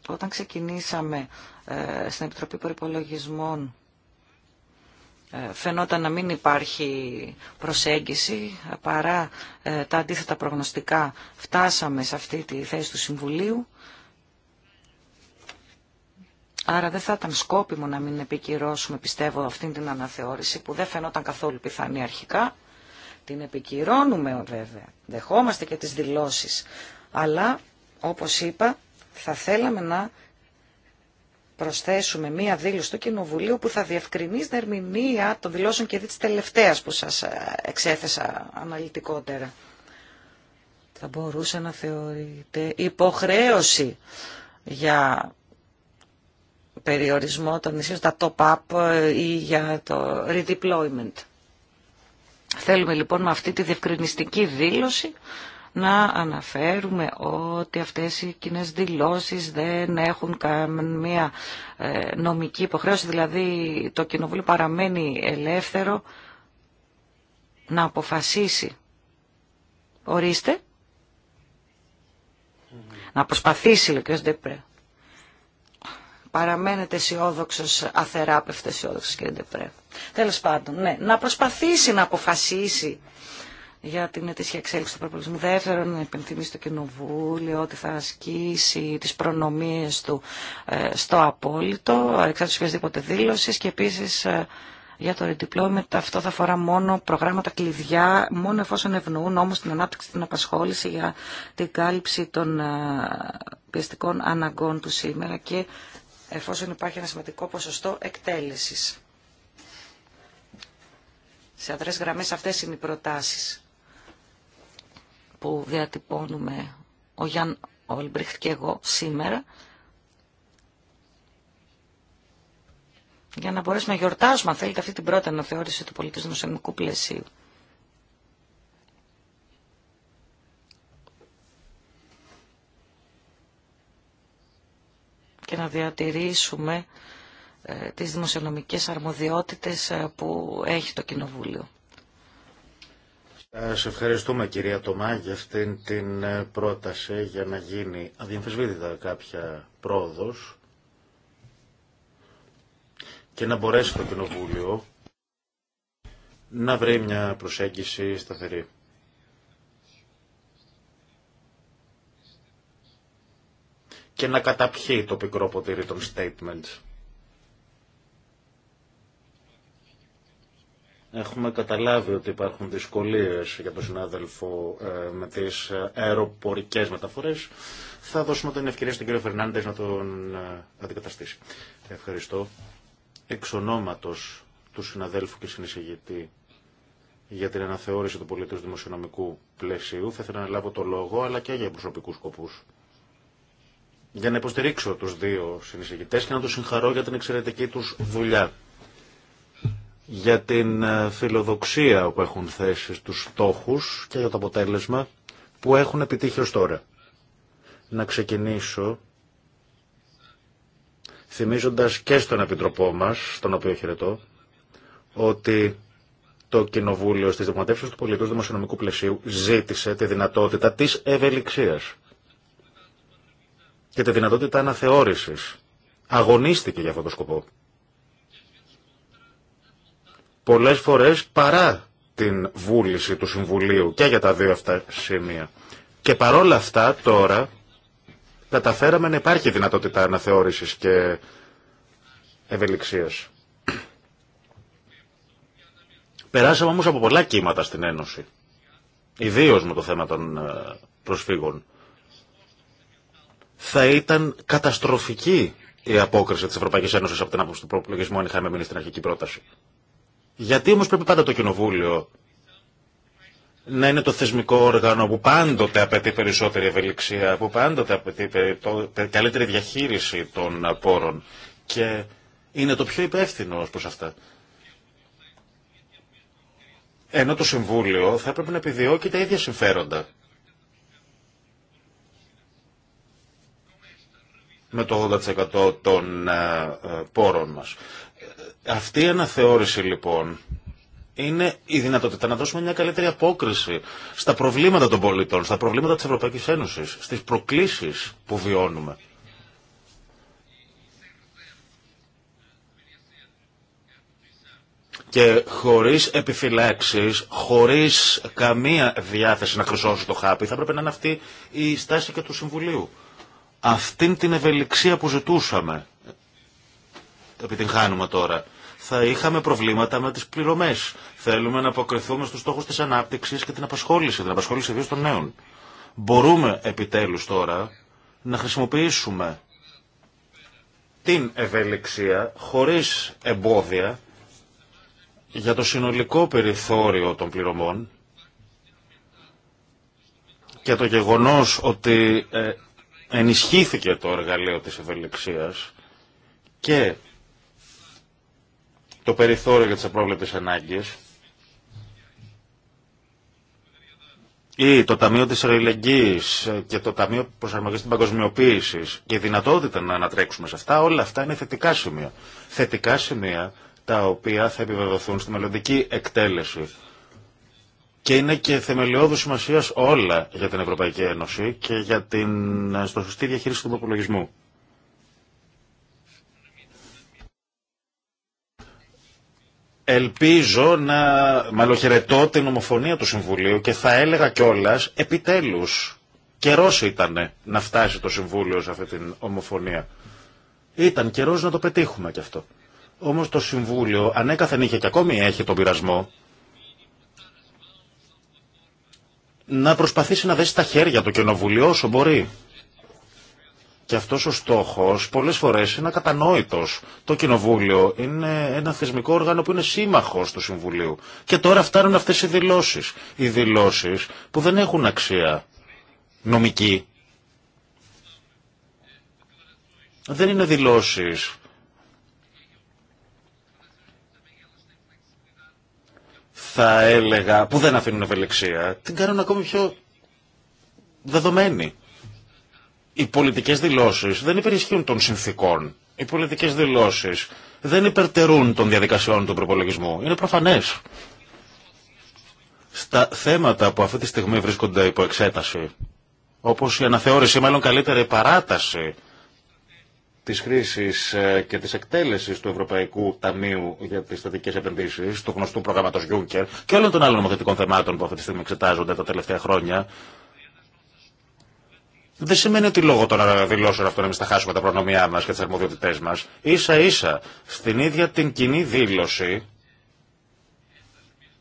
Όταν ξεκινήσαμε ε, στην Επιτροπή Προπολογισμών ε, φαινόταν να μην υπάρχει προσέγγιση παρά ε, τα αντίθετα προγνωστικά φτάσαμε σε αυτή τη θέση του Συμβουλίου άρα δεν θα ήταν σκόπιμο να μην επικυρώσουμε πιστεύω αυτήν την αναθεώρηση που δεν φαινόταν καθόλου πιθανή αρχικά την επικυρώνουμε βέβαια δεχόμαστε και τις δηλώσεις αλλά όπως είπα θα θέλαμε να προσθέσουμε μία δήλωση του Κοινοβουλίου που θα διευκρινίζει την ερμηνεία των δηλώσεων και της τελευταίας που σας ε, εξέθεσα αναλυτικότερα. Θα μπορούσε να θεωρείται υποχρέωση για περιορισμό των νησίων τα top-up ε, ή για το redeployment. Θέλουμε λοιπόν με αυτή τη διευκρινιστική δήλωση να αναφέρουμε ότι αυτές οι κοινέ δηλώσεις δεν έχουν καμία ε, νομική υποχρέωση, δηλαδή το Κοινοβούλιο παραμένει ελεύθερο να αποφασίσει. Ορίστε. Να προσπαθήσει, λέει ο κ. Ντεπρέ. Παραμένετε αισιόδοξο, αθεράπευτε αισιόδοξο, κ. Ντεπρέ. Τέλο πάντων, ναι, να προσπαθήσει να αποφασίσει για την ετήσια εξέλιξη του προπολιτισμού Δεύτερον, να υπενθυμίσει το Κοινοβούλιο ότι θα ασκήσει τι προνομίε του ε, στο απόλυτο, εξάρτηση οποιασδήποτε δήλωση και επίση ε, για το redeployment αυτό θα αφορά μόνο προγράμματα κλειδιά, μόνο εφόσον ευνοούν όμω την ανάπτυξη, την απασχόληση για την κάλυψη των ε, πιεστικών αναγκών του σήμερα και εφόσον υπάρχει ένα σημαντικό ποσοστό εκτέλεσης. Σε αδρές γραμμές αυτές είναι οι προτάσεις που διατυπώνουμε ο Γιάνν Όλμπριχτ και εγώ σήμερα για να μπορέσουμε να γιορτάσουμε, αν θέλετε, αυτή την πρώτη αναθεώρηση του πολιτισμού δημοσιονομικού πλαισίου. και να διατηρήσουμε ε, τις δημοσιονομικές αρμοδιότητες ε, που έχει το Κοινοβούλιο.
Σας ευχαριστούμε κυρία Τωμά για αυτήν την ε, πρόταση για να γίνει αδιαμφισβήτητα κάποια πρόοδος και να μπορέσει το Κοινοβούλιο να βρει μια προσέγγιση σταθερή. και να καταπιεί το πικρό ποτήρι των statements. Έχουμε καταλάβει ότι υπάρχουν δυσκολίες για τον συνάδελφο ε, με τις ε, αεροπορικές μεταφορές. Θα δώσουμε την ευκαιρία στον κύριο Φερνάντες να τον ε, αντικαταστήσει. Ευχαριστώ. Εξ ονόματος του συναδέλφου και συνεισηγητή για την αναθεώρηση του πολιτικού δημοσιονομικού πλαισίου θα ήθελα να λάβω το λόγο αλλά και για προσωπικούς σκοπούς για να υποστηρίξω τους δύο συνεισηγητές και να τους συγχαρώ για την εξαιρετική τους δουλειά για την ε, φιλοδοξία που έχουν θέσει στους στόχους και για το αποτέλεσμα που έχουν επιτύχει ως τώρα. Να ξεκινήσω θυμίζοντας και στον Επιτροπό μας, στον οποίο χαιρετώ, ότι το Κοινοβούλιο στις Δημοτεύσεις του Πολιτικού Δημοσιονομικού Πλαισίου ζήτησε τη δυνατότητα της ευελιξίας και τη δυνατότητα αναθεώρησης. Αγωνίστηκε για αυτό το σκοπό πολλές φορές παρά την βούληση του Συμβουλίου και για τα δύο αυτά σημεία. Και παρόλα αυτά τώρα καταφέραμε να υπάρχει δυνατότητα αναθεώρησης και ευελιξίας. Περάσαμε όμως από πολλά κύματα στην Ένωση, ιδίω με το θέμα των ε, προσφύγων. Θα ήταν καταστροφική η απόκριση της Ευρωπαϊκής Ένωσης από την άποψη του προπολογισμού αν είχαμε μείνει στην αρχική πρόταση. Γιατί όμως πρέπει πάντα το Κοινοβούλιο να είναι το θεσμικό όργανο που πάντοτε απαιτεί περισσότερη ευελιξία, που πάντοτε απαιτεί καλύτερη διαχείριση των πόρων και είναι το πιο υπεύθυνο ως προς αυτά. Ενώ το Συμβούλιο θα έπρεπε να επιδιώκει τα ίδια συμφέροντα. με το 80% των ε, ε, πόρων μας. Αυτή η αναθεώρηση λοιπόν είναι η δυνατότητα να δώσουμε μια καλύτερη απόκριση στα προβλήματα των πολιτών, στα προβλήματα της Ευρωπαϊκής Ένωσης, στις προκλήσεις που βιώνουμε. Και χωρίς επιφυλάξεις, χωρίς καμία διάθεση να χρυσώσει το χάπι, θα έπρεπε να είναι αυτή η στάση και του Συμβουλίου. Αυτήν την ευελιξία που ζητούσαμε επιτυγχάνουμε τώρα. Θα είχαμε προβλήματα με τις πληρωμές. Θέλουμε να αποκριθούμε στους στόχους της ανάπτυξης και την απασχόληση, την απασχόληση ιδίως των νέων. Μπορούμε επιτέλους τώρα να χρησιμοποιήσουμε την ευελιξία χωρίς εμπόδια για το συνολικό περιθώριο των πληρωμών και το γεγονός ότι ε, ενισχύθηκε το εργαλείο της ευελιξίας και το περιθώριο για τις απρόβλεπτες ανάγκες ή το Ταμείο της Αλληλεγγύης και το Ταμείο Προσαρμογής στην Παγκοσμιοποίηση και η δυνατότητα να ανατρέξουμε σε αυτά, όλα αυτά είναι θετικά σημεία. Θετικά σημεία τα οποία θα επιβεβαιωθούν στη μελλοντική εκτέλεση. Και είναι και θεμελιώδου σημασία όλα για την Ευρωπαϊκή Ένωση και για την διαχείριση του υπολογισμού. Ελπίζω να μαλοχαιρετώ την ομοφωνία του Συμβουλίου και θα έλεγα κιόλα επιτέλου. Καιρό ήταν να φτάσει το Συμβούλιο σε αυτή την ομοφωνία. Ήταν καιρό να το πετύχουμε κι αυτό. Όμω το Συμβούλιο ανέκαθεν είχε και ακόμη έχει τον πειρασμό να προσπαθήσει να δέσει τα χέρια του Κοινοβουλίου όσο μπορεί. Και αυτός ο στόχος πολλές φορές είναι ακατανόητος. Το Κοινοβούλιο είναι ένα θεσμικό όργανο που είναι σύμμαχος του Συμβουλίου. Και τώρα φτάνουν αυτές οι δηλώσεις. Οι δηλώσεις που δεν έχουν αξία νομική. Δεν είναι δηλώσεις θα έλεγα, που δεν αφήνουν ευελιξία, την κάνουν ακόμη πιο δεδομένη. Οι πολιτικές δηλώσεις δεν υπερισχύουν των συνθήκων. Οι πολιτικές δηλώσεις δεν υπερτερούν των διαδικασιών του προπολογισμού. Είναι προφανές. Στα θέματα που αυτή τη στιγμή βρίσκονται υπό εξέταση, όπως η αναθεώρηση, μάλλον καλυτερη παράταση της χρήσης ε, και της εκτέλεσης του Ευρωπαϊκού Ταμείου για τις Θετικές επενδύσεις, του γνωστού προγράμματος Juncker και όλων των άλλων νομοθετικών θεμάτων που αυτή τη στιγμή εξετάζονται τα τελευταία χρόνια, δεν σημαίνει ότι λόγω των δηλώσεων αυτών εμεί θα χάσουμε τα προνομιά μα και τι αρμοδιότητέ μα. σα ίσα στην ίδια την κοινή δήλωση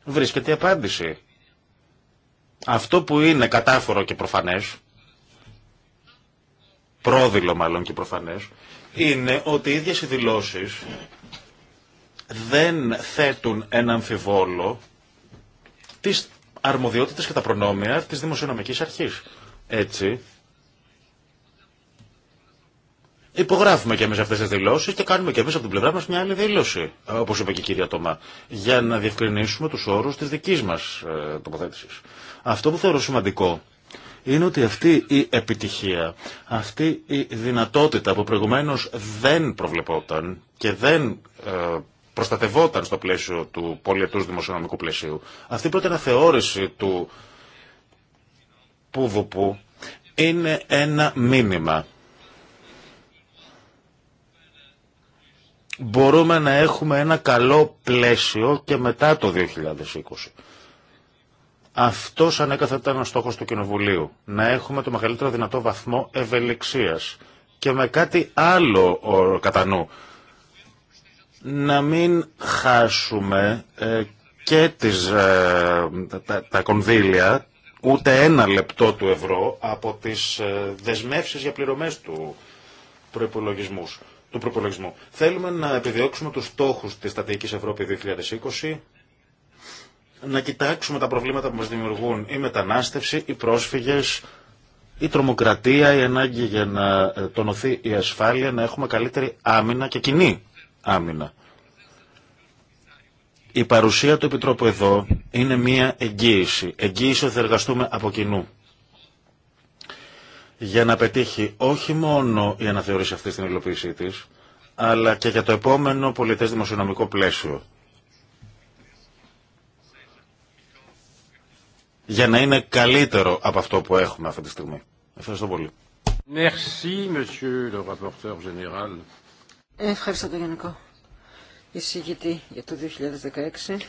βρίσκεται η απάντηση. Αυτό που είναι κατάφορο και προφανέ, πρόδειλο μάλλον και προφανέ, είναι ότι οι ίδιε οι δηλώσει δεν θέτουν ένα αμφιβόλο τις αρμοδιότητες και τα προνόμια της δημοσιονομικής αρχής. Έτσι, Υπογράφουμε και εμεί αυτέ τι δηλώσει και κάνουμε και εμεί από την πλευρά μα μια άλλη δήλωση, όπω είπε και η κυρία Τωμά, για να διευκρινίσουμε του όρου τη δική μα ε, τοποθέτηση. Αυτό που θεωρώ σημαντικό είναι ότι αυτή η επιτυχία, αυτή η δυνατότητα που προηγουμένω δεν προβλεπόταν και δεν ε, προστατευόταν στο πλαίσιο του πολιετού δημοσιονομικού πλαισίου, αυτή η πρώτη αναθεώρηση του Πουδουπού είναι ένα μήνυμα μπορούμε να έχουμε ένα καλό πλαίσιο και μετά το 2020. Αυτό ανέκαθεν ήταν ο στόχος του Κοινοβουλίου. Να έχουμε το μεγαλύτερο δυνατό βαθμό ευελιξίας. Και με κάτι άλλο κατά νου. Να μην χάσουμε ε, και τις, ε, τα, τα κονδύλια, ούτε ένα λεπτό του ευρώ, από τις ε, δεσμεύσεις για πληρωμές του προϋπολογισμούς του προπολογισμού. Θέλουμε να επιδιώξουμε τους στόχους της Στατικής Ευρώπη 2020, να κοιτάξουμε τα προβλήματα που μας δημιουργούν η μετανάστευση, οι πρόσφυγες, η τρομοκρατία, η ανάγκη για να τονωθεί η ασφάλεια, να έχουμε καλύτερη άμυνα και κοινή άμυνα. Η παρουσία του Επιτρόπου εδώ είναι μια εγγύηση. Εγγύηση ότι θα εργαστούμε από κοινού για να πετύχει όχι μόνο η αναθεώρηση αυτή στην υλοποίησή της, αλλά και για το επόμενο πολιτές δημοσιονομικό πλαίσιο. Για να είναι καλύτερο από αυτό που έχουμε αυτή τη στιγμή. Ευχαριστώ πολύ. Merci, monsieur le rapporteur général.
Ευχαριστώ τον Γενικό εισηγητή για το 2016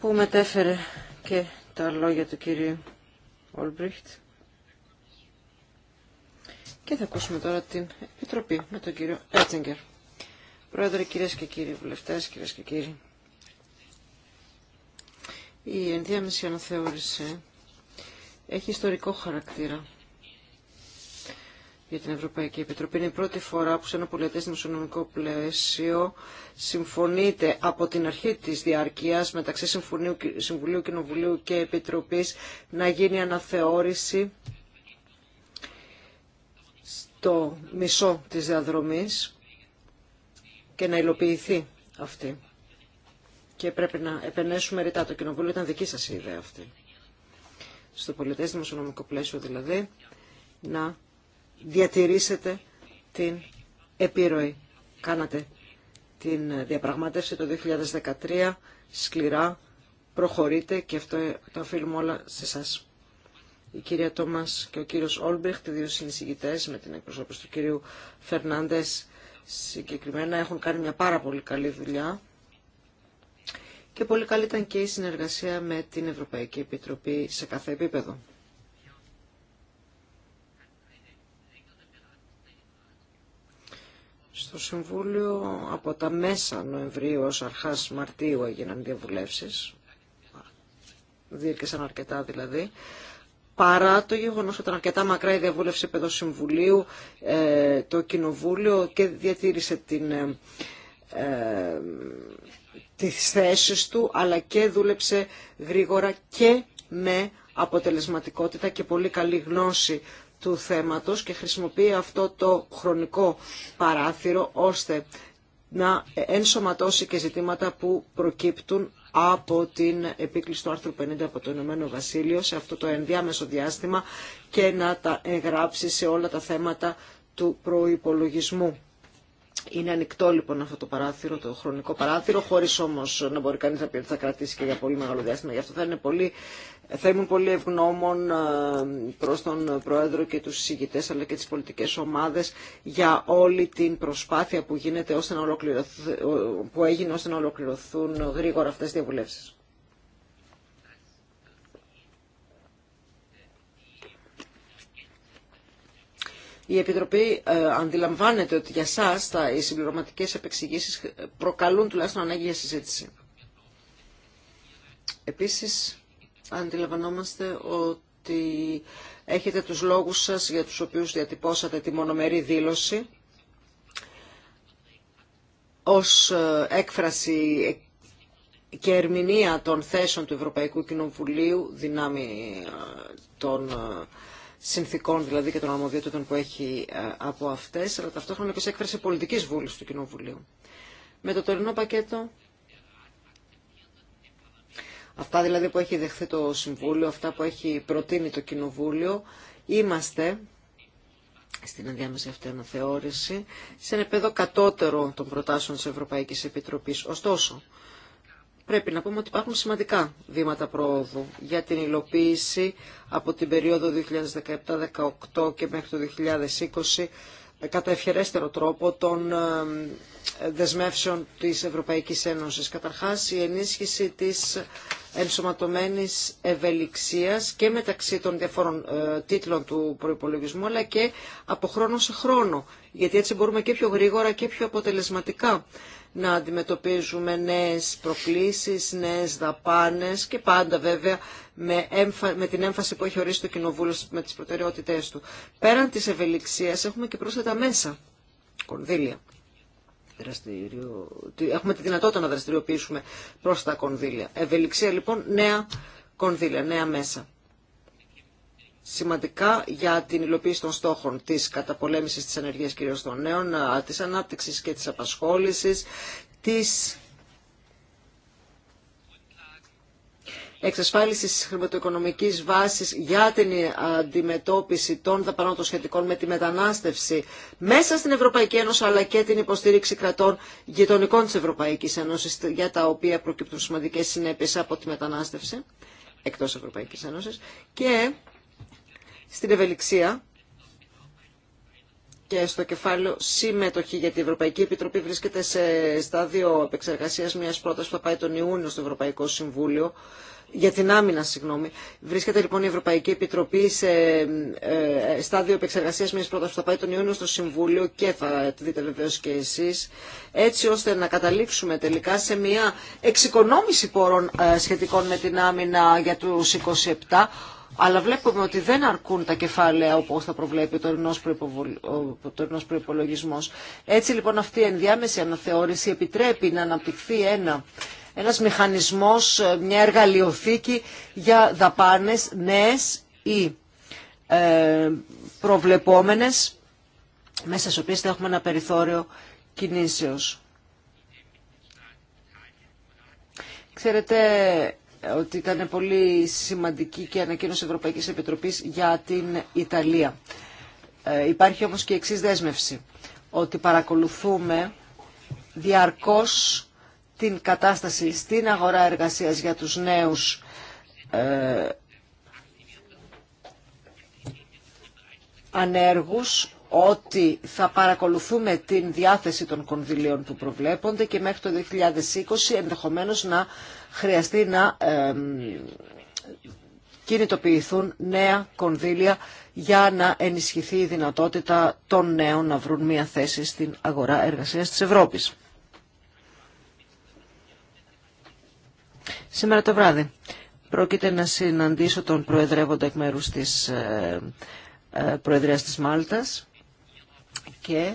που μετέφερε και τα λόγια του κυρίου Ολμπριχτ. Και θα ακούσουμε τώρα την Επιτροπή με τον κύριο Έτσιγκερ. Πρόεδρε, κυρίες και κύριοι βουλευτές, κυρίες και κύριοι. Η ενδιάμεση αναθεώρηση έχει ιστορικό χαρακτήρα για την Ευρωπαϊκή Επιτροπή. Είναι η πρώτη φορά που σε ένα πολιτές δημοσιονομικό πλαίσιο συμφωνείται από την αρχή της διαρκείας μεταξύ Συμφωνίου, Συμβουλίου, Κοινοβουλίου και Επιτροπής να γίνει αναθεώρηση στο μισό της διαδρομής και να υλοποιηθεί αυτή. Και πρέπει να επενέσουμε ρητά το Κοινοβούλιο. Ήταν δική σας η ιδέα αυτή. Στο πολιτές δημοσιονομικό πλαίσιο δηλαδή να διατηρήσετε την επιρροή. Κάνατε την διαπραγμάτευση το 2013 σκληρά, προχωρείτε και αυτό το αφήνουμε όλα σε εσά. Η κυρία Τόμας και ο κύριος Όλμπριχτ, οι δύο συνεισηγητές με την εκπροσώπηση του κυρίου Φερνάντες συγκεκριμένα έχουν κάνει μια πάρα πολύ καλή δουλειά και πολύ καλή ήταν και η συνεργασία με την Ευρωπαϊκή Επιτροπή σε κάθε επίπεδο. Στο Συμβούλιο από τα μέσα Νοεμβρίου ως αρχάς Μαρτίου έγιναν διαβουλεύσεις. Διήρκεσαν αρκετά δηλαδή. Παρά το γεγονός ότι ήταν αρκετά μακρά η διαβούλευση επί Συμβουλίου, ε, το Κοινοβούλιο και διατήρησε την, ε, ε, τις θέσεις του, αλλά και δούλεψε γρήγορα και με αποτελεσματικότητα και πολύ καλή γνώση του θέματος και χρησιμοποιεί αυτό το χρονικό παράθυρο ώστε να ενσωματώσει και ζητήματα που προκύπτουν από την επίκληση του άρθρου 50 από το Ηνωμένο Βασίλειο σε αυτό το ενδιάμεσο διάστημα και να τα εγγράψει σε όλα τα θέματα του προϋπολογισμού. Είναι ανοιχτό λοιπόν αυτό το παράθυρο, το χρονικό παράθυρο, χωρί όμω να μπορεί κανεί να πει ότι θα κρατήσει και για πολύ μεγάλο διάστημα. Γι' αυτό θα, είναι πολύ, ήμουν πολύ ευγνώμων ε, προ τον Πρόεδρο και του συζητητέ αλλά και τι πολιτικέ ομάδε για όλη την προσπάθεια που, γίνεται ώστε να που έγινε ώστε να ολοκληρωθούν γρήγορα αυτέ τι διαβουλεύσει. Η Επιτροπή ε, αντιλαμβάνεται ότι για σας τα, οι συμπληρωματικές επεξηγήσεις προκαλούν τουλάχιστον ανάγκη για συζήτηση. Επίσης, αντιλαμβανόμαστε ότι έχετε τους λόγους σας για τους οποίους διατυπώσατε τη μονομερή δήλωση ως ε, έκφραση και ερμηνεία των θέσεων του Ευρωπαϊκού Κοινοβουλίου δυνάμει ε, των συνθήκων δηλαδή και των αρμοδιότητων που έχει ε, από αυτές, αλλά ταυτόχρονα και σε έκφραση πολιτικής βούλης του Κοινοβουλίου. Με το τωρινό πακέτο, αυτά δηλαδή που έχει δεχθεί το Συμβούλιο, αυτά που έχει προτείνει το Κοινοβούλιο, είμαστε στην ενδιάμεση αυτή αναθεώρηση, σε ένα επίπεδο κατώτερο των προτάσεων της Ευρωπαϊκής Επιτροπής. Ωστόσο, πρέπει να πούμε ότι υπάρχουν σημαντικά βήματα πρόοδου για την υλοποίηση από την περίοδο 2017-2018 και μέχρι το 2020 ε, κατά ευχερέστερο τρόπο των ε, δεσμεύσεων της Ευρωπαϊκής Ένωσης. Καταρχάς, η ενίσχυση της ενσωματωμένης ευελιξίας και μεταξύ των διαφόρων ε, τίτλων του προϋπολογισμού, αλλά και από χρόνο σε χρόνο, γιατί έτσι μπορούμε και πιο γρήγορα και πιο αποτελεσματικά να αντιμετωπίζουμε νέες προκλήσεις, νέες δαπάνες και πάντα βέβαια με, με την έμφαση που έχει ορίσει το Κοινοβούλιο με τις προτεραιότητές του. Πέραν της ευελιξίας έχουμε και πρόσθετα μέσα, κονδύλια. Δραστηριο... Έχουμε τη δυνατότητα να δραστηριοποιήσουμε πρόσθετα τα κονδύλια. Ευελιξία λοιπόν, νέα κονδύλια, νέα μέσα σημαντικά για την υλοποίηση των στόχων της καταπολέμησης της ενεργείας κυρίως των νέων, της ανάπτυξης και της απασχόλησης, της εξασφάλισης χρηματοοικονομικής βάσης για την ε, αντιμετώπιση των δαπανών των σχετικών με τη μετανάστευση μέσα στην Ευρωπαϊκή Ένωση αλλά και την υποστήριξη κρατών γειτονικών τη Ευρωπαϊκή Ένωση, για τα οποία προκύπτουν σημαντικέ συνέπειε από τη μετανάστευση εκτός Ευρωπαϊκής Ένωσης και στην ευελιξία και στο κεφάλαιο συμμετοχή, γιατί η Ευρωπαϊκή Επιτροπή βρίσκεται σε στάδιο επεξεργασίας μιας πρότασης που θα πάει τον Ιούνιο στο Ευρωπαϊκό Συμβούλιο, για την άμυνα, συγγνώμη. Βρίσκεται λοιπόν η Ευρωπαϊκή Επιτροπή σε ε, στάδιο επεξεργασία μια πρόταση που θα πάει τον Ιούνιο στο Συμβούλιο και θα τη δείτε βεβαίω και εσεί, έτσι ώστε να καταλήξουμε τελικά σε μια εξοικονόμηση πόρων ε, σχετικών με την άμυνα για του 27 αλλά βλέπουμε ότι δεν αρκούν τα κεφάλαια όπως θα προβλέπει ο τωρινό προϋποβολ... Έτσι λοιπόν αυτή η ενδιάμεση αναθεώρηση επιτρέπει να αναπτυχθεί ένα ένας μηχανισμός, μια εργαλειοθήκη για δαπάνες νέες ή ε, προβλεπόμενες μέσα στις οποίες θα έχουμε ένα περιθώριο κινήσεως. Ξέρετε, ότι ήταν πολύ σημαντική και ανακοίνωση Ευρωπαϊκής Επιτροπής για την Ιταλία. Ε, υπάρχει όμως και εξής δέσμευση, ότι παρακολουθούμε διαρκώς την κατάσταση στην αγορά εργασίας για τους νέους ε, ανέργους ότι θα παρακολουθούμε την διάθεση των κονδυλίων που προβλέπονται και μέχρι το 2020 ενδεχομένως να χρειαστεί να κινητοποιηθούν νέα κονδύλια για να ενισχυθεί η δυνατότητα των νέων να βρουν μια θέση στην αγορά εργασίας της Ευρώπης. Σήμερα το βράδυ πρόκειται να συναντήσω τον Προεδρεύοντα εκ μέρους της ε, ε, Προεδρίας της Μάλτας και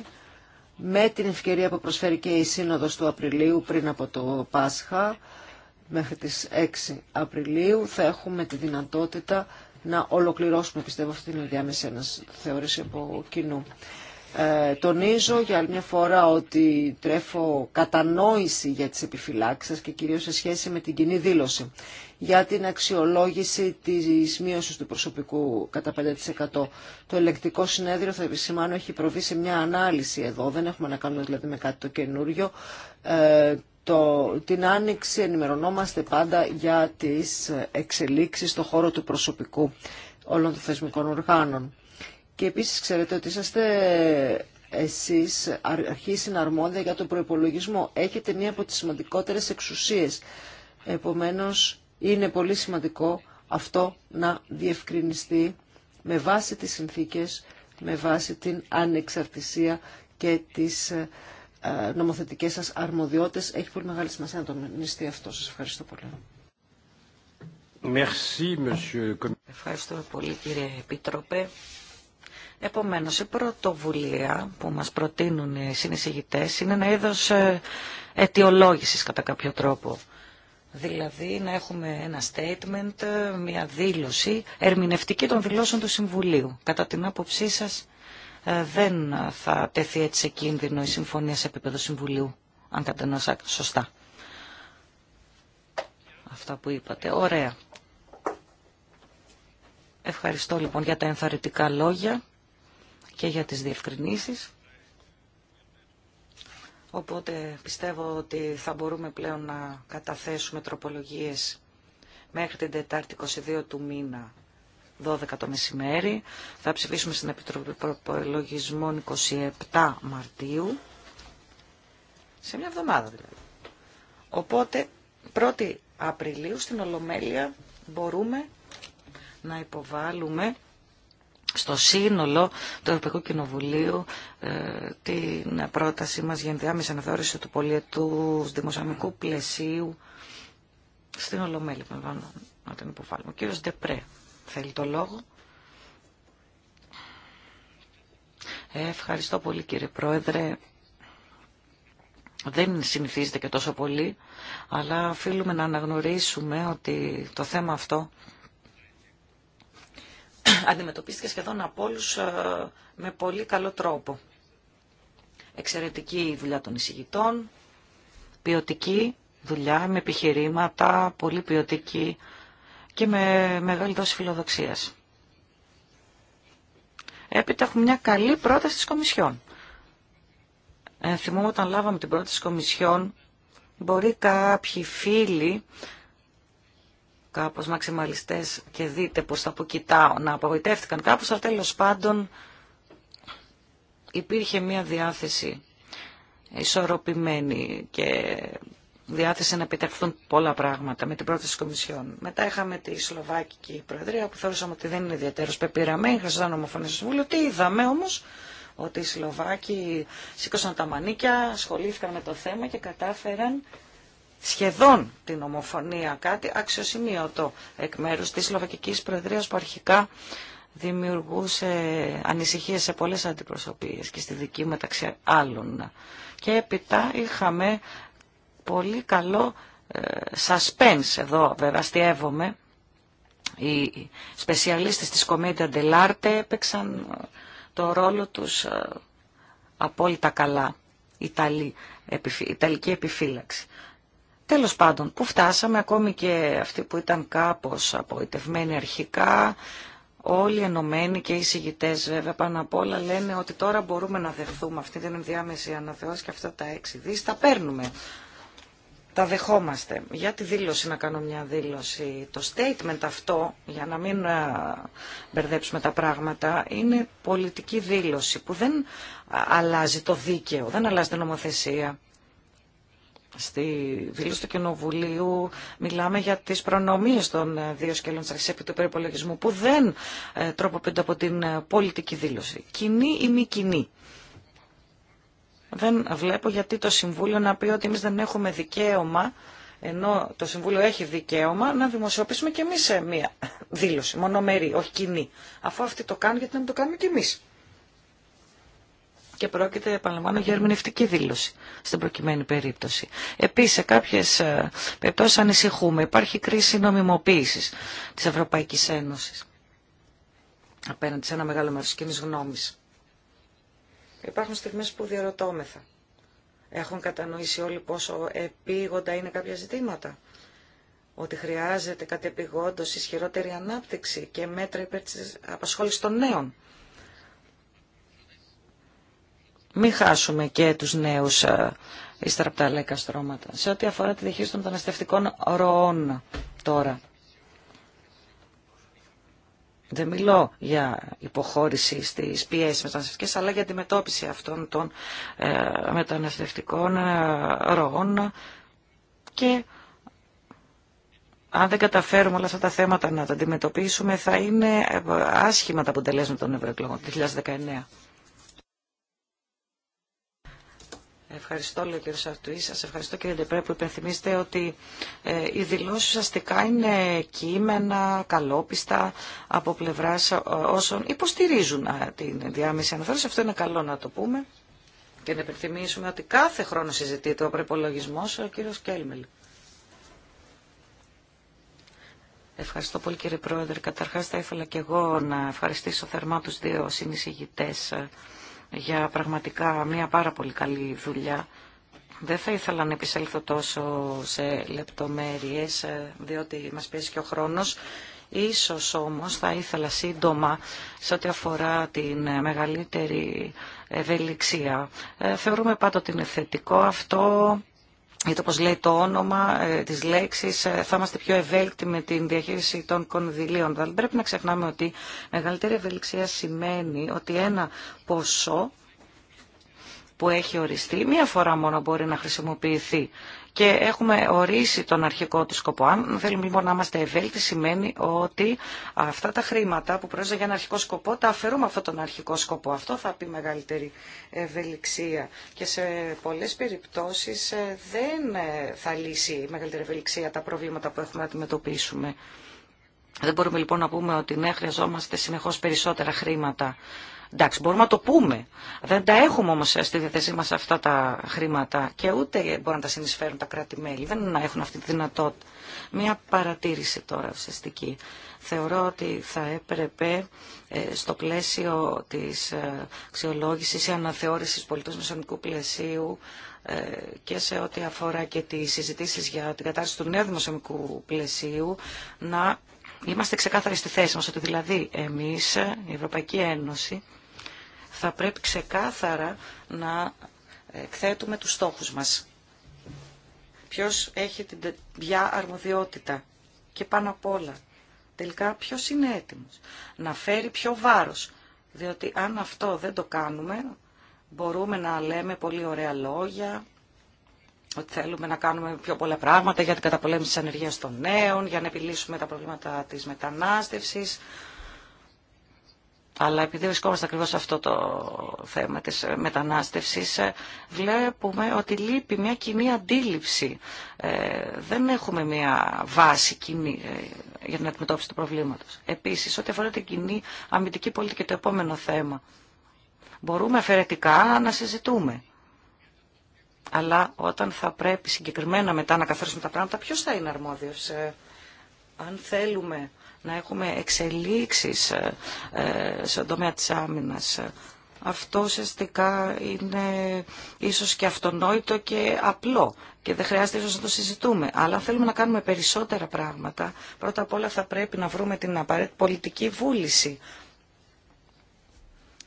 με την ευκαιρία που προσφέρει και η Σύνοδος του Απριλίου πριν από το Πάσχα μέχρι τις 6 Απριλίου θα έχουμε τη δυνατότητα να ολοκληρώσουμε πιστεύω αυτή την διάμεση ένας θεώρηση από κοινού. Ε, τονίζω για άλλη μια φορά ότι τρέφω κατανόηση για τις επιφυλάξεις και κυρίως σε σχέση με την κοινή δήλωση για την αξιολόγηση της μείωσης του προσωπικού κατά 5%. Το ελεκτικό συνέδριο, θα επισημάνω, έχει προβεί σε μια ανάλυση εδώ, δεν έχουμε να κάνουμε δηλαδή με κάτι το καινούριο, ε, το, την Άνοιξη ενημερωνόμαστε πάντα για τις εξελίξεις στον χώρο του προσωπικού όλων των θεσμικών οργάνων. Και επίσης ξέρετε ότι είσαστε εσείς αρχή συναρμόδια για τον προϋπολογισμό. Έχετε μία από τις σημαντικότερες εξουσίες. Επομένως είναι πολύ σημαντικό αυτό να διευκρινιστεί με βάση τις συνθήκες, με βάση την ανεξαρτησία και τις ε, νομοθετικές σας αρμοδιότητες. Έχει πολύ μεγάλη σημασία να το αυτό. Σας ευχαριστώ πολύ.
Merci, monsieur. πολύ κύριε Επίτροπε. Επομένως, η πρωτοβουλία που μας προτείνουν οι συνεισηγητές είναι ένα είδος ε, αιτιολόγησης κατά κάποιο τρόπο. Δηλαδή να έχουμε ένα statement, ε, μια δήλωση, ερμηνευτική των δηλώσεων του Συμβουλίου. Κατά την άποψή σας, ε, δεν θα τεθεί έτσι σε κίνδυνο η συμφωνία σε επίπεδο Συμβουλίου, αν κατανοήσα σωστά αυτά που είπατε. Ωραία. Ευχαριστώ λοιπόν για τα ενθαρρυντικά λόγια και για τις διευκρινήσεις. Οπότε πιστεύω ότι θα μπορούμε πλέον να καταθέσουμε τροπολογίες μέχρι την Τετάρτη 22 του μήνα 12 το μεσημέρι. Θα ψηφίσουμε στην Επιτροπή Προπολογισμών 27 Μαρτίου. Σε μια εβδομάδα δηλαδή. Οπότε 1η Απριλίου στην Ολομέλεια μπορούμε να υποβάλουμε στο σύνολο του Ευρωπαϊκού Κοινοβουλίου ε, την πρότασή μας για ενδιάμεση αναθεώρηση του πολιετού δημοσιονομικού πλαισίου στην Ολομέλεια. Να την υποβάλουμε. Ο κύριος Ντεπρέ θέλει το λόγο. Ευχαριστώ πολύ κύριε Πρόεδρε. Δεν συνηθίζεται και τόσο πολύ, αλλά οφείλουμε να αναγνωρίσουμε ότι το θέμα αυτό αντιμετωπίστηκε σχεδόν από όλους ε, με πολύ καλό τρόπο. Εξαιρετική η δουλειά των εισηγητών, ποιοτική δουλειά με επιχειρήματα, πολύ ποιοτική και με μεγάλη δόση φιλοδοξίας. Έπειτα έχουμε μια καλή πρόταση της Κομισιόν. Ε, όταν λάβαμε την πρόταση της Κομισιόν, μπορεί κάποιοι φίλοι, κάπως μαξιμαλιστές και δείτε πώς θα αποκοιτάω, να απογοητεύτηκαν κάπως, αλλά τέλος πάντων υπήρχε μια διάθεση ισορροπημένη και διάθεση να επιτευχθούν πολλά πράγματα με την πρόταση τη Κομισιόν. Μετά είχαμε τη Σλοβάκικη Προεδρία που θεωρούσαμε ότι δεν είναι ιδιαίτερο πεπειραμένη, χρειαζόταν ομοφωνία στο Συμβούλιο. Τι είδαμε όμω, ότι οι Σλοβάκοι σήκωσαν τα μανίκια, ασχολήθηκαν με το θέμα και κατάφεραν σχεδόν την ομοφωνία, κάτι αξιοσημείωτο εκ μέρου τη Σλοβακική Προεδρία που αρχικά δημιουργούσε ανησυχίες σε πολλές αντιπροσωπείε και στη δική μεταξύ άλλων. Και έπειτα είχαμε πολύ καλό ε, suspense εδώ βέβαια αστιεύομαι. Οι σπεσιαλίστες της Κομμέντια Ντελάρτε έπαιξαν ε, το ρόλο τους ε, απόλυτα καλά. Ιταλική επιφύλαξη. Τέλος πάντων, που φτάσαμε ακόμη και αυτοί που ήταν κάπως απογοητευμένοι αρχικά, όλοι ενωμένοι και οι συγητές βέβαια πάνω απ' όλα λένε ότι τώρα μπορούμε να δεχθούμε αυτή την ενδιάμεση αναθεώρηση και αυτά τα έξι δις, τα παίρνουμε τα δεχόμαστε. Για τη δήλωση να κάνω μια δήλωση. Το statement αυτό, για να μην ε, μπερδέψουμε τα πράγματα, είναι πολιτική δήλωση που δεν αλλάζει το δίκαιο, δεν αλλάζει την νομοθεσία. Στη δήλωση του Κοινοβουλίου μιλάμε για τις προνομίες των ε, δύο σκέλων της επί του περιπολογισμού που δεν ε, τροποποιούνται από την πολιτική δήλωση. Κοινή ή μη κοινή. Δεν βλέπω γιατί το Συμβούλιο να πει ότι εμείς δεν έχουμε δικαίωμα, ενώ το Συμβούλιο έχει δικαίωμα, να δημοσιοποιήσουμε και εμείς σε μία δήλωση, μονομερή, όχι κοινή. Αφού αυτοί το κάνουν, γιατί να μην το κάνουμε κι εμείς. Και πρόκειται, επαναλαμβάνω, για ερμηνευτική δήλωση στην προκειμένη περίπτωση. Επίση, σε κάποιε περιπτώσει ανησυχούμε. Υπάρχει κρίση νομιμοποίηση τη Ευρωπαϊκή Ένωση απέναντι σε ένα μεγάλο μέρο τη κοινή γνώμη. Υπάρχουν στιγμές που διαρωτώμεθα. Έχουν κατανοήσει όλοι πόσο επίγοντα είναι κάποια ζητήματα. Ότι χρειάζεται κάτι επιγόντως ισχυρότερη ανάπτυξη και μέτρα υπέρ της απασχόλησης των νέων. Μην χάσουμε και τους νέους ε, ύστερα από τα λαϊκά στρώματα. Σε ό,τι αφορά τη διαχείριση των μεταναστευτικών ροών τώρα. Δεν μιλώ για υποχώρηση στις πιέσεις μεταναστευτικές, αλλά για αντιμετώπιση αυτών των ε, μεταναστευτικών ε, ροών και αν δεν καταφέρουμε όλα αυτά τα θέματα να τα αντιμετωπίσουμε, θα είναι άσχημα τα αποτελέσματα των ευρωεκλογών του 2019. Ευχαριστώ, λέει ο κ. Σαρτουή. Σα ευχαριστώ, κύριε Ντεπρέ, που υπενθυμίσετε ότι ε, οι δηλώσει ουσιαστικά είναι κείμενα καλόπιστα από πλευρά ε, όσων υποστηρίζουν ε, την διάμεση αναφέρουσα. Αυτό είναι καλό να το πούμε και να υπενθυμίσουμε ότι κάθε χρόνο συζητείται ο προπολογισμό ο κύριο Κέλμελ. Ευχαριστώ πολύ κύριε Πρόεδρε. Καταρχάς θα ήθελα και εγώ να ευχαριστήσω θερμά τους δύο συνεισηγητές για πραγματικά μια πάρα πολύ καλή δουλειά. Δεν θα ήθελα να επισέλθω τόσο σε λεπτομέρειες, ε, διότι μας πιέζει και ο χρόνος. Ίσως όμως θα ήθελα σύντομα σε ό,τι αφορά την ε, μεγαλύτερη ευελιξία. Ε, θεωρούμε πάντοτε είναι θετικό αυτό γιατί πώς λέει το όνομα ε, της λέξης ε, θα είμαστε πιο ευέλικτοι με την διαχείριση των κονδυλίων. Δεν πρέπει να ξεχνάμε ότι μεγαλύτερη ευελιξία σημαίνει ότι ένα ποσό που έχει οριστεί μία φορά μόνο μπορεί να χρησιμοποιηθεί και έχουμε ορίσει τον αρχικό του σκοπό. Αν θέλουμε λοιπόν να είμαστε ευέλικτοι, σημαίνει ότι αυτά τα χρήματα που προέρχονται για ένα αρχικό σκοπό, τα αφαιρούμε αυτόν τον αρχικό σκοπό. Αυτό θα πει μεγαλύτερη ευελιξία. Και σε πολλέ περιπτώσει ε, δεν ε, θα λύσει η μεγαλύτερη ευελιξία τα προβλήματα που έχουμε να αντιμετωπίσουμε. Δεν μπορούμε λοιπόν να πούμε ότι ναι, χρειαζόμαστε συνεχώς περισσότερα χρήματα Εντάξει, μπορούμε να το πούμε. Δεν τα έχουμε όμω ε, στη διαθέσή μα αυτά τα χρήματα και ούτε μπορούν να τα συνεισφέρουν τα κράτη-μέλη. Δεν να έχουν αυτή τη δυνατότητα. Μία παρατήρηση τώρα ουσιαστική. Θεωρώ ότι θα έπρεπε ε, στο πλαίσιο της ε, αξιολόγηση ή αναθεώρησης πολιτούς μεσονικού πλαισίου και σε ό,τι αφορά και τι συζητήσει για την κατάσταση του νέου δημοσιονομικού πλαισίου να Είμαστε ξεκάθαροι στη θέση μας ότι δηλαδή εμείς, η Ευρωπαϊκή Ένωση, θα πρέπει ξεκάθαρα να εκθέτουμε τους στόχους μας. Ποιος έχει την ποια αρμοδιότητα και πάνω απ' όλα. Τελικά ποιος είναι έτοιμος να φέρει πιο βάρος. Διότι αν αυτό δεν το κάνουμε μπορούμε να λέμε πολύ ωραία λόγια, ότι θέλουμε να κάνουμε πιο πολλά πράγματα για την καταπολέμηση της ανεργίας των νέων, για να επιλύσουμε τα προβλήματα της μετανάστευσης. Αλλά επειδή βρισκόμαστε ακριβώς σε αυτό το θέμα της μετανάστευσης, βλέπουμε ότι λείπει μια κοινή αντίληψη. Ε, δεν έχουμε μια βάση κοινή ε, για την αντιμετώπιση του προβλήματος. Επίσης, ό,τι αφορά την κοινή αμυντική πολιτική, το επόμενο θέμα, μπορούμε αφαιρετικά να συζητούμε αλλά όταν θα πρέπει συγκεκριμένα μετά να καθαρίσουμε τα πράγματα, ποιος θα είναι αρμόδιος. Ε? αν θέλουμε να έχουμε εξελίξεις ε, ε, στον τομέα της άμυνας, αυτό ουσιαστικά είναι ίσως και αυτονόητο και απλό και δεν χρειάζεται ίσως να το συζητούμε. Αλλά αν θέλουμε να κάνουμε περισσότερα πράγματα, πρώτα απ' όλα θα πρέπει να βρούμε την απαραίτητη πολιτική βούληση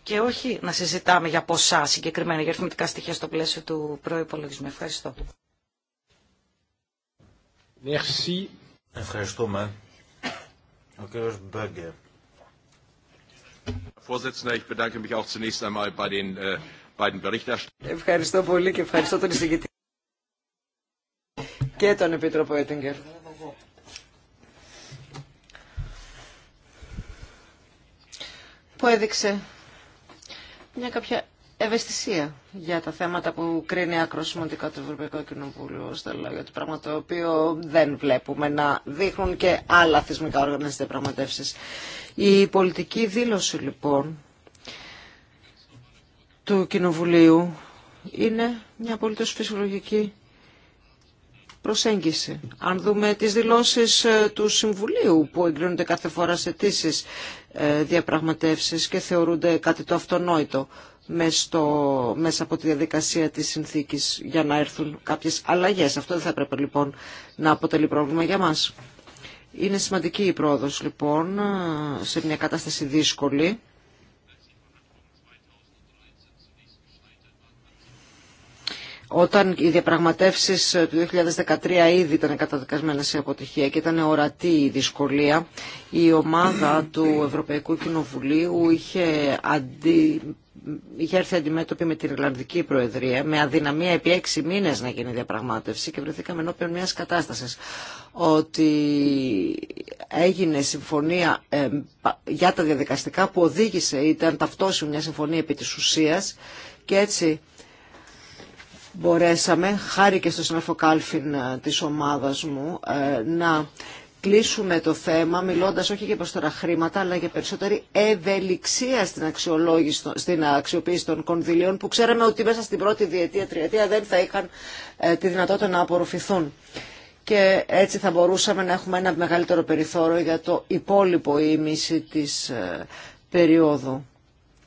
και όχι να συζητάμε για ποσά συγκεκριμένα, για αριθμητικά στοιχεία στο πλαίσιο του προϋπολογισμού. Ευχαριστώ.
Merci. Ευχαριστούμε. Ο
Ευχαριστώ πολύ και ευχαριστώ τον εισηγητή και τον Επίτροπο Έτιγκερ. Που έδειξε μια κάποια ευαισθησία για τα θέματα που κρίνει άκρο σημαντικά το Ευρωπαϊκό Κοινοβούλιο στα λόγια του πράγμα το οποίο δεν βλέπουμε να δείχνουν και άλλα θεσμικά όργανα στις Η πολιτική δήλωση λοιπόν του Κοινοβουλίου είναι μια απολύτως φυσιολογική προσέγγιση. Αν δούμε τις δηλώσεις ε, του Συμβουλίου που εγκρίνονται κάθε φορά σε αιτήσει ε, διαπραγματεύσεις και θεωρούνται κάτι το αυτονόητο μέσα από τη διαδικασία της συνθήκης για να έρθουν κάποιες αλλαγές. Αυτό δεν θα έπρεπε λοιπόν να αποτελεί πρόβλημα για μας. Είναι σημαντική η πρόοδος λοιπόν ε, σε μια κατάσταση δύσκολη Όταν οι διαπραγματεύσεις του 2013 ήδη ήταν καταδικασμένες σε αποτυχία και ήταν ορατή η δυσκολία, η ομάδα του Ευρωπαϊκού Κοινοβουλίου είχε, αντι... είχε έρθει αντιμέτωπη με την Ιρλανδική Προεδρία, με αδυναμία επί έξι μήνες να γίνει διαπραγμάτευση και βρεθήκαμε ενώπιον μιας κατάστασης ότι έγινε συμφωνία ε, για τα διαδικαστικά που οδήγησε, ήταν ταυτόσιμη μια συμφωνία επί της ουσίας και έτσι μπορέσαμε, χάρη και στο συνάδελφο Κάλφιν ε, της ομάδας μου, ε, να κλείσουμε το θέμα μιλώντας όχι για τα χρήματα αλλά για περισσότερη ευελιξία στην, αξιολόγηση, στην αξιοποίηση των κονδυλίων που ξέραμε ότι μέσα στην πρώτη διετία, τριετία δεν θα είχαν ε, τη δυνατότητα να απορροφηθούν. Και έτσι θα μπορούσαμε να έχουμε ένα μεγαλύτερο περιθώριο για το υπόλοιπο ήμιση της περίοδου.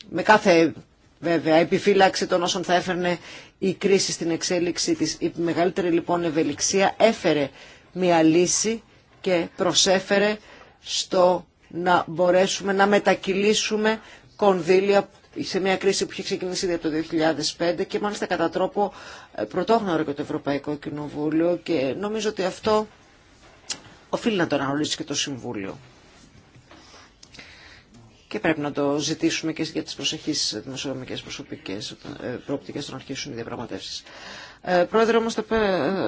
Με κάθε βέβαια επιφύλαξη των όσων θα έφερνε η κρίση στην εξέλιξη της. Η μεγαλύτερη λοιπόν ευελιξία έφερε μια λύση και προσέφερε στο να μπορέσουμε να μετακυλήσουμε κονδύλια σε μια κρίση που είχε ξεκινήσει ήδη από το 2005 και μάλιστα κατά τρόπο ε, πρωτόγνωρο και το Ευρωπαϊκό Κοινοβούλιο και νομίζω ότι αυτό οφείλει να το αναγνωρίσει και το Συμβούλιο και πρέπει να το ζητήσουμε και για τις προσεχείς δημοσιονομικές προσωπικές ε, προοπτικές να αρχίσουν οι διαπραγματεύσει. Ε, πρόεδρε, όμως ε,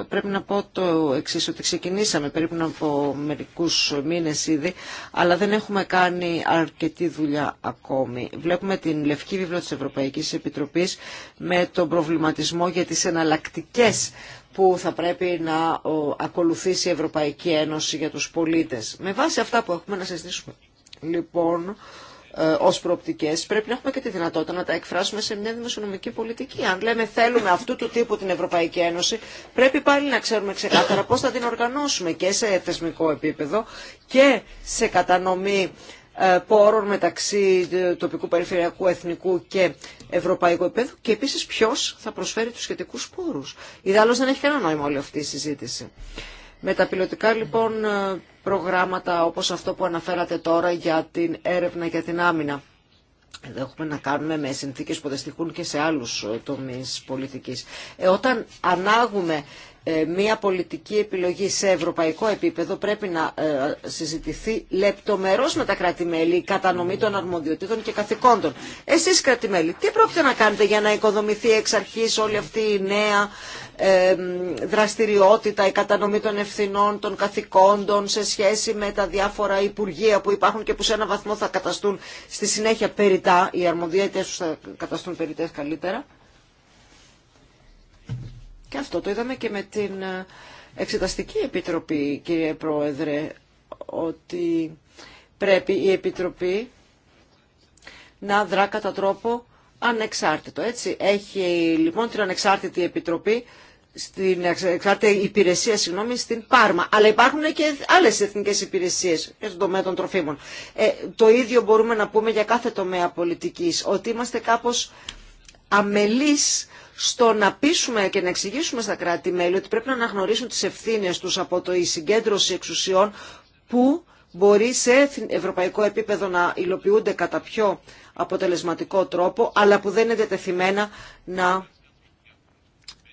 πρέπει να πω το εξή ότι ξεκινήσαμε περίπου από μερικούς μήνες ήδη, αλλά δεν έχουμε κάνει αρκετή δουλειά ακόμη. Βλέπουμε την Λευκή Βίβλο της Ευρωπαϊκής Επιτροπής με τον προβληματισμό για τις εναλλακτικέ που θα πρέπει να ακολουθήσει η Ευρωπαϊκή Ένωση για τους πολίτες. Με βάση αυτά που έχουμε να συζητήσουμε, λοιπόν, ε, ω προοπτικέ, πρέπει να έχουμε και τη δυνατότητα να τα εκφράσουμε σε μια δημοσιονομική πολιτική. Αν λέμε θέλουμε αυτού του τύπου την Ευρωπαϊκή Ένωση, πρέπει πάλι να ξέρουμε ξεκάθαρα πώ θα την οργανώσουμε και σε θεσμικό επίπεδο και σε κατανομή ε, πόρων μεταξύ ε, τοπικού, περιφερειακού, εθνικού και ευρωπαϊκού επίπεδου και επίση ποιο θα προσφέρει του σχετικού πόρου. Ιδάλω δεν έχει κανένα νόημα όλη αυτή η συζήτηση. Με τα πιλωτικά λοιπόν ε, προγράμματα όπως αυτό που αναφέρατε τώρα για την έρευνα και την άμυνα. Εδώ έχουμε να κάνουμε με συνθήκες που δεστιχούν και σε άλλους ε, τομείς πολιτικής. Ε, όταν ανάγουμε ε, μια πολιτική επιλογή σε ευρωπαϊκό επίπεδο πρέπει να συζητηθεί λεπτομερώς με τα κράτη-μέλη η κατανομή των αρμοδιοτήτων και καθηκόντων. Εσείς τι πρόκειται να κάνετε για να οικοδομηθεί εξ αρχής όλη αυτή η νέα δραστηριότητα, η κατανομή των ευθυνών, των καθηκόντων σε σχέση με τα διάφορα υπουργεία που υπάρχουν και που σε ένα βαθμό θα καταστούν στη συνέχεια περιτά, οι αρμοδιαίτες θα καταστούν περιτές καλύτερα. Και αυτό το είδαμε και με την ε, Εξεταστική Επιτροπή, κύριε Πρόεδρε, ότι πρέπει η Επιτροπή να δρά κατά τρόπο ανεξάρτητο. Έτσι. Έχει λοιπόν την ανεξάρτητη επιτροπή στην εξάρτητη υπηρεσία συγγνώμη, στην Πάρμα. Αλλά υπάρχουν και άλλε εθνικέ υπηρεσίε για τον τομέα των τροφίμων. Ε, το ίδιο μπορούμε να πούμε για κάθε τομέα πολιτική, ότι είμαστε κάπω αμελεί στο να πείσουμε και να εξηγήσουμε στα κράτη-μέλη ότι πρέπει να αναγνωρίσουν τι ευθύνε του από το η συγκέντρωση εξουσιών που μπορεί σε ευρωπαϊκό επίπεδο να υλοποιούνται κατά πιο αποτελεσματικό τρόπο, αλλά που δεν είναι διατεθειμένα να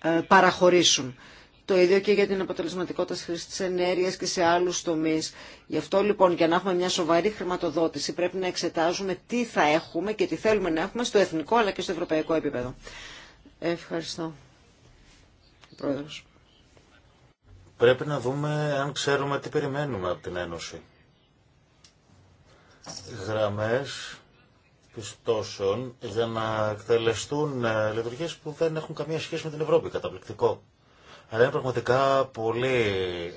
ε, παραχωρήσουν. Το ίδιο και για την αποτελεσματικότητα τη χρήση τη ενέργεια και σε άλλου τομεί. Γι' αυτό λοιπόν για να έχουμε μια σοβαρή χρηματοδότηση πρέπει να εξετάζουμε τι θα έχουμε και τι θέλουμε να έχουμε στο εθνικό αλλά και στο ευρωπαϊκό επίπεδο. Ευχαριστώ.
Πρέπει να δούμε αν ξέρουμε τι περιμένουμε από την Ένωση. Γραμμές πιστώσεων για να εκτελεστούν ε, λειτουργίε που δεν έχουν καμία σχέση με την Ευρώπη. Καταπληκτικό. Αλλά είναι πραγματικά πολύ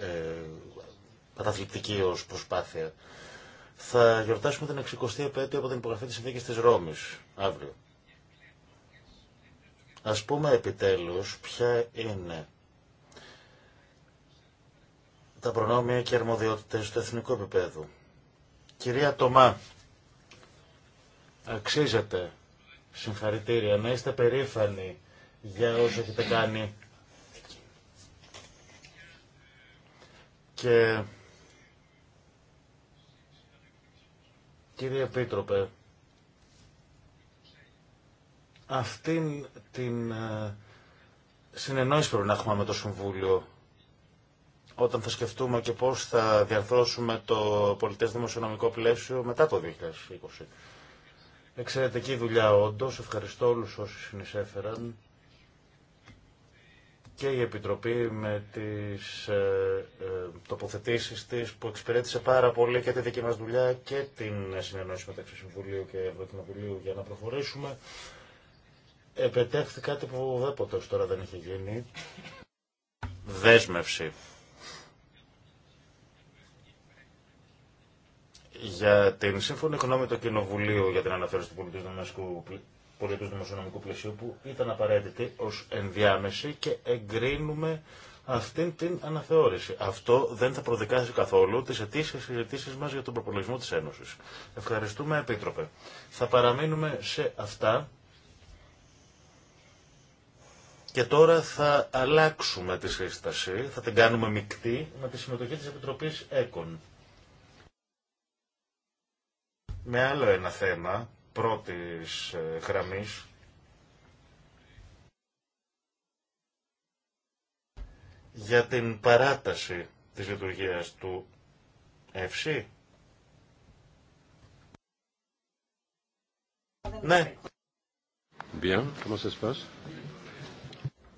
ε, καταθλιπτική ως προσπάθεια. Θα γιορτάσουμε την 60η επέτειο από την υπογραφή της συνθήκη της Ρώμης αύριο. Ας πούμε επιτέλους ποια είναι τα προνόμια και αρμοδιότητες του εθνικού επίπεδου. Κυρία Τομά, Αξίζετε. Συγχαρητήρια. Να είστε περήφανοι για όσο έχετε κάνει. Και κύριε Επίτροπε, αυτήν την ε, συνεννόηση πρέπει να έχουμε με το Συμβούλιο όταν θα σκεφτούμε και πώς θα διαρθρώσουμε το πολιτές δημοσιονομικό πλαίσιο μετά το 2020. Εξαιρετική δουλειά όντω. Ευχαριστώ όλου όσοι συνεισέφεραν και η Επιτροπή με τις ε, ε, τοποθετήσεις της που εξυπηρέτησε πάρα πολύ και τη δική μας δουλειά και την συνεννόηση μεταξύ Συμβουλίου και Ευρωκοινοβουλίου για να προχωρήσουμε. Επετέχθη κάτι που δεν ποτέ τώρα δεν είχε γίνει. Δέσμευση για την σύμφωνη γνώμη του Κοινοβουλίου για την αναφέρωση του πολιτικού δημοσιονομικού πλαισίου που ήταν απαραίτητη ως ενδιάμεση και εγκρίνουμε αυτήν την αναθεώρηση. Αυτό δεν θα προδικάσει καθόλου τις αιτήσεις συζητήσεις μας για τον προπολογισμό της Ένωσης. Ευχαριστούμε, Επίτροπε. Θα παραμείνουμε σε αυτά και τώρα θα αλλάξουμε τη σύσταση, θα την κάνουμε μεικτή με τη συμμετοχή της Επιτροπής ΕΚΟΝ με άλλο ένα θέμα πρώτης ε, γραμμής για την παράταση της λειτουργίας του ΕΦΣΥ. Ναι. Bien, comment ça se passe